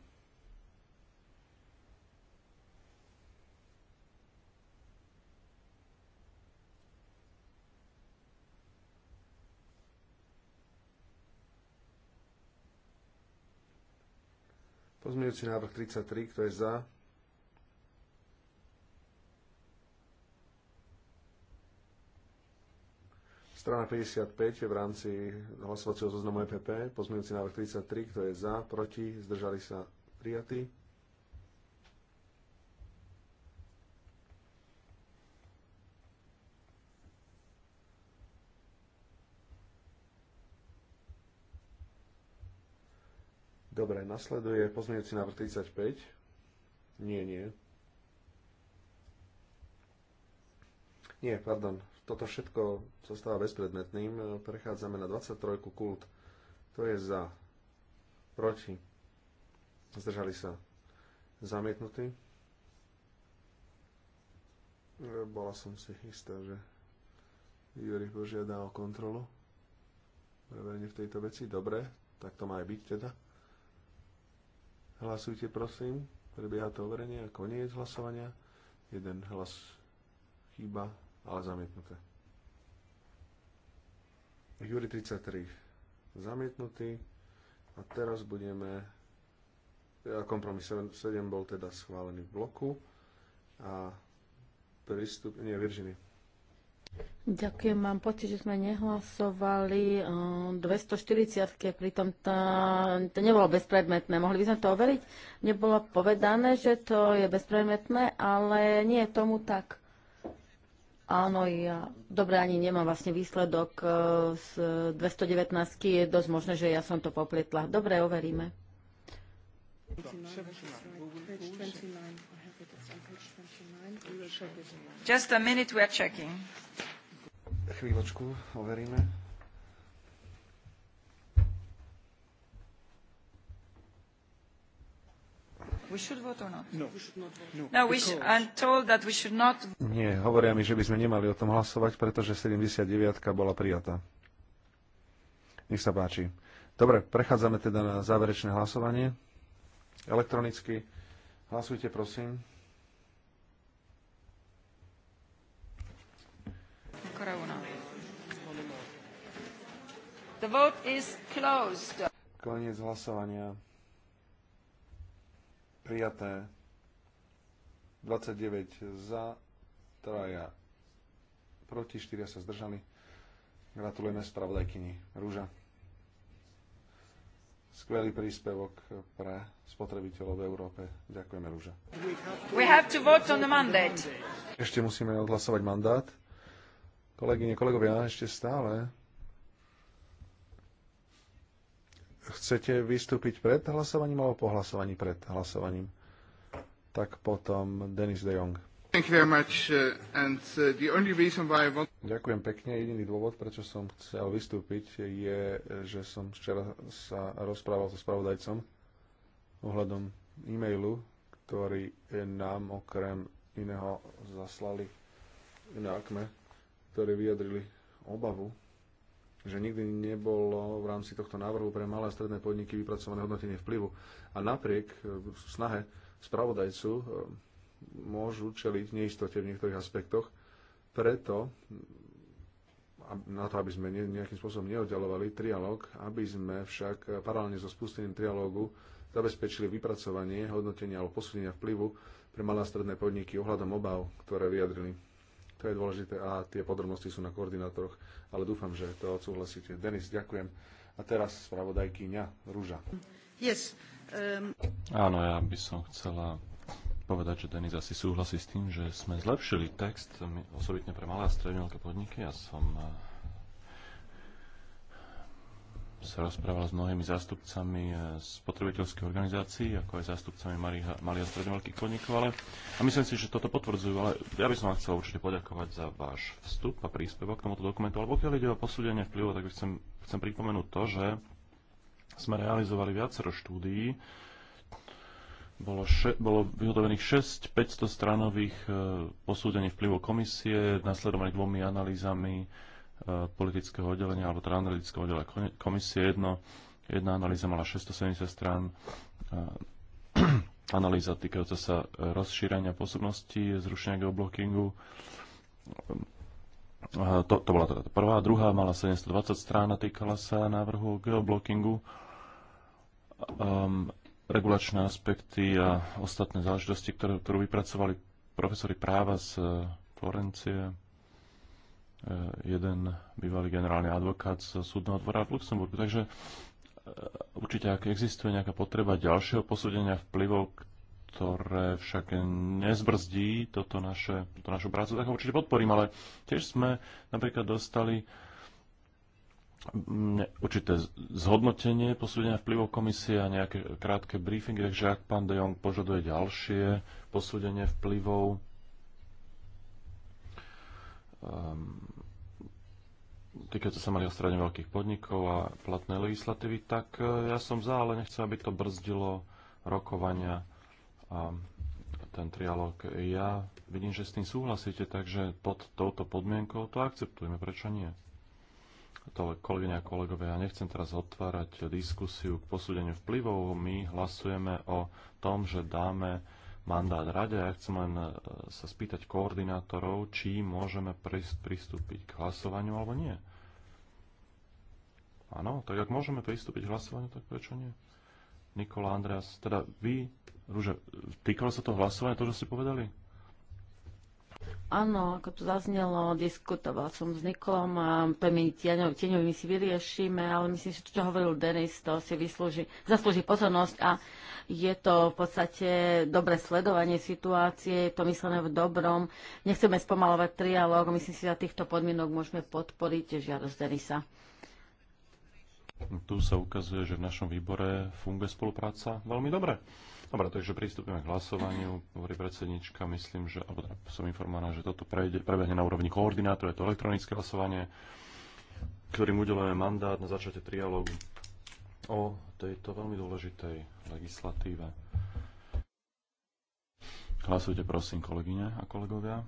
Pozmeňujúci návrh 33, kto je za? Strana 55 v rámci hlasovacieho zoznamu EPP, pozmeňujúci návrh 33, kto je za, proti, zdržali sa prijatí. Dobre, nasleduje pozmeňujúci návrh 35. Nie, nie. Nie, pardon, toto všetko zostáva bezpredmetným. Prechádzame na 23. kult. To je za. Proti. Zdržali sa. zamietnutí. Bola som si istá, že Juri požiada o kontrolu. Preverenie v tejto veci. Dobre, tak to má aj byť teda. Hlasujte prosím. Prebieha to overenie a koniec hlasovania. Jeden hlas chýba ale zamietnuté. Júri 33 zamietnutý a teraz budeme kompromis 7, 7 bol teda schválený v bloku a prístup, nie, Viržiny. Ďakujem, mám pocit, že sme nehlasovali 240 eh, pritom to, to nebolo bezpredmetné. Mohli by sme to overiť? Nebolo povedané, že to je bezpredmetné, ale nie je tomu tak. Áno, ja dobre ani nemám vlastne výsledok e, z 219. Je dosť možné, že ja som to popletla. Dobre, overíme. Just a minute, we are checking. Chvíľočku, overíme. We should vote or not? No. We should not vote. No, no I'm told that we should not... Nie, hovoria mi, že by sme nemali o tom hlasovať, pretože 79 bola prijatá. Nech sa páči. Dobre, prechádzame teda na záverečné hlasovanie. Elektronicky. Hlasujte, prosím. The vote is closed. Koniec hlasovania prijaté 29 za, traja proti, 4 sa zdržali. Gratulujeme spravodajkyni Rúža. Skvelý príspevok pre spotrebiteľov v Európe. Ďakujeme, Rúža. We have to vote on the mandate. Ešte musíme odhlasovať mandát. Kolegyne, kolegovia, ešte stále Chcete vystúpiť pred hlasovaním alebo po hlasovaní pred hlasovaním? Tak potom Denis de Jong. Much, want... Ďakujem pekne. Jediný dôvod, prečo som chcel vystúpiť, je, že som včera sa rozprával so spravodajcom ohľadom e-mailu, ktorý nám okrem iného zaslali na akme, ktorí vyjadrili obavu že nikdy nebolo v rámci tohto návrhu pre malé a stredné podniky vypracované hodnotenie vplyvu. A napriek e, snahe spravodajcu e, môžu čeliť neistote v niektorých aspektoch. Preto, na to, aby sme nejakým spôsobom neoddelovali trialóg, aby sme však paralelne so spustením trialógu zabezpečili vypracovanie hodnotenia alebo posúdenia vplyvu pre malé a stredné podniky ohľadom obav, ktoré vyjadrili to je dôležité a tie podrobnosti sú na koordinátoroch, ale dúfam, že to odsúhlasíte. Denis, ďakujem. A teraz spravodajkyňa Rúža. Yes. Um... Áno, ja by som chcela povedať, že Denis asi súhlasí s tým, že sme zlepšili text, osobitne pre malé a stredne podniky. Ja som eh, sa rozprával s mnohými zástupcami eh, spotrebiteľských organizácií, ako aj zástupcami malých a stredne veľkých podnikov, ale a myslím si, že toto potvrdzujú, ale ja by som vám chcel určite poďakovať za váš vstup a príspevok k tomuto dokumentu. Ale pokiaľ ide o posúdenie vplyvu, tak chcem, chcem pripomenúť to, že sme realizovali viacero štúdií, bolo, še- bolo vyhodovených 6 500 stranových eh, posúdení vplyvu komisie, nasledovaných dvomi analýzami Eh, politického oddelenia alebo teda analytického oddelenia komisie. Jedno, jedna analýza mala 670 strán, eh, *clears throat* analýza týkajúca sa eh, rozšírenia pôsobnosti, zrušenia geoblockingu. To, to bola teda prvá. Druhá mala 720 strán a týkala sa návrhu geoblockingu. Um, regulačné aspekty a ostatné záležitosti, ktoré, ktorú vypracovali profesori práva z Florencie, Eh, jeden bývalý generálny advokát z súdneho dvora v Luxemburgu. Takže eh, určite, ak existuje nejaká potreba ďalšieho posúdenia vplyvov, ktoré však nezbrzdí toto naše, túto našu prácu, tak ho určite podporím, ale tiež sme napríklad dostali mm, určité zhodnotenie posúdenia vplyvov komisie a nejaké krátke briefingy, takže ak pán De Jong požaduje ďalšie posúdenie vplyvov, um, ehm, týkajúce sa mali o strane veľkých podnikov a platnej legislatívy, tak e, ja som za, ale nechcem, aby to brzdilo rokovania a ten trialog. Ja vidím, že s tým súhlasíte, takže pod touto podmienkou to akceptujeme. Prečo nie? To, kolegyne a kolegovia, ja nechcem teraz otvárať diskusiu k posúdeniu vplyvov. My hlasujeme o tom, že dáme mandát rade. Ja chcem len e, sa spýtať koordinátorov, či môžeme pristúpiť k hlasovaniu alebo nie. Áno, tak ak môžeme pristúpiť k hlasovaniu, tak prečo nie? Nikola, Andreas, teda vy, Rúže, týkalo sa to hlasovanie, to, čo ste povedali? Áno, ako to zaznelo, diskutoval som s Nikolom a my tieňovými si vyriešime, ale myslím, že to, čo hovoril Denis, to si vyslúži, zaslúži pozornosť a je to v podstate dobre sledovanie situácie, je to myslené v dobrom. Nechceme spomalovať trialóg, myslím si, že za týchto podmienok môžeme podporiť žiadosť Denisa. Tu sa ukazuje, že v našom výbore funguje spolupráca veľmi dobre. Dobre, takže pristúpime k hlasovaniu. Hovorí predsednička, myslím, že, alebo teda som informovaná, že toto prejde, prebehne na úrovni koordinátora, je to elektronické hlasovanie, ktorým udelujeme mandát na začiatie trialógu o tejto veľmi dôležitej legislatíve. Hlasujte prosím, kolegyne a kolegovia.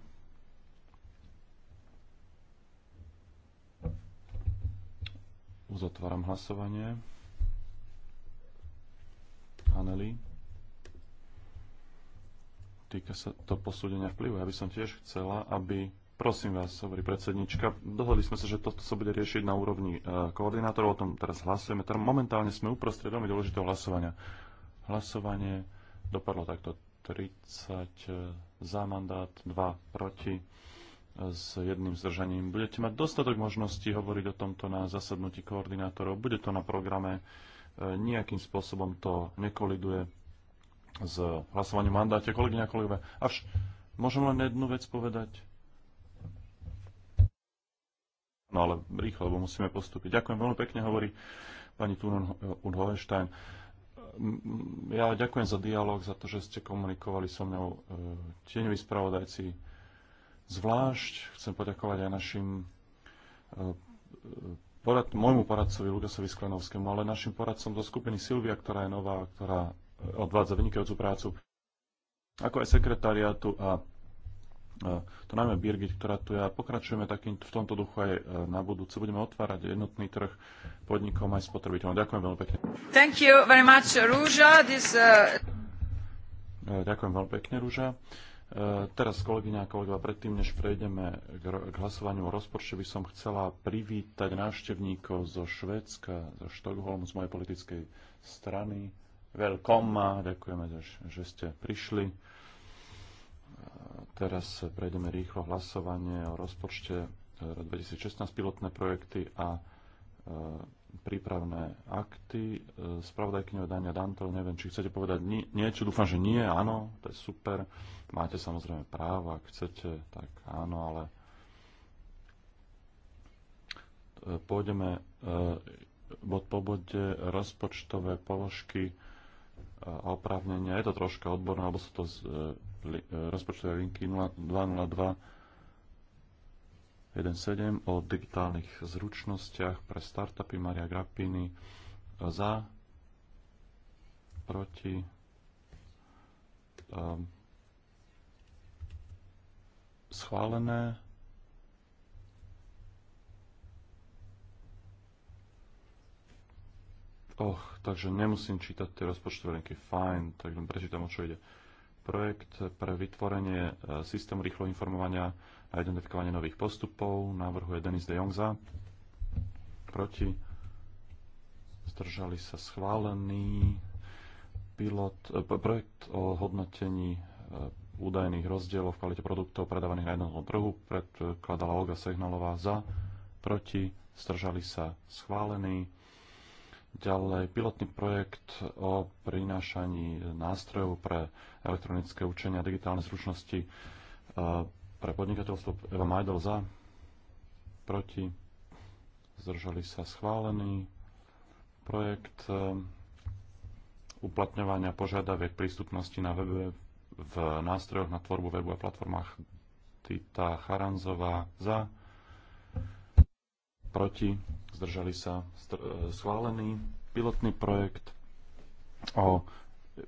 Uzatváram hlasovanie. Anely. Týka sa to posúdenia vplyvu. Ja by som tiež chcela, aby Prosím vás, hovorí predsednička. Dohodli sme sa, že toto sa bude riešiť na úrovni e, koordinátorov. O tom teraz hlasujeme. Teda momentálne sme uprostred veľmi dôležitého hlasovania. Hlasovanie dopadlo takto 30 e, za mandát, 2 proti e, s jedným zdržaním. Budete mať dostatok možností hovoriť o tomto na zasadnutí koordinátorov. Bude to na programe. Nijakým spôsobom to nekoliduje s hlasovaním mandáte. Kolegyňa, kolegové, až môžem len jednu vec povedať No ale rýchlo, lebo musíme postúpiť. Ďakujem veľmi pekne, hovorí pani Tunon Hohenstein. Mm, ja ďakujem za dialog, za to, že ste komunikovali so mnou e, tieňoví spravodajci. Zvlášť chcem poďakovať aj našim e, e, porad, môjmu poradcovi Lukasovi Sklenovskému, ale našim poradcom do skupiny Silvia, ktorá je nová, ktorá odvádza vynikajúcu prácu, ako aj sekretariátu a E, to najmä Birgit, ktorá tu je. pokračujeme takým, v tomto duchu aj e, na budúce. Budeme otvárať jednotný trh podnikom aj spotrebiteľom. Ďakujem veľmi pekne. Thank you very much, Rúža. This, uh... E, ďakujem veľmi pekne, Rúža. Teraz, kolegyňa a kolegova, predtým, než prejdeme k hlasovaniu o rozpočte, by som chcela privítať návštevníkov zo Švédska, zo Štokholmu, z mojej politickej strany. Welcome, ďakujeme, že ste prišli teraz prejdeme rýchlo hlasovanie o rozpočte 2016, e, pilotné projekty a e, prípravné akty. E, spravodajkyňou Dania Dantov, neviem, či chcete povedať ni- niečo, dúfam, že nie, áno, to je super. Máte samozrejme právo, ak chcete, tak áno, ale pôjdeme bod po bode rozpočtové položky a oprávnenia. Je to troška odborné, alebo sú to E, rozpočtové linky 202 o digitálnych zručnostiach pre startupy Maria Grappini za, proti, um, schválené. Och, takže nemusím čítať tie rozpočtové linky, fajn, tak len prečítam, o čo ide projekt pre vytvorenie e, systému rýchlo informovania a identifikovanie nových postupov. Návrhu je Denis de Jong za. Proti. Zdržali sa schválený pilot, e, projekt o hodnotení e, údajných rozdielov v kvalite produktov predávaných na jednotnom trhu predkladala Olga Sehnalová za, proti, zdržali sa schválený Ďalej pilotný projekt o prinášaní nástrojov pre elektronické učenie a digitálne zručnosti e, pre podnikateľstvo Eva Majdel za, proti, zdržali sa schválený projekt e, uplatňovania požiadaviek prístupnosti na webe v nástrojoch na tvorbu webu a platformách Tita Charanzová za, proti, zdržali sa e, schválený pilotný projekt o,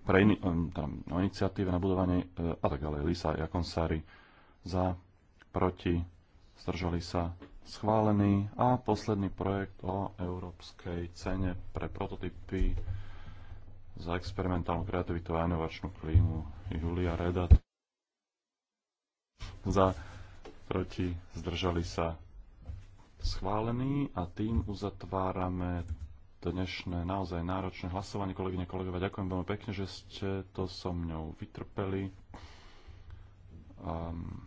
pre in, tam, o iniciatíve na budovanie e, a tak ďalej. Lisa Jakonsári za, proti, zdržali sa schválený a posledný projekt o európskej cene pre prototypy za experimentálnu kreativitu a inovačnú klímu Julia Redat za proti zdržali sa schválený a tým uzatvárame dnešné naozaj náročné hlasovanie. Kolegyne, kolegovia, ďakujem veľmi pekne, že ste to so mňou vytrpeli. Um,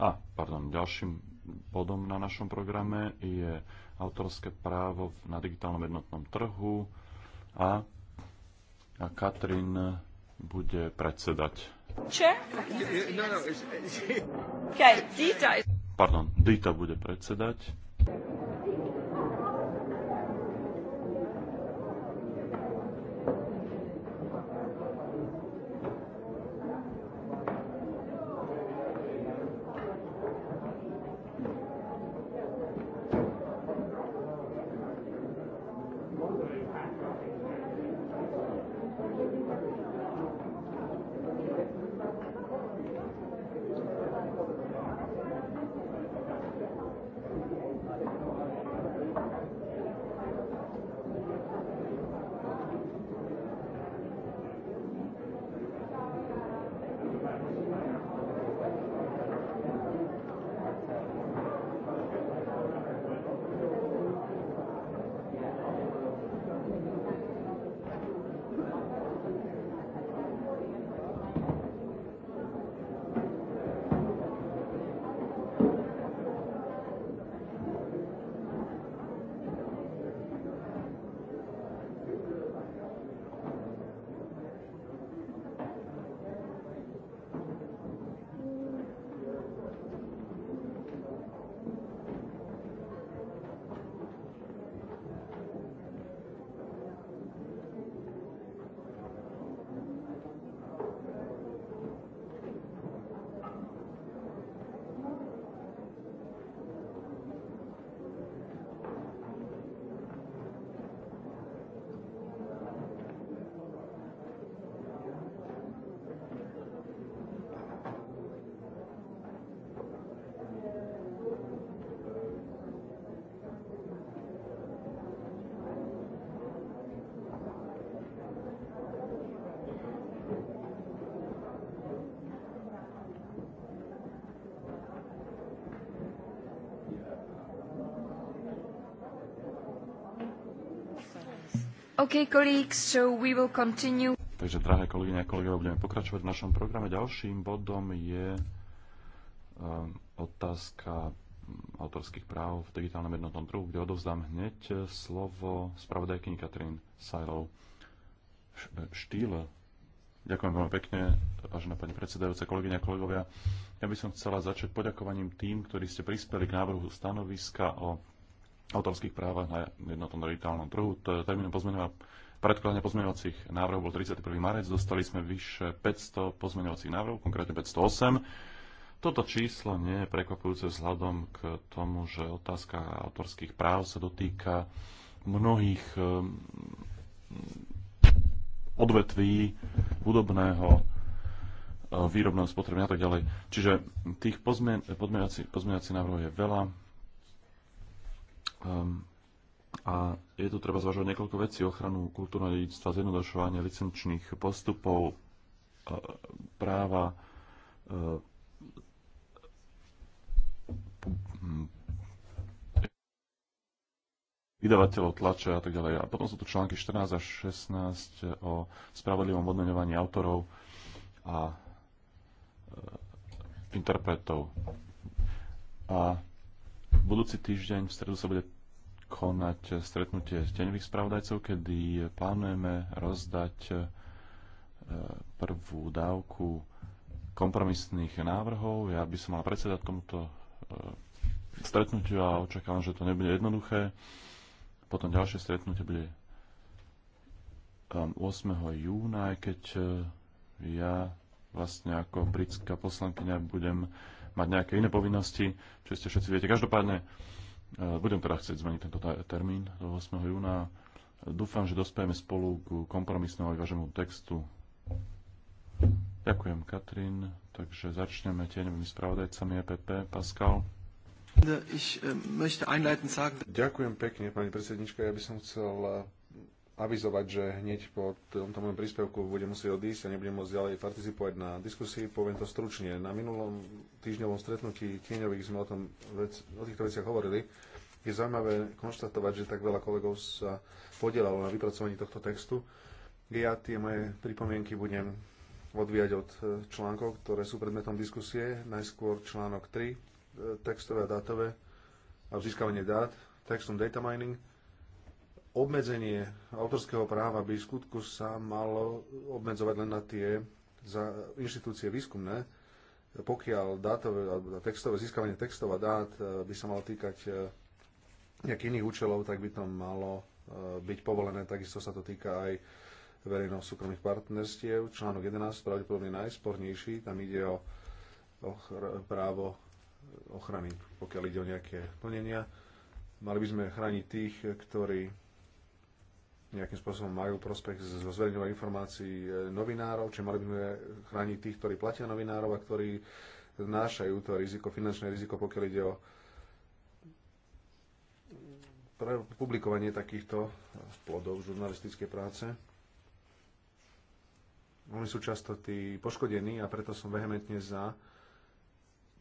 a, pardon, ďalším bodom na našom programe je autorské právo na digitálnom jednotnom trhu a, a Katrin bude predsedať Chair? No, no, it's, it's... Okay, Dita. Pardon, Dita bude predsedať. Okay, so Takže, drahé kolegyne a kolegovia, budeme pokračovať v našom programe. Ďalším bodom je um, otázka autorských práv v digitálnom jednotnom trhu, kde odovzdám hneď slovo spravodajkyni Katrin Sajlov. E, Štýl. Ďakujem veľmi pekne, vážená pani predsedajúca, kolegyne a kolegovia. Ja by som chcela začať poďakovaním tým, ktorí ste prispeli k návrhu stanoviska o autorských právach na jednotnom digitálnom trhu. Termín pozmeňova, predkladania pozmeňovacích návrhov bol 31. marec. Dostali sme vyše 500 pozmeňovacích návrhov, konkrétne 508. Toto číslo nie je prekvapujúce vzhľadom k tomu, že otázka autorských práv sa dotýka mnohých ehm, odvetví hudobného, ehm, výrobného spotrebného a tak ďalej. Čiže tých pozmeňovacích pozmeňovací návrhov je veľa Ehm, a je tu treba zvažovať niekoľko vecí, ochranu kultúrneho dedictva, zjednodušovanie licenčných postupov, e, práva e, vydavateľov tlače a tak ďalej. A potom sú tu články 14 až 16 o spravodlivom odmenovaní autorov a e, interpretov. A budúci týždeň v stredu sa bude konať stretnutie steňových spravodajcov, kedy plánujeme rozdať e, prvú dávku kompromisných návrhov. Ja by som mal predsedať tomuto e, stretnutiu a očakávam, že to nebude jednoduché. Potom ďalšie stretnutie bude 8. E, júna, aj keď ja vlastne ako britská poslankyňa budem mať nejaké iné povinnosti, čo ste všetci viete. Každopádne Eh, budem teda chcieť zmeniť tento termín do 8. júna. Dúfam, že dospejeme spolu k kompromisnému a vyváženému textu. Ďakujem, Katrin. Takže začneme tieňovými spravodajcami EPP. Pascal. Eh, Ďakujem pekne, pani predsednička. Ja by som chcel eh, avizovať, že hneď po tomto môjom príspevku budem musieť odísť a nebudem môcť ďalej participovať na diskusii. Poviem to stručne. Na minulom týždňovom stretnutí tieňových sme o, tom vec, o týchto veciach hovorili. Je zaujímavé konštatovať, že tak veľa kolegov sa podielalo na vypracovaní tohto textu. Ja tie moje pripomienky budem odvíjať od e, článkov, ktoré sú predmetom diskusie. Najskôr článok 3, e, textové a dátové a získavanie dát, textom data mining – obmedzenie autorského práva by v skutku sa malo obmedzovať len na tie za inštitúcie výskumné, pokiaľ dátové, alebo teda textové, získavanie textov a dát e, by sa malo týkať e, nejakých iných účelov, tak by to malo e, byť povolené. Takisto sa to týka aj verejno-súkromných partnerstiev. Článok 11, pravdepodobne najspornejší, tam ide o ochr- právo ochrany, pokiaľ ide o nejaké plnenia. Mali by sme chrániť tých, ktorí nejakým spôsobom majú prospech zo zverejňovania informácií e, novinárov, či mali by sme chrániť tých, ktorí platia novinárov a ktorí znášajú to riziko, finančné riziko, pokiaľ ide o publikovanie takýchto plodov žurnalistickej práce. Oni sú často tí poškodení a preto som vehementne za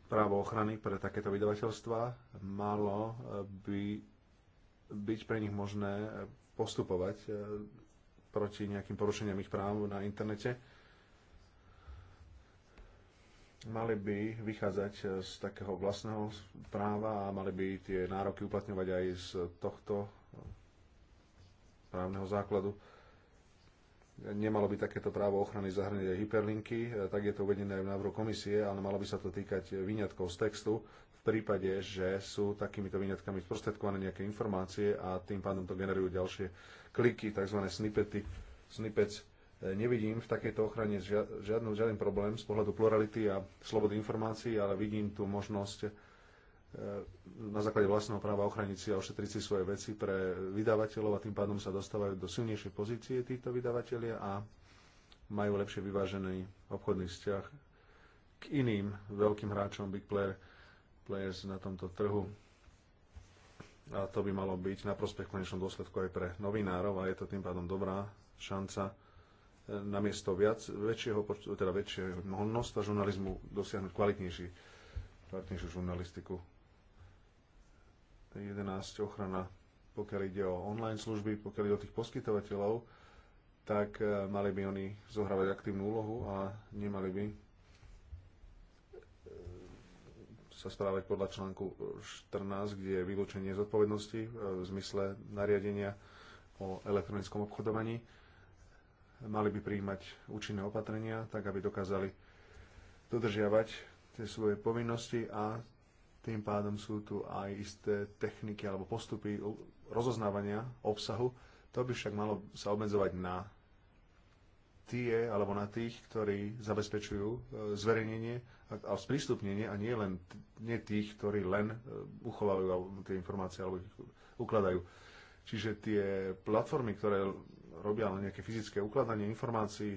právo ochrany pre takéto vydavateľstva. Malo e, by byť pre nich možné e, postupovať e, proti nejakým porušeniam ich práv na internete. Mali by vychádzať e, z takého vlastného práva a mali by tie nároky uplatňovať aj z tohto e, právneho základu. Nemalo by takéto právo ochrany zahrniť aj hyperlinky, tak je to uvedené aj v návrhu komisie, ale malo by sa to týkať výňatkov z textu, prípade, že sú takýmito výňatkami sprostredkované nejaké informácie a tým pádom to generujú ďalšie kliky, tzv. snippety, snippets. E, nevidím v takejto ochrane žiadny, žiaden problém z pohľadu plurality a slobody informácií, ale vidím tu možnosť e, na základe vlastného práva ochraniť si a ošetriť si svoje veci pre vydavateľov a tým pádom sa dostávajú do silnejšej pozície títo vydavatelia a majú lepšie vyvážený obchodný vzťah k iným veľkým hráčom Big Player players na tomto trhu. A to by malo byť na prospech konečnom dôsledku aj pre novinárov a je to tým pádom dobrá šanca e, namiesto viac, väčšieho, teda väčšieho množstva žurnalizmu dosiahnuť kvalitnejší, kvalitnejšiu žurnalistiku. 11. Ochrana, pokiaľ ide o online služby, pokiaľ ide o tých poskytovateľov, tak e, mali by oni zohrávať aktívnu úlohu a nemali by sa správať podľa článku 14, kde je vylúčenie zodpovednosti e, v zmysle nariadenia o elektronickom obchodovaní. Mali by príjmať účinné opatrenia, tak aby dokázali dodržiavať tie svoje povinnosti a tým pádom sú tu aj isté techniky alebo postupy rozoznávania obsahu. To by však malo sa obmedzovať na tie alebo na tých, ktorí zabezpečujú e, zverejnenie a sprístupnenie a nie len nie tých, ktorí len e, uchovávajú tie informácie alebo ich ukladajú. Čiže tie platformy, ktoré robia len nejaké fyzické ukladanie informácií,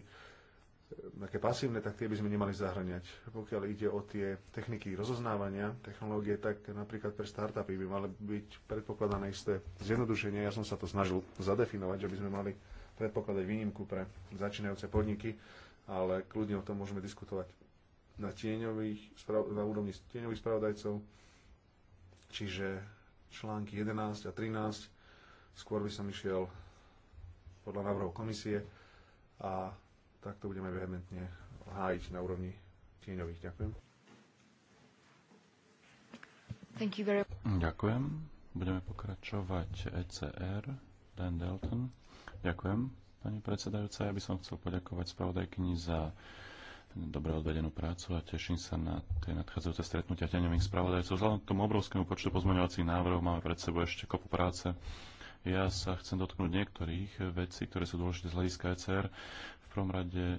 také e, pasívne, tak tie by sme nemali zahraniať. Pokiaľ ide o tie techniky rozoznávania, technológie, tak napríklad pre startupy by mali byť predpokladané isté zjednodušenie. Ja som sa to snažil zadefinovať, že by sme mali predpokladať výnimku pre začínajúce podniky, ale kľudne o tom môžeme diskutovať na, tieňových, na úrovni tieňových spravodajcov, čiže články 11 a 13. Skôr by som išiel podľa návrhov komisie a takto budeme vehementne hájiť na úrovni tieňových. Ďakujem. Thank you very... Ďakujem. Budeme pokračovať ECR. Dan Dalton. Ďakujem, pani predsedajúca. Ja by som chcel poďakovať spravodajkyni za dobre odvedenú prácu a teším sa na tie nadchádzajúce stretnutia tenových spravodajcov. Vzhľadom k tomu obrovskému počtu pozmeňovacích návrhov máme pred sebou ešte kopu práce. Ja sa chcem dotknúť niektorých vecí, ktoré sú dôležité z hľadiska ECR. V prvom rade, e,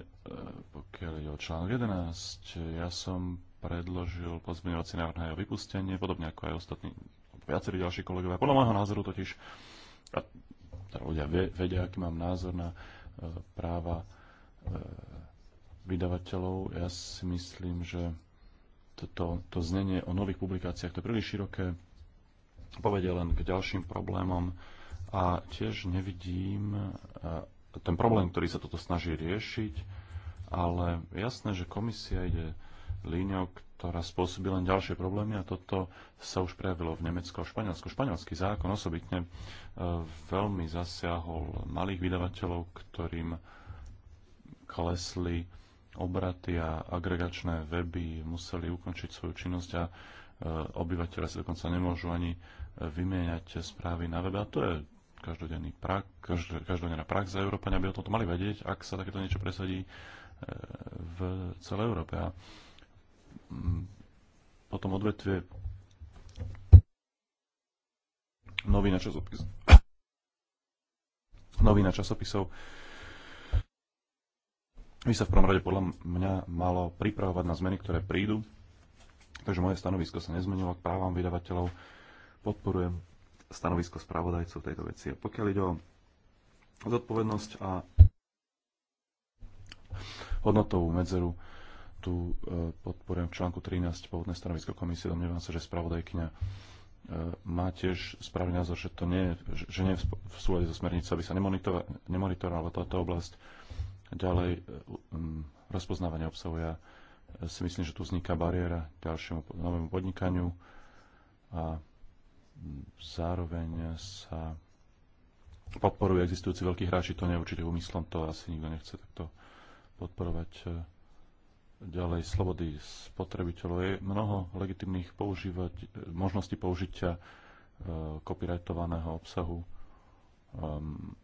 pokiaľ ide o článok 11, ja som predložil pozmeňovací návrh na jeho vypustenie, podobne ako aj ostatní, viacerí ďalší kolegovia. Podľa môjho názoru totiž, a teda ľudia vedia, aký mám názor na e, práva e, vydavateľov. Ja si myslím, že toto to znenie o nových publikáciách to je príliš široké, Povedia len k ďalším problémom a tiež nevidím e, ten problém, ktorý sa toto snaží riešiť, ale jasné, že komisia ide líňou, ktorá spôsobí len ďalšie problémy a toto sa už prejavilo v Nemecku a Španielsku. Španielský zákon osobitne e, veľmi zasiahol malých vydavateľov, ktorým klesli obraty a agregačné weby, museli ukončiť svoju činnosť a e, obyvateľe sa dokonca nemôžu ani e, vymieňať správy na webe. A to je každodenný prak, každodenná prax za Európania aby o tomto mali vedieť, ak sa takéto niečo presadí v celej Európe. A Mm, potom odvetvie novina časopisov. Novina časopisov by sa v prvom rade podľa mňa malo pripravovať na zmeny, ktoré prídu. Takže moje stanovisko sa nezmenilo k právam vydavateľov. Podporujem stanovisko spravodajcov tejto veci. A pokiaľ ide o zodpovednosť a hodnotovú medzeru, tu e, podporujem v článku 13 pôvodné stanovisko komisie. Domnievam sa, že spravodajkňa e, má tiež správny názor, že to nie že nie je v súlade so smernicou, aby sa nemonitorovala táto oblasť. Ďalej e, rozpoznávanie obsahu. Ja si myslím, že tu vzniká bariéra ďalšiemu novému podnikaniu a zároveň sa podporujú existujúci veľkí hráči, to nie je určite úmyslom, to asi nikto nechce takto podporovať ďalej slobody spotrebiteľov. Je mnoho legitimných používať, možností použitia e, copyrightovaného obsahu. Um,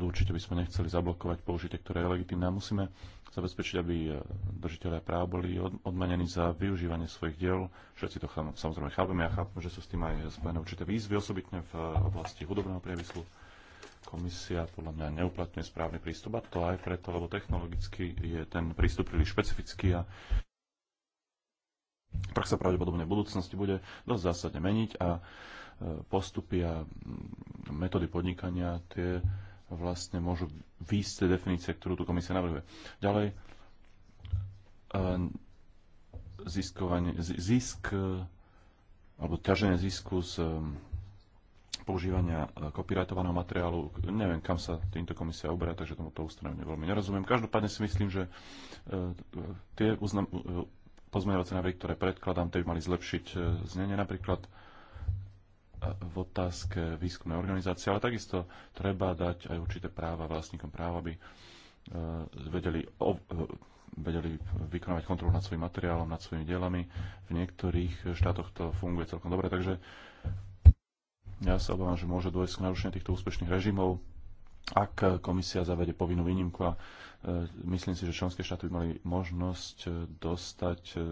určite by sme nechceli zablokovať použitie, ktoré je legitimné. Musíme zabezpečiť, aby e, držiteľe práv boli odmenení za využívanie svojich diel. Všetci to samozrejme chápeme. Ja chápem, že sú s tým aj spojené určité výzvy, osobitne v e, oblasti hudobného priemyslu komisia podľa mňa neuplatňuje správny prístup a to aj preto, lebo technologicky je ten prístup príliš špecifický a prax sa pravdepodobne v budúcnosti bude dosť zásadne meniť a e, postupy a mm, metódy podnikania tie vlastne môžu výjsť z definície, ktorú tu komisia navrhuje. Ďalej, e, ziskovanie, zisk e, alebo ťaženie zisku z používania kopyrajtovaného e, materiálu. Neviem, kam sa týmto komisia oberá, takže tomuto ustanovenie veľmi nerozumiem. Každopádne si myslím, že e, tie uznam, e, pozmeňovacie návrhy, ktoré predkladám, tie by mali zlepšiť znenie napríklad v otázke výskumnej organizácie, ale takisto treba dať aj určité práva vlastníkom práva, aby vedeli, vedeli vykonávať kontrolu nad svojim materiálom, nad svojimi dielami. V niektorých štátoch to funguje celkom dobre, takže ja sa obávam, že môže dôjsť k narušeniu týchto úspešných režimov, ak komisia zavede povinnú výnimku a e, myslím si, že členské štáty by mali možnosť e, dostať e,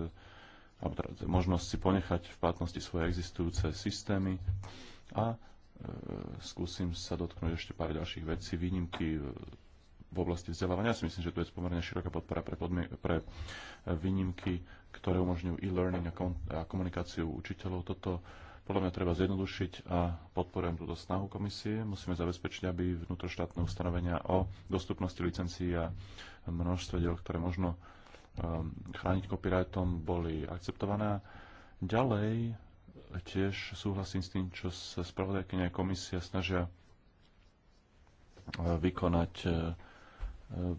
alebo teda možnosť si ponechať v platnosti svoje existujúce systémy a skúsim sa dotknúť ešte pár ďalších vecí. Výnimky v oblasti vzdelávania. Ja si myslím, že tu je pomerne široká podpora pre, podmi- pre výnimky, ktoré umožňujú e-learning a, a komunikáciu učiteľov. Toto podľa mňa treba zjednodušiť a podporujem túto snahu komisie. Musíme zabezpečiť, aby vnútroštátne ustanovenia o dostupnosti licencií a množstve diel, ktoré možno um, chrániť copyrightom, boli akceptované. Ďalej tiež súhlasím s tým, čo sa spravodajkynia komisia snažia uh, vykonať uh,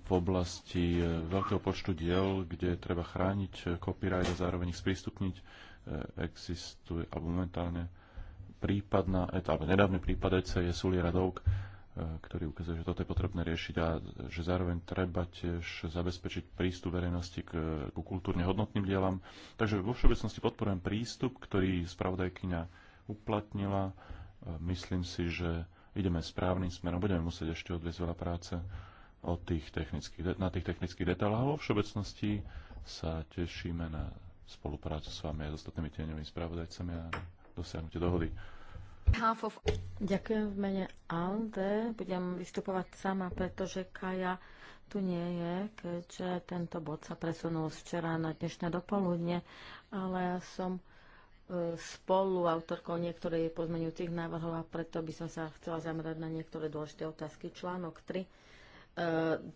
v oblasti uh, veľkého počtu diel, kde treba chrániť copyright a zároveň ich sprístupniť E, existuje, alebo momentálne prípadná, alebo nedávny prípad EC je Suli Radovk, e, ktorý ukazuje, že toto je potrebné riešiť a že zároveň treba tiež zabezpečiť prístup verejnosti k, k kultúrne hodnotným dielam. Takže vo všeobecnosti podporujem prístup, ktorý spravodajkyňa uplatnila. E, myslím si, že ideme správnym smerom. Budeme musieť ešte odviezť veľa práce od tých technických, na tých technických detailoch. Vo všeobecnosti sa tešíme na spoluprácu s vami a s ostatnými tieňovými spravodajcami a dosiahnutie dohody. Ďakujem v mene Alde. Budem vystupovať sama, pretože Kaja tu nie je, keďže tento bod sa presunul z včera na dnešné dopoludne, ale ja som e, spolu autorkou niektorých pozmenujúcich návrhov a preto by som sa chcela zamerať na niektoré dôležité otázky. Článok 3 e,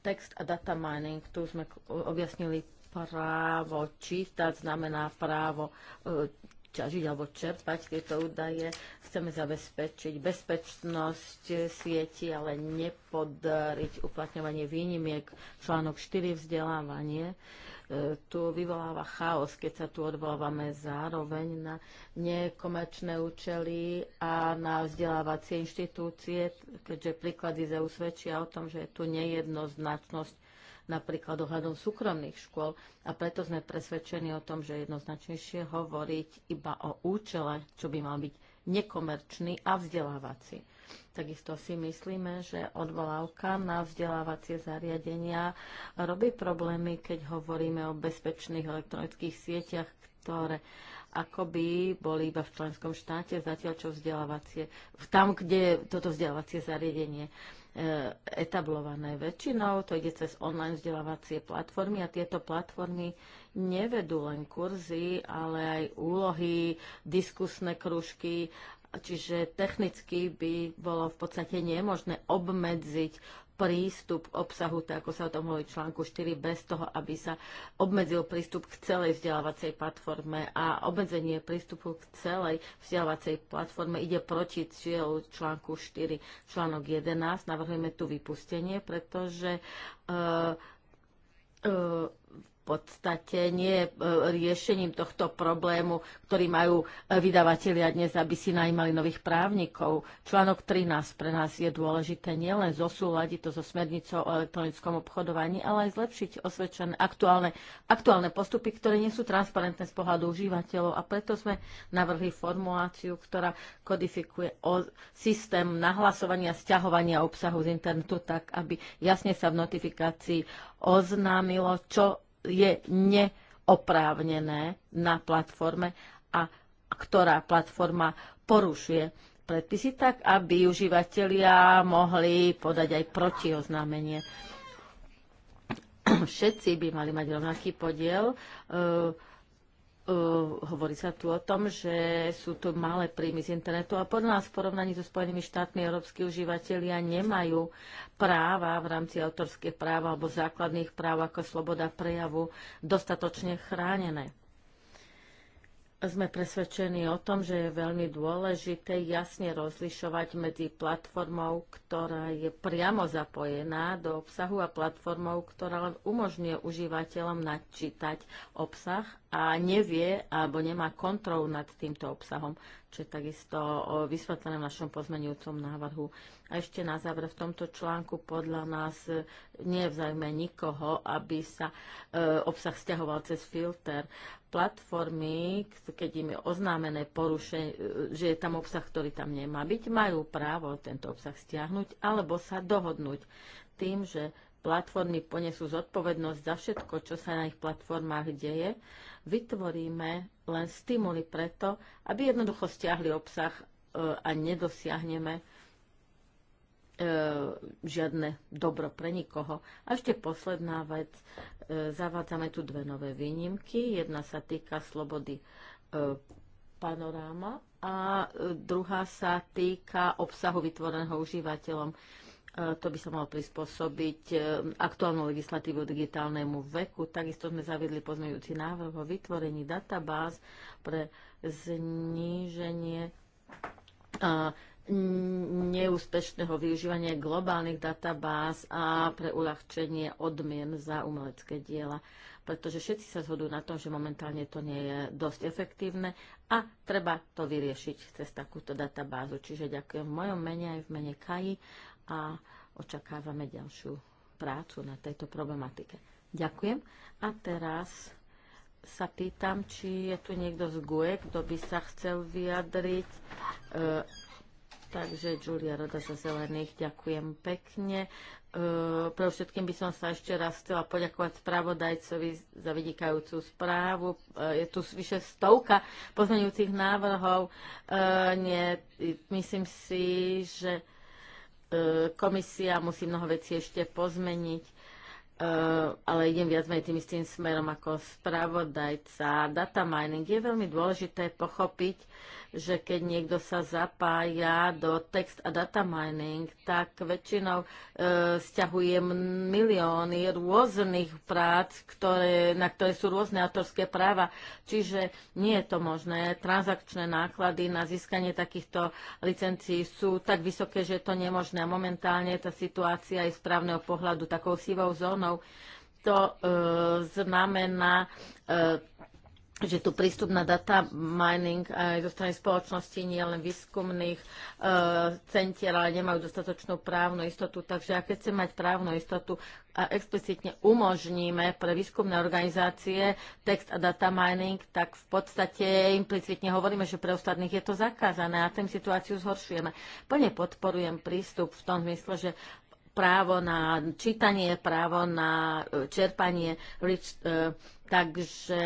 text a data mining. Tu sme objasnili právo čítať znamená právo e, ťažiť alebo čerpať tieto údaje. Chceme zabezpečiť bezpečnosť sieti, ale nepodariť uplatňovanie výnimiek. Článok 4 vzdelávanie. E, tu vyvoláva chaos, keď sa tu odvolávame zároveň na nekomerčné účely a na vzdelávacie inštitúcie, keďže príklady ZEU svedčia o tom, že je tu nejednoznačnosť napríklad ohľadom súkromných škôl a preto sme presvedčení o tom, že je jednoznačnejšie hovoriť iba o účele, čo by mal byť nekomerčný a vzdelávací. Takisto si myslíme, že odvolávka na vzdelávacie zariadenia robí problémy, keď hovoríme o bezpečných elektronických sieťach, ktoré akoby boli iba v členskom štáte, zatiaľ čo vzdelávacie, tam, kde toto vzdelávacie zariadenie E, etablované väčšinou. To ide cez online vzdelávacie platformy a tieto platformy nevedú len kurzy, ale aj úlohy, diskusné kružky Čiže technicky by bolo v podstate nemožné obmedziť prístup k obsahu, tak ako sa o tom hovorí článku 4, bez toho, aby sa obmedzil prístup k celej vzdelávacej platforme. A obmedzenie prístupu k celej vzdelávacej platforme ide proti cieľu článku 4. Článok 11 navrhujeme tu vypustenie, pretože uh, uh, podstate nie je e, riešením tohto problému, ktorý majú e, vydavatelia dnes, aby si najímali nových právnikov. Článok 13 pre nás je dôležité nielen zosúľadiť to so smernicou o elektronickom obchodovaní, ale aj zlepšiť osvedčené aktuálne, aktuálne postupy, ktoré nie sú transparentné z pohľadu užívateľov a preto sme navrhli formuláciu, ktorá kodifikuje o systém nahlasovania, stiahovania obsahu z internetu tak, aby jasne sa v notifikácii oznámilo, čo je neoprávnené na platforme a ktorá platforma porušuje predpisy tak, aby užívateľia mohli podať aj protioznámenie. *clears throat* Všetci by mali mať rovnaký podiel eh, Uh, hovorí sa tu o tom, že sú tu malé príjmy z internetu a podľa nás v porovnaní so Spojenými štátmi európsky užívateľia nemajú práva v rámci autorských práv alebo základných práv ako sloboda prejavu dostatočne chránené. Sme presvedčení o tom, že je veľmi dôležité jasne rozlišovať medzi platformou, ktorá je priamo zapojená do obsahu a platformou, ktorá len umožňuje užívateľom načítať obsah a nevie alebo nemá kontrolu nad týmto obsahom, čo je takisto vysvetlené v našom pozmenujúcom návrhu. A ešte na záver, v tomto článku podľa nás e, nie je vzajme nikoho, aby sa e, obsah stiahoval cez filter. Platformy, keď im je oznámené porušenie, že je tam obsah, ktorý tam nemá byť, majú právo tento obsah stiahnuť alebo sa dohodnúť tým, že platformy ponesú zodpovednosť za všetko, čo sa na ich platformách deje vytvoríme len stimuly preto, aby jednoducho stiahli obsah e, a nedosiahneme e, žiadne dobro pre nikoho. A ešte posledná vec, e, zavádzame tu dve nové výnimky. Jedna sa týka slobody panoráma a druhá sa týka obsahu vytvoreného užívateľom. Eh, to by sa malo prispôsobiť eh, aktuálnu legislatívu digitálnemu veku. Takisto sme zaviedli pozmeňujúci návrh o vytvorení databáz pre zníženie eh, neúspešného využívania globálnych databáz a pre uľahčenie odmien za umelecké diela, pretože všetci sa zhodujú na tom, že momentálne to nie je dosť efektívne a treba to vyriešiť cez takúto databázu. Čiže ďakujem v mojom mene aj v mene KAI a očakávame ďalšiu prácu na tejto problematike. Ďakujem. A teraz sa pýtam, či je tu niekto z GUE, kto by sa chcel vyjadriť. E, takže Julia Roda za Zelených, ďakujem pekne. E, pre všetkým by som sa ešte raz chcela poďakovať spravodajcovi za vynikajúcu správu. E, je tu vyše stovka pozmeňujúcich návrhov. E, nie, myslím si, že E, komisia musí mnoho vecí ešte pozmeniť Eh, ale idem viac menej tým istým smerom ako spravodajca. Data mining je veľmi dôležité pochopiť, že keď niekto sa zapája do text a data mining, tak väčšinou e, stiahuje milióny rôznych prác, ktoré, na ktoré sú rôzne autorské práva. Čiže nie je to možné. Transakčné náklady na získanie takýchto licencií sú tak vysoké, že je to nemožné. Momentálne tá situácia je z právneho pohľadu takou sivou zónou občanov. To e, znamená e, že tu prístup na data mining aj zo strany spoločnosti, nie len výskumných e, centier, ale nemajú dostatočnú právnu istotu. Takže ak chce mať právnu istotu a explicitne umožníme pre výskumné organizácie text a data mining, tak v podstate implicitne hovoríme, že pre ostatných je to zakázané a tým situáciu zhoršujeme. Plne podporujem prístup v tom zmysle, že právo na čítanie, právo na e, čerpanie, e, takže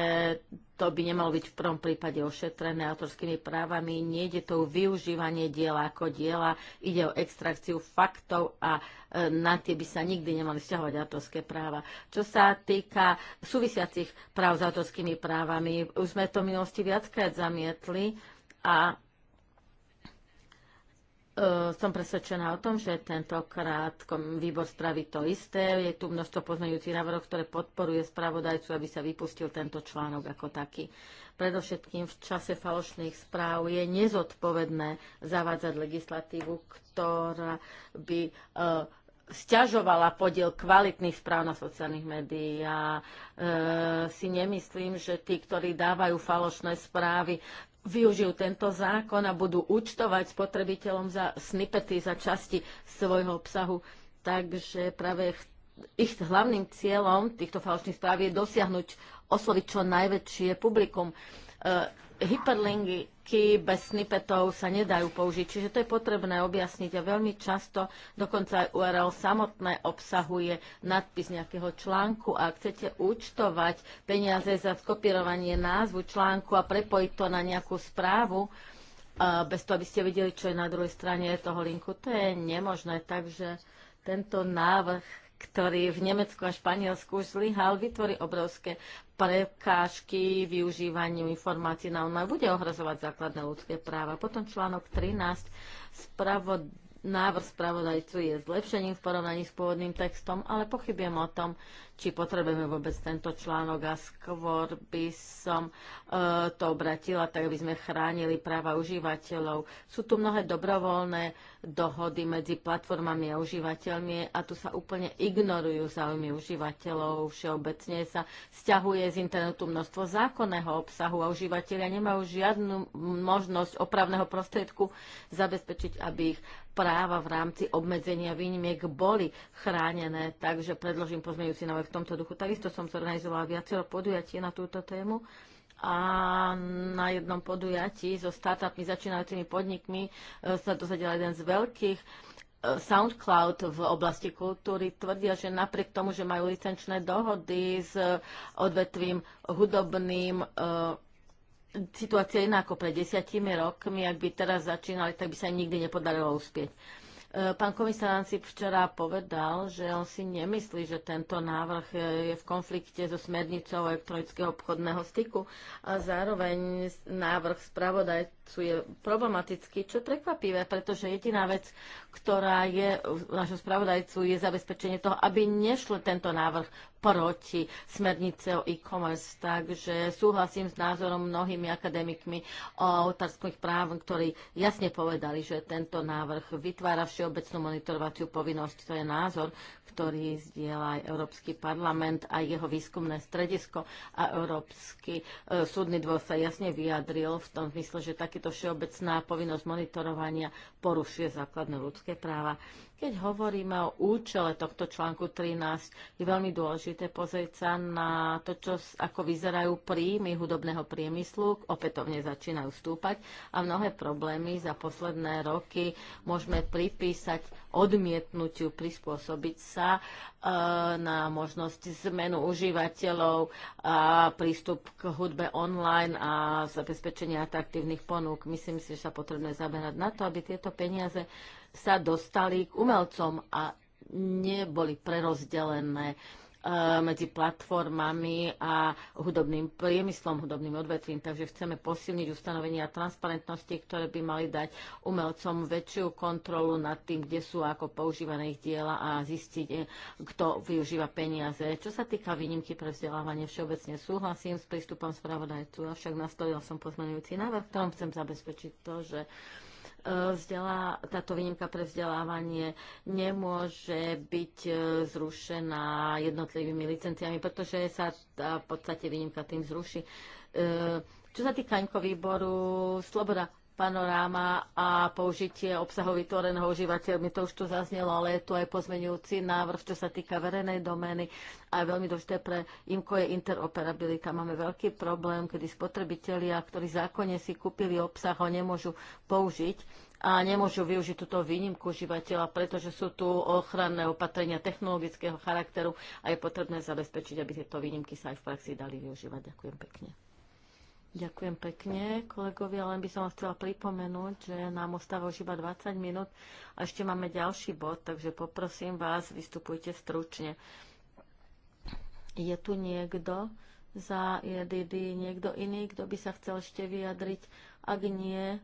to by nemalo byť v prvom prípade ošetrené autorskými právami. Nejde to o využívanie diela ako diela, ide o extrakciu faktov a e, na tie by sa nikdy nemali vzťahovať autorské práva. Čo sa týka súvisiacich práv s autorskými právami, už sme to v minulosti viackrát zamietli a E, som presvedčená o tom, že tentokrát výbor spraví to isté. Je tu množstvo poznajúcich návrhov, ktoré podporuje spravodajcu, aby sa vypustil tento článok ako taký. Predovšetkým v čase falošných správ je nezodpovedné zavádzať legislatívu, ktorá by e, sťažovala stiažovala podiel kvalitných správ na sociálnych médií. Ja e, si nemyslím, že tí, ktorí dávajú falošné správy, využijú tento zákon a budú účtovať spotrebiteľom za snippety, za časti svojho obsahu. Takže práve ich hlavným cieľom týchto falošných správ je dosiahnuť, osloviť čo najväčšie publikum. Eh, hyperlingy látky bez snipetov sa nedajú použiť, čiže to je potrebné objasniť a veľmi často dokonca aj URL samotné obsahuje nadpis nejakého článku a ak chcete účtovať peniaze za skopírovanie názvu článku a prepojiť to na nejakú správu, eh, bez toho, aby ste videli, čo je na druhej strane toho linku, to je nemožné. Takže tento návrh ktorý v Nemecku a Španielsku zlyhal, vytvorí obrovské prekážky využívaniu informácií na online bude ohrozovať základné ľudské práva. Potom článok 13. Spravod Návrh spravodajcu je zlepšením v porovnaní s pôvodným textom, ale pochybujem o tom, či potrebujeme vôbec tento článok a skôr by som e, to obratila, tak aby sme chránili práva užívateľov. Sú tu mnohé dobrovoľné dohody medzi platformami a užívateľmi a tu sa úplne ignorujú záujmy užívateľov. Všeobecne sa stiahuje z internetu množstvo zákonného obsahu a užívateľia nemajú žiadnu možnosť opravného prostriedku zabezpečiť, aby ich práva v rámci obmedzenia výnimiek boli chránené, takže predložím pozmeňujúci návrh v tomto duchu. Takisto som zorganizovala viacero podujatí na túto tému a na jednom podujatí so startupmi, začínajúcimi podnikmi e, sa dozvedel jeden z veľkých e, SoundCloud v oblasti kultúry tvrdia, že napriek tomu, že majú licenčné dohody s odvetvím hudobným, e, situácia iná ako pred desiatimi rokmi. Ak by teraz začínali, tak by sa nikdy nepodarilo uspieť. E, pán komisár si včera povedal, že on si nemyslí, že tento návrh e, je v konflikte so smernicou elektronického obchodného styku a zároveň návrh spravodajcu je problematický, čo prekvapivé, pretože jediná vec, ktorá je v našom spravodajcu, je zabezpečenie toho, aby nešlo tento návrh proti smernice o e-commerce, takže súhlasím s názorom mnohými akademikmi o autorských práv, ktorí jasne povedali, že tento návrh vytvára všeobecnú monitorovaciu povinnosť. To je názor, ktorý zdieľa aj Európsky parlament a jeho výskumné stredisko a Európsky e, súdny dvor sa jasne vyjadril v tom zmysle, že takýto všeobecná povinnosť monitorovania porušuje základné ľudské práva. Keď hovoríme o účele tohto článku 13, je veľmi dôležité pozrieť sa na to, čo, ako vyzerajú príjmy hudobného priemyslu, opätovne začínajú stúpať a mnohé problémy za posledné roky môžeme pripísať odmietnutiu prispôsobiť sa e, na možnosť zmenu užívateľov a prístup k hudbe online a zabezpečenie atraktívnych ponúk. Myslím si, že sa potrebné zamerať na to, aby tieto peniaze sa dostali k umelcom a neboli prerozdelené e, medzi platformami a hudobným priemyslom, hudobným odvetvím. Takže chceme posilniť ustanovenia transparentnosti, ktoré by mali dať umelcom väčšiu kontrolu nad tým, kde sú ako používané ich diela a zistiť, e, kto využíva peniaze. Čo sa týka výnimky pre vzdelávanie, všeobecne súhlasím s prístupom spravodajcu, avšak nastavila som pozmenujúci návrh, ktorom chcem zabezpečiť to, že E, vzdelá, táto výnimka pre vzdelávanie nemôže byť e, zrušená jednotlivými licenciami, pretože sa tá v podstate výnimka tým zruší. E, čo sa týka výboru, sloboda panoráma a použitie obsahu vytvoreného užívateľmi. To už tu zaznelo, ale je tu aj pozmeňujúci návrh, čo sa týka verejnej domény a je veľmi dôležité pre IMCO je interoperabilita. Máme veľký problém, kedy spotrebitelia, ktorí zákonne si kúpili obsah, ho nemôžu použiť a nemôžu využiť túto výnimku užívateľa, pretože sú tu ochranné opatrenia technologického charakteru a je potrebné zabezpečiť, aby tieto výnimky sa aj v praxi dali využívať. Ďakujem pekne. Ďakujem pekne, kolegovia. Len by som vás chcela pripomenúť, že nám ostáva už iba 20 minút a ešte máme ďalší bod, takže poprosím vás, vystupujte stručne. Je tu niekto za EDD, niekto iný, kto by sa chcel ešte vyjadriť? Ak nie,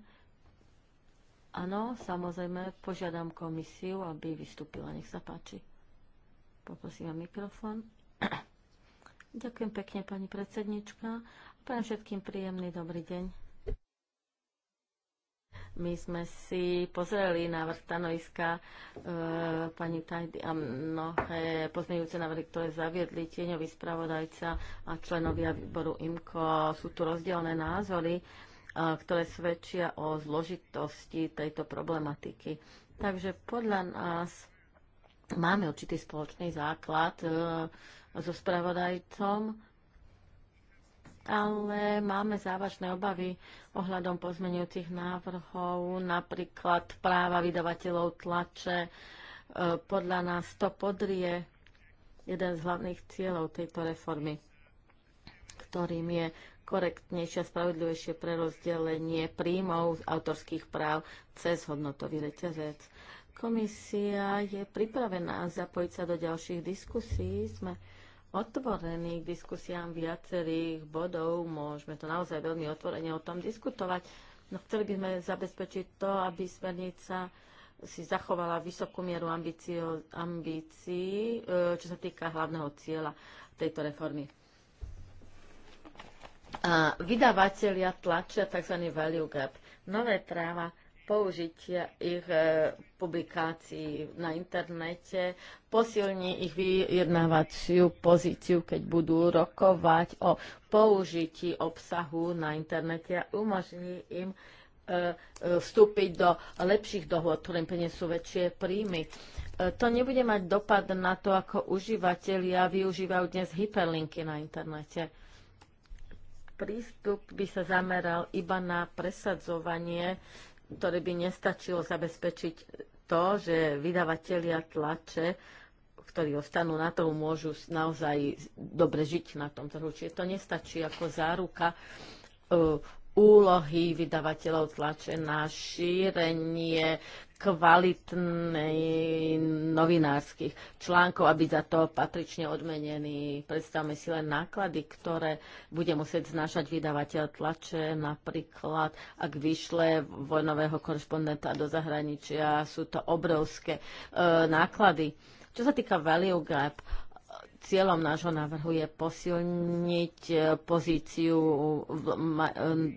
áno, samozrejme, požiadam komisiu, aby vystúpila. Nech sa páči. Poprosím vám mikrofón. *clears throat* Ďakujem pekne, pani predsednička. Prajem všetkým príjemný dobrý deň. My sme si pozreli návrh stanoviska e, pani Tajdy a mnohé pozmeňujúce návrhy, ktoré zaviedli tieňový spravodajca a členovia výboru IMKO. Sú tu rozdielne názory, e, ktoré svedčia o zložitosti tejto problematiky. Takže podľa nás máme určitý spoločný základ e, so spravodajcom ale máme závažné obavy ohľadom pozmenujúcich návrhov, napríklad práva vydavateľov tlače. E, podľa nás to podrie jeden z hlavných cieľov tejto reformy, ktorým je korektnejšie a spravodlivejšie prerozdelenie príjmov z autorských práv cez hodnotový reťazec. Komisia je pripravená zapojiť sa do ďalších diskusí. Sme otvorení k diskusiám viacerých bodov, môžeme to naozaj veľmi otvorene o tom diskutovať. No chceli by sme zabezpečiť to, aby smernica si zachovala vysokú mieru ambícií, e, čo sa týka hlavného cieľa tejto reformy. A vydavatelia tlačia tzv. value gap. Nové práva použitia ich e, publikácií na internete posilní ich vyjednávaciu pozíciu, keď budú rokovať o použití obsahu na internete a umožní im e, e, vstúpiť do lepších dohôd, ktorým prinesú väčšie príjmy. To nebude mať dopad na to, ako užívateľia využívajú dnes hyperlinky na internete prístup by sa zameral iba na presadzovanie ktoré by nestačilo zabezpečiť to, že vydavatelia tlače, ktorí ostanú na trhu, môžu naozaj dobre žiť na tom trhu. Čiže to nestačí ako záruka e, úlohy vydavateľov tlače na šírenie kvalitnej novinárskych článkov, aby za to patrične odmenený, Predstavme si len náklady, ktoré bude musieť znášať vydavateľ tlače, napríklad ak vyšle vojnového korešpondenta do zahraničia, sú to obrovské e, náklady. Čo sa týka value gap, Cieľom nášho návrhu je posilniť e, pozíciu e,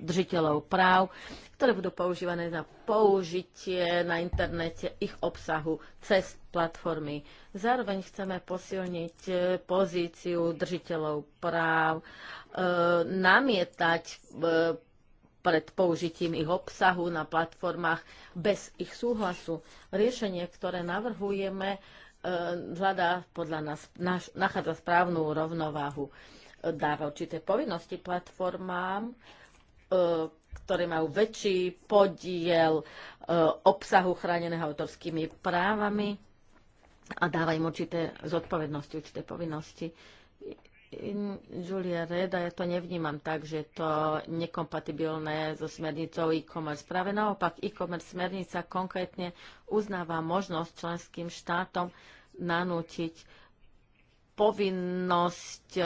držiteľov práv, ktoré budú používané na použitie na internete ich obsahu cez platformy. Zároveň chceme posilniť e, pozíciu držiteľov práv, namietať pred použitím ich obsahu na platformách bez ich súhlasu. Riešenie, ktoré navrhujeme, E, hľadá podľa nás, nachádza správnu rovnováhu. Dáva určité povinnosti platformám, e, ktoré majú väčší podiel e, obsahu chráneného autorskými právami a dáva im určité zodpovednosti, určité povinnosti Julia Reda, ja to nevnímam tak, že je to nekompatibilné so smernicou e-commerce. Práve naopak, e-commerce smernica konkrétne uznáva možnosť členským štátom nanútiť povinnosť e,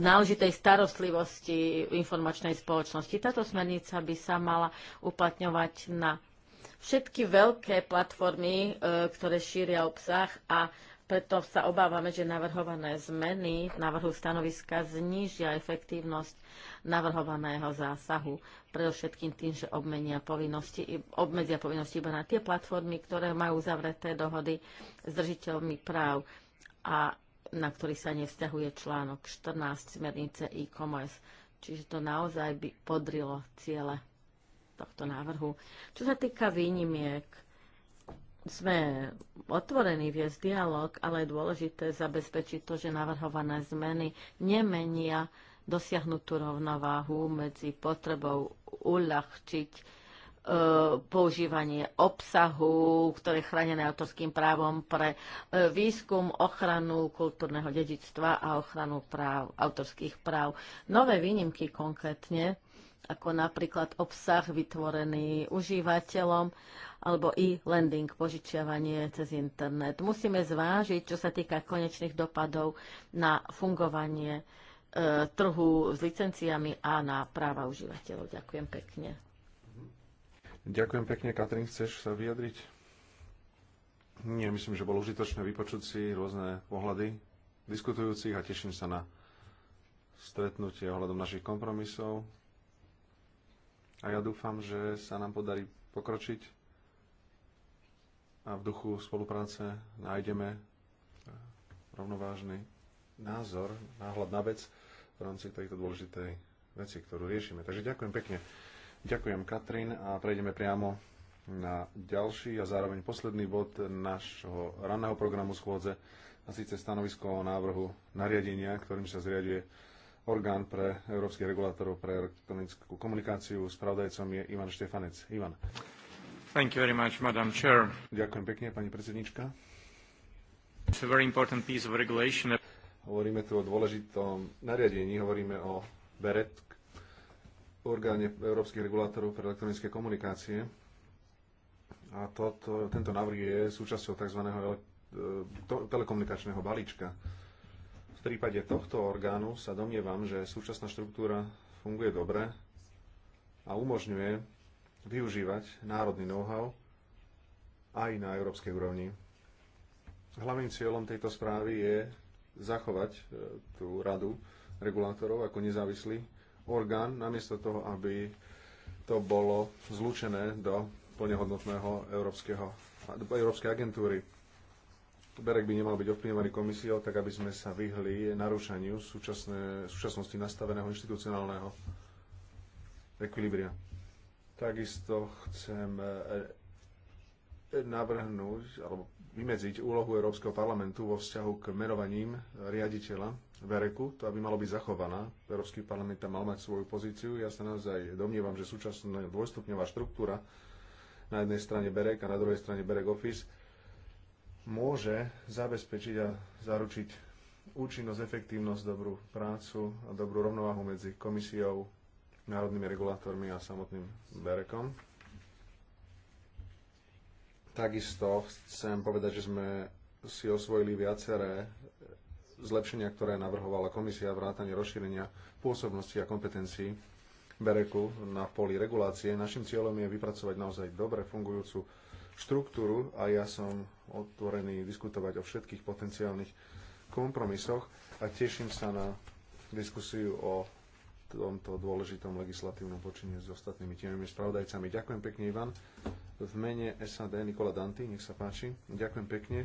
náležitej starostlivosti informačnej spoločnosti. Táto smernica by sa mala uplatňovať na všetky veľké platformy, e, ktoré šíria obsah a preto sa obávame, že navrhované zmeny v návrhu stanoviska znížia efektívnosť navrhovaného zásahu. Predovšetkým tým, že obmenia povinnosti, obmedzia povinnosti iba na tie platformy, ktoré majú zavreté dohody s držiteľmi práv a na ktorý sa nevzťahuje článok 14 smernice e-commerce. Čiže to naozaj by podrilo ciele tohto návrhu. Čo sa týka výnimiek, sme otvorení viesť dialog, ale je dôležité zabezpečiť to, že navrhované zmeny nemenia dosiahnutú rovnováhu medzi potrebou uľahčiť e, používanie obsahu, ktoré je chránené autorským právom pre e, výskum, ochranu kultúrneho dedičstva a ochranu práv, autorských práv. Nové výnimky konkrétne ako napríklad obsah vytvorený užívateľom alebo i lending, požičiavanie cez internet. Musíme zvážiť, čo sa týka konečných dopadov na fungovanie e, trhu s licenciami a na práva užívateľov. Ďakujem pekne. Ďakujem pekne. Katrin, chceš sa vyjadriť? Nie, myslím, že bolo užitočné vypočuť si rôzne pohľady diskutujúcich a teším sa na stretnutie ohľadom našich kompromisov. A ja dúfam, že sa nám podarí pokročiť a v duchu spolupráce nájdeme e, rovnovážny názor, náhľad na vec v rámci tejto dôležitej veci, ktorú riešime. Takže ďakujem pekne. Ďakujem Katrin a prejdeme priamo na ďalší a zároveň posledný bod nášho ranného programu schôdze a síce stanovisko o návrhu nariadenia, ktorým sa zriaduje orgán pre európskych regulátorov pre elektronickú komunikáciu. Spravodajcom je Ivan Štefanec. Ivan. Thank you very much, Madam Chair. Ďakujem pekne, pani predsednička. It's a very important piece of regulation. Hovoríme tu o dôležitom nariadení, hovoríme o BERET, orgáne európskych regulátorov pre elektronické komunikácie. A toto, tento návrh je súčasťou tzv. E, telekomunikačného balíčka. V prípade tohto orgánu sa domnievam, že súčasná štruktúra funguje dobre a umožňuje využívať národný know-how aj na európskej úrovni. Hlavným cieľom tejto správy je zachovať e, tú radu regulátorov ako nezávislý orgán, namiesto toho, aby to bolo zlúčené do plnehodnotného európskeho, európskej agentúry Berek by nemal byť ovplyvňovaný komisiou, tak aby sme sa vyhli narúšaniu súčasné, súčasnosti nastaveného inštitucionálneho ekvilibria. Takisto chcem eh, navrhnúť alebo vymedziť úlohu Európskeho parlamentu vo vzťahu k menovaním riaditeľa Vereku. To aby malo byť zachovaná. Európsky parlament tam mal mať svoju pozíciu. Ja sa naozaj domnievam, že súčasná dvojstupňová štruktúra na jednej strane Berek a na druhej strane Berek Office môže zabezpečiť a zaručiť účinnosť, efektívnosť, dobrú prácu a dobrú rovnováhu medzi komisiou, národnými regulátormi a samotným Berekom. Takisto chcem povedať, že sme si osvojili viaceré zlepšenia, ktoré navrhovala komisia vrátanie rozšírenia pôsobnosti a kompetencií Bereku na poli regulácie. Našim cieľom je vypracovať naozaj dobre fungujúcu štruktúru a ja som otvorený diskutovať o všetkých potenciálnych kompromisoch a teším sa na diskusiu o tomto dôležitom legislatívnom počine s ostatnými tieňovými spravodajcami. Ďakujem pekne, Ivan. V mene SAD Nikola Danty, nech sa páči. Ďakujem pekne.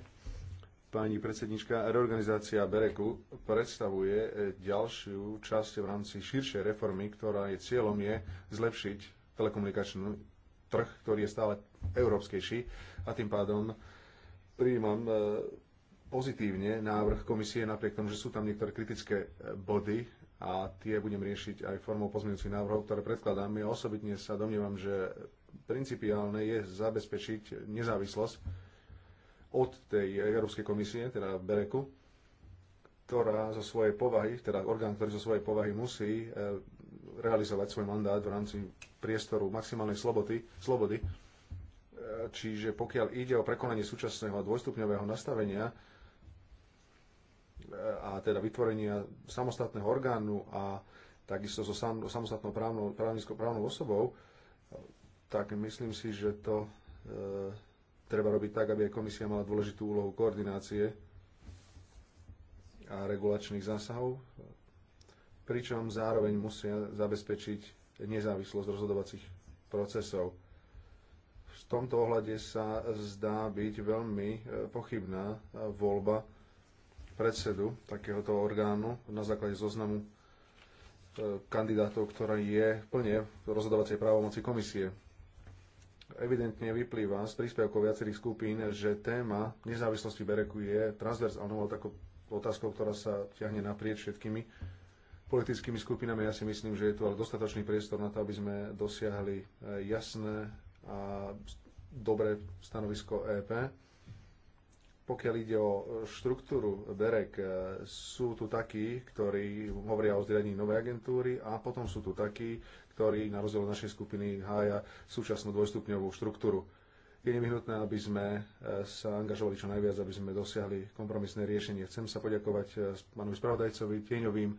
Pani predsednička, reorganizácia Bereku predstavuje ďalšiu časť v rámci širšej reformy, ktorá je cieľom je zlepšiť telekomunikačnú trh, ktorý je stále európskejší a tým pádom prijímam e, pozitívne návrh komisie, napriek tomu, že sú tam niektoré kritické e, body a tie budem riešiť aj formou pozmeňujúcich návrhov, ktoré predkladám. Ja osobitne sa domnievam, že principiálne je zabezpečiť nezávislosť od tej Európskej komisie, teda Bereku, ktorá zo svojej povahy, teda orgán, ktorý zo svojej povahy musí e, realizovať svoj mandát v rámci priestoru maximálnej slobody, slobody. E, čiže pokiaľ ide o prekonanie súčasného dvojstupňového nastavenia e, a teda vytvorenia samostatného orgánu a takisto so samostatnou právnou, právnickou právnou osobou, tak myslím si, že to e, treba robiť tak, aby aj komisia mala dôležitú úlohu koordinácie a regulačných zásahov pričom zároveň musia zabezpečiť nezávislosť rozhodovacích procesov. V tomto ohľade sa zdá byť veľmi e, pochybná e, voľba predsedu takéhoto orgánu na základe zoznamu e, kandidátov, ktorá je plne v rozhodovacej právomoci komisie. Evidentne vyplýva z príspevkov viacerých skupín, že téma nezávislosti Bereku je transverzálnou otázkou, ktorá sa ťahne naprieč všetkými politickými skupinami. Ja si myslím, že je tu ale dostatočný priestor na to, aby sme dosiahli eh, jasné a dobré stanovisko EP. Pokiaľ ide o štruktúru BEREK, eh, sú tu takí, ktorí hovoria o zriadení novej agentúry a potom sú tu takí, ktorí na rozdiel od našej skupiny hája súčasnú dvojstupňovú štruktúru. Je nevyhnutné, aby sme eh, sa angažovali čo najviac, aby sme dosiahli kompromisné riešenie. Chcem sa poďakovať pánovi spravodajcovi, tieňovým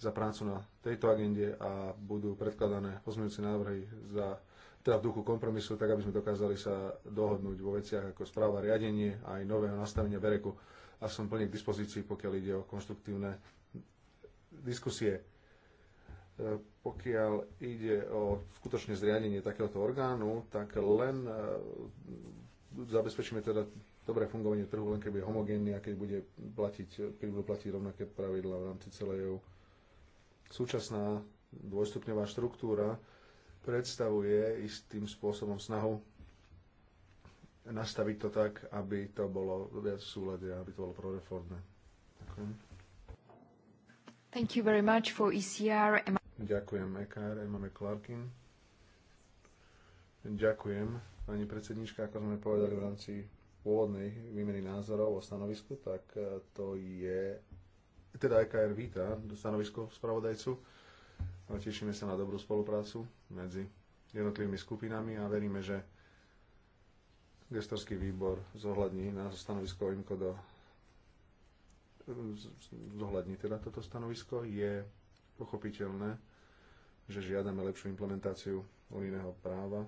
za prácu na tejto agende a budú predkladané pozmeňujúce návrhy za, teda v duchu kompromisu, tak aby sme dokázali sa dohodnúť vo veciach ako správa riadenie aj nového nastavenia Bereku. A som plne k dispozícii, pokiaľ ide o konštruktívne diskusie. E, pokiaľ ide o skutočne zriadenie takéhoto orgánu, tak len e, zabezpečíme teda dobré fungovanie trhu, len keď bude homogénny a keď bude platiť, keď budú platiť rovnaké pravidla v rámci celej EU. Súčasná dvojstupňová štruktúra predstavuje istým spôsobom snahu nastaviť to tak, aby to bolo viac súlade, aby to bolo proreformné. Ďakujem. Thank you very much for ECR. Ďakujem, EKR, Emma McClarkin. Ďakujem, pani predsednička, ako sme povedali v rámci pôvodnej výmeny názorov o stanovisku, tak eh, to je teda EKR víta stanovisko spravodajcu tešíme sa na dobrú spoluprácu medzi jednotlivými skupinami a veríme, že gestorský výbor zohľadní na stanovisko IMCO do zohľadní teda toto stanovisko, je pochopiteľné, že žiadame lepšiu implementáciu unijného práva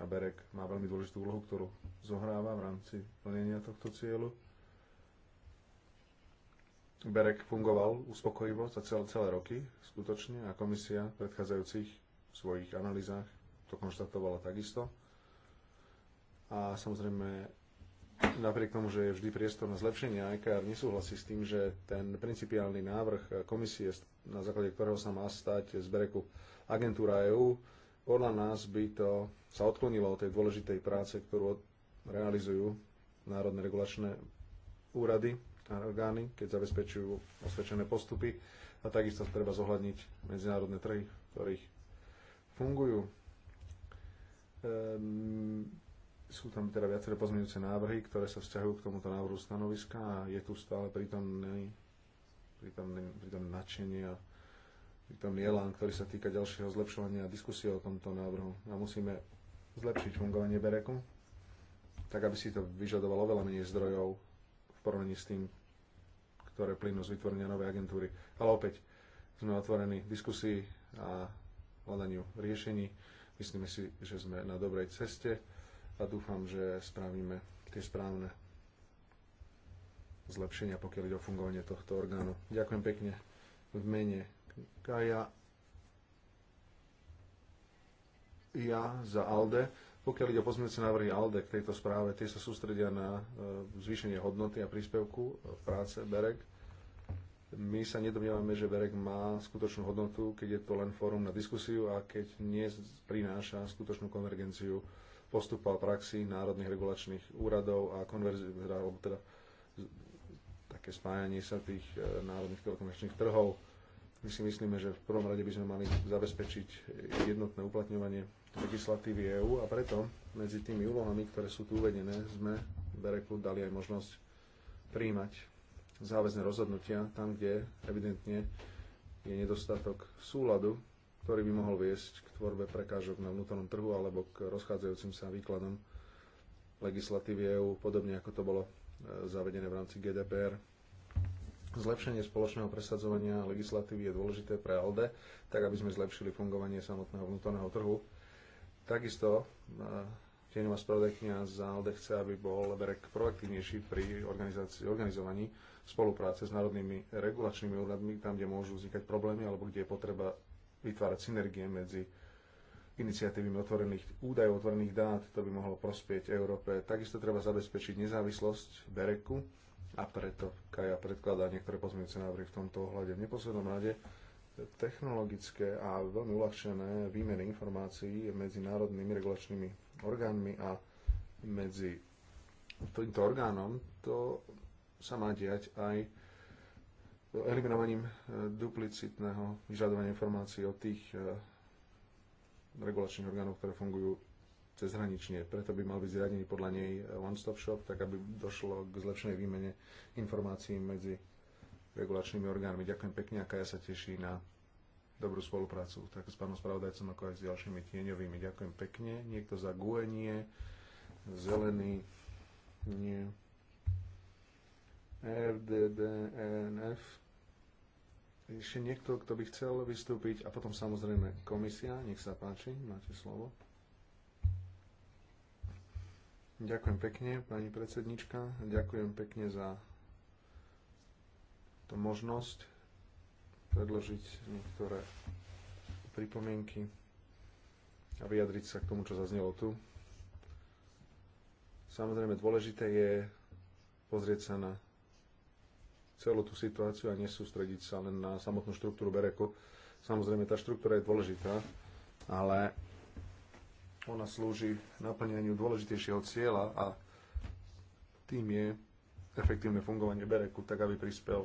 a BEREK má veľmi dôležitú úlohu, ktorú zohráva v rámci plnenia tohto cieľu. Berek fungoval uspokojivo za celé, celé roky, skutočne, a komisia v predchádzajúcich svojich analýzach to konštatovala takisto. A samozrejme, napriek tomu, že je vždy priestor na zlepšenie, IKR e nesúhlasí s tým, že ten principiálny návrh komisie, na základe ktorého sa má stať z Bereku agentúra EÚ, podľa nás by to sa odklonilo od tej dôležitej práce, ktorú realizujú národné regulačné úrady orgány, keď zabezpečujú osvedčené postupy a takisto treba zohľadniť medzinárodné trhy, v ktorých fungujú. Ehm, sú tam teda viaceré pozmeňujúce návrhy, ktoré sa vzťahujú k tomuto návrhu stanoviska a je tu stále pritom, nadšenie a prítomný elán, ktorý sa týka ďalšieho zlepšovania a diskusie o tomto návrhu. A musíme zlepšiť fungovanie Bereku, tak aby si to vyžadovalo veľa menej zdrojov v porovnaní s tým, ktoré plynú z vytvorenia novej agentúry. Ale opäť sme otvorení diskusii a hľadaniu riešení. Myslíme si, že sme na dobrej ceste a dúfam, že spravíme tie správne zlepšenia, pokiaľ ide o fungovanie tohto orgánu. Ďakujem pekne v mene Kaja ja za ALDE. Pokiaľ ide o pozmeňujúce návrhy ALDE k tejto správe, tie sa sústredia na e, zvýšenie hodnoty a príspevku e, práce BEREK. My sa nedomnievame, že BEREK má skutočnú hodnotu, keď je to len fórum na diskusiu a keď neprináša skutočnú konvergenciu postupov a praxi národných regulačných úradov a konverzi- teda, teda také spájanie sa tých e, národných telekomerčných trhov. My si myslíme, že v prvom rade by sme mali zabezpečiť jednotné uplatňovanie legislatívy EÚ a preto medzi tými úlohami, ktoré sú tu uvedené, sme Bereku dali aj možnosť príjmať záväzne rozhodnutia tam, kde evidentne je nedostatok súladu, ktorý by mohol viesť k tvorbe prekážok na vnútornom trhu alebo k rozchádzajúcim sa výkladom legislatívy EÚ, podobne ako to bolo e, zavedené v rámci GDPR. Zlepšenie spoločného presadzovania legislatívy je dôležité pre ALDE, tak aby sme zlepšili fungovanie samotného vnútorného trhu Takisto e, tieňová spravodajkňa za LD chce, aby bol Berek proaktívnejší pri organizovaní spolupráce s národnými regulačnými úradmi, tam, kde môžu vznikať problémy alebo kde je potreba vytvárať synergie medzi iniciatívami otvorených údajov, otvorených dát, to by mohlo prospieť Európe. Takisto treba zabezpečiť nezávislosť Bereku a preto Kaja predkladá niektoré pozmeňujúce návrhy v tomto ohľade. V neposlednom rade technologické a veľmi uľahčené výmeny informácií medzi národnými regulačnými orgánmi a medzi týmto orgánom, to sa má diať aj eliminovaním eh, duplicitného vyžadovania informácií od tých eh, regulačných orgánov, ktoré fungujú cezhranične. Preto by mal byť zriadený podľa nej eh, one-stop shop, tak aby došlo k zlepšenej výmene informácií medzi regulačnými orgánmi. Ďakujem pekne a ja sa teší na dobrú spoluprácu, tak s pánom spravodajcom, ako aj s ďalšími tieňovými. Ďakujem pekne. Niekto za GUE nie, zelený nie, RDDNF. E Ešte niekto, kto by chcel vystúpiť a potom samozrejme komisia, nech sa páči, máte slovo. Ďakujem pekne, pani predsednička, ďakujem pekne za tú možnosť predložiť niektoré pripomienky a vyjadriť sa k tomu, čo zaznelo tu. Samozrejme, dôležité je pozrieť sa na celú tú situáciu a nesústrediť sa len na samotnú štruktúru Bereku. Samozrejme, tá štruktúra je dôležitá, ale ona slúži naplňaniu dôležitejšieho cieľa a tým je efektívne fungovanie Bereku, tak aby prispel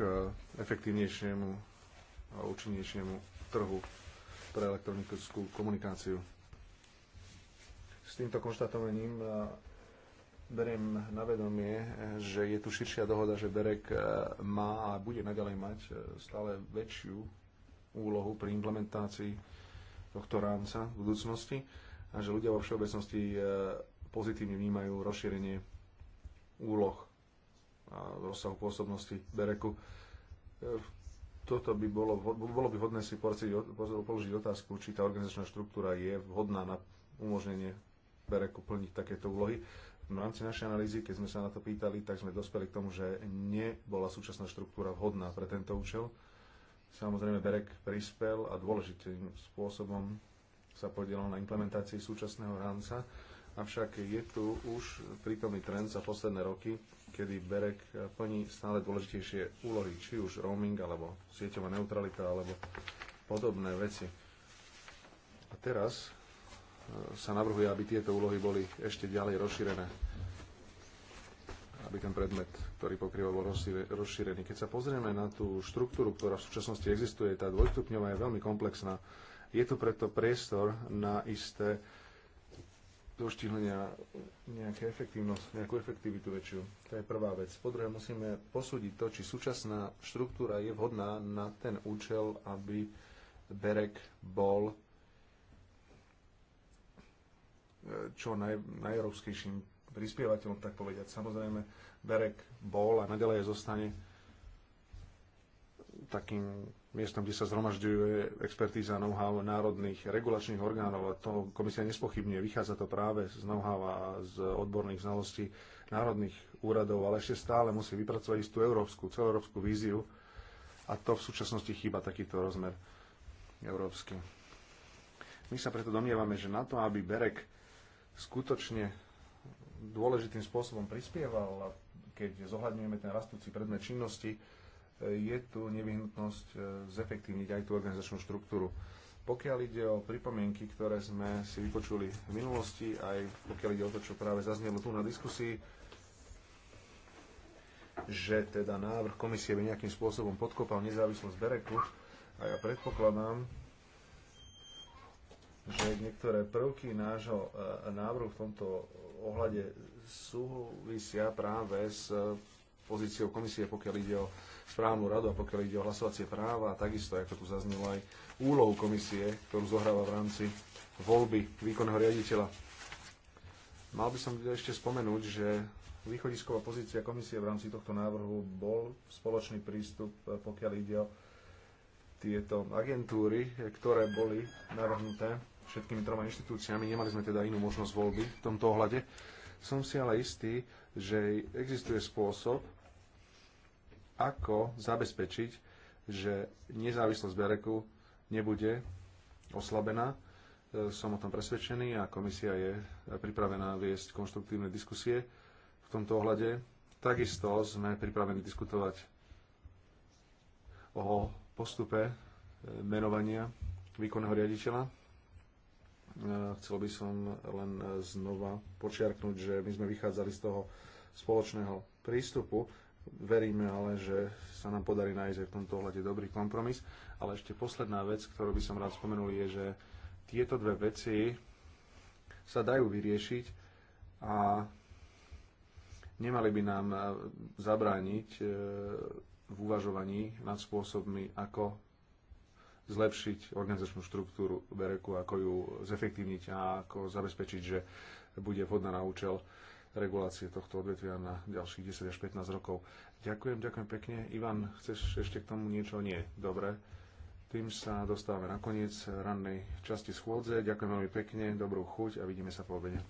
k efektívnejšiemu a účinnejšiemu trhu pre elektronickú komunikáciu. S týmto konštatovaním e, beriem na vedomie, že je tu širšia dohoda, že Berek e, má a bude naďalej mať e, stále väčšiu úlohu pri implementácii tohto rámca v budúcnosti a že ľudia vo všeobecnosti pozitívne vnímajú rozšírenie úloh a rozsahu pôsobnosti Bereku. E, toto by bolo, bolo by vhodné si položiť otázku, či tá organizačná štruktúra je vhodná na umožnenie Bereku plniť takéto úlohy. V rámci našej analýzy, keď sme sa na to pýtali, tak sme dospeli k tomu, že nebola súčasná štruktúra vhodná pre tento účel. Samozrejme, Berek prispel a dôležitým spôsobom sa podielal na implementácii súčasného rámca Avšak je tu už prítomný trend za posledné roky, kedy Berek plní stále dôležitejšie úlohy, či už roaming, alebo sieťová neutralita, alebo podobné veci. A teraz e, sa navrhuje, aby tieto úlohy boli ešte ďalej rozšírené. Aby ten predmet, ktorý pokrýva, bol rozšírený. Keď sa pozrieme na tú štruktúru, ktorá v súčasnosti existuje, tá dvojstupňová je veľmi komplexná. Je tu preto priestor na isté doštihnutia nejaké efektívnosť, nejakú efektivitu väčšiu. To je prvá vec. Po druhé, musíme posúdiť to, či súčasná štruktúra je vhodná na ten účel, aby Berek bol e, čo naj, najeurópskejším prispievateľom, tak povediať. Samozrejme, Berek bol a nadalej zostane takým miestom, kde sa zhromažďuje expertíza know-how národných regulačných orgánov a to komisia nespochybne. Vychádza to práve z know-how a z odborných znalostí národných úradov, ale ešte stále musí vypracovať istú európsku, celoeurópsku víziu a to v súčasnosti chýba takýto rozmer európsky. My sa preto domnievame, že na to, aby Berek skutočne dôležitým spôsobom prispieval, keď zohľadňujeme ten rastúci predmet činnosti, je tu nevyhnutnosť e, zefektívniť aj tú organizačnú štruktúru. Pokiaľ ide o pripomienky, ktoré sme si vypočuli v minulosti, aj pokiaľ ide o to, čo práve zaznelo tu na diskusii, že teda návrh komisie by nejakým spôsobom podkopal nezávislosť Bereku a ja predpokladám, že niektoré prvky nášho e, návrhu v tomto ohľade súvisia práve s e, pozíciou komisie, pokiaľ ide o správnu radu a pokiaľ ide o hlasovacie práva, a takisto ako tu zaznelo aj úlohu komisie, ktorú zohráva v rámci voľby výkonného riaditeľa. Mal by som ešte spomenúť, že východisková pozícia komisie v rámci tohto návrhu bol spoločný prístup, e, pokiaľ ide o tieto agentúry, ktoré boli navrhnuté všetkými troma inštitúciami. Nemali sme teda inú možnosť voľby v tomto ohľade. Som si ale istý, že existuje spôsob, ako zabezpečiť, že nezávislosť Bereku nebude oslabená. E, som o tom presvedčený a komisia je pripravená viesť konštruktívne diskusie v tomto ohľade. Takisto sme pripravení diskutovať o postupe e, menovania výkonného riaditeľa. E, chcel by som len znova počiarknúť, že my sme vychádzali z toho spoločného prístupu, Veríme ale, že sa nám podarí nájsť aj v tomto ohľade dobrý kompromis. Ale ešte posledná vec, ktorú by som rád spomenul, je, že tieto dve veci sa dajú vyriešiť a nemali by nám e, zabrániť e, v uvažovaní nad spôsobmi, ako zlepšiť organizačnú štruktúru Bereku, ako ju zefektívniť a ako zabezpečiť, že bude vhodná na účel regulácie tohto odvetvia na ďalších 10 až 15 rokov. Ďakujem, ďakujem pekne. Ivan, chceš ešte k tomu niečo? Nie. Dobre. Tým sa dostávame na koniec rannej časti schôdze. Ďakujem veľmi pekne, dobrú chuť a vidíme sa po obede.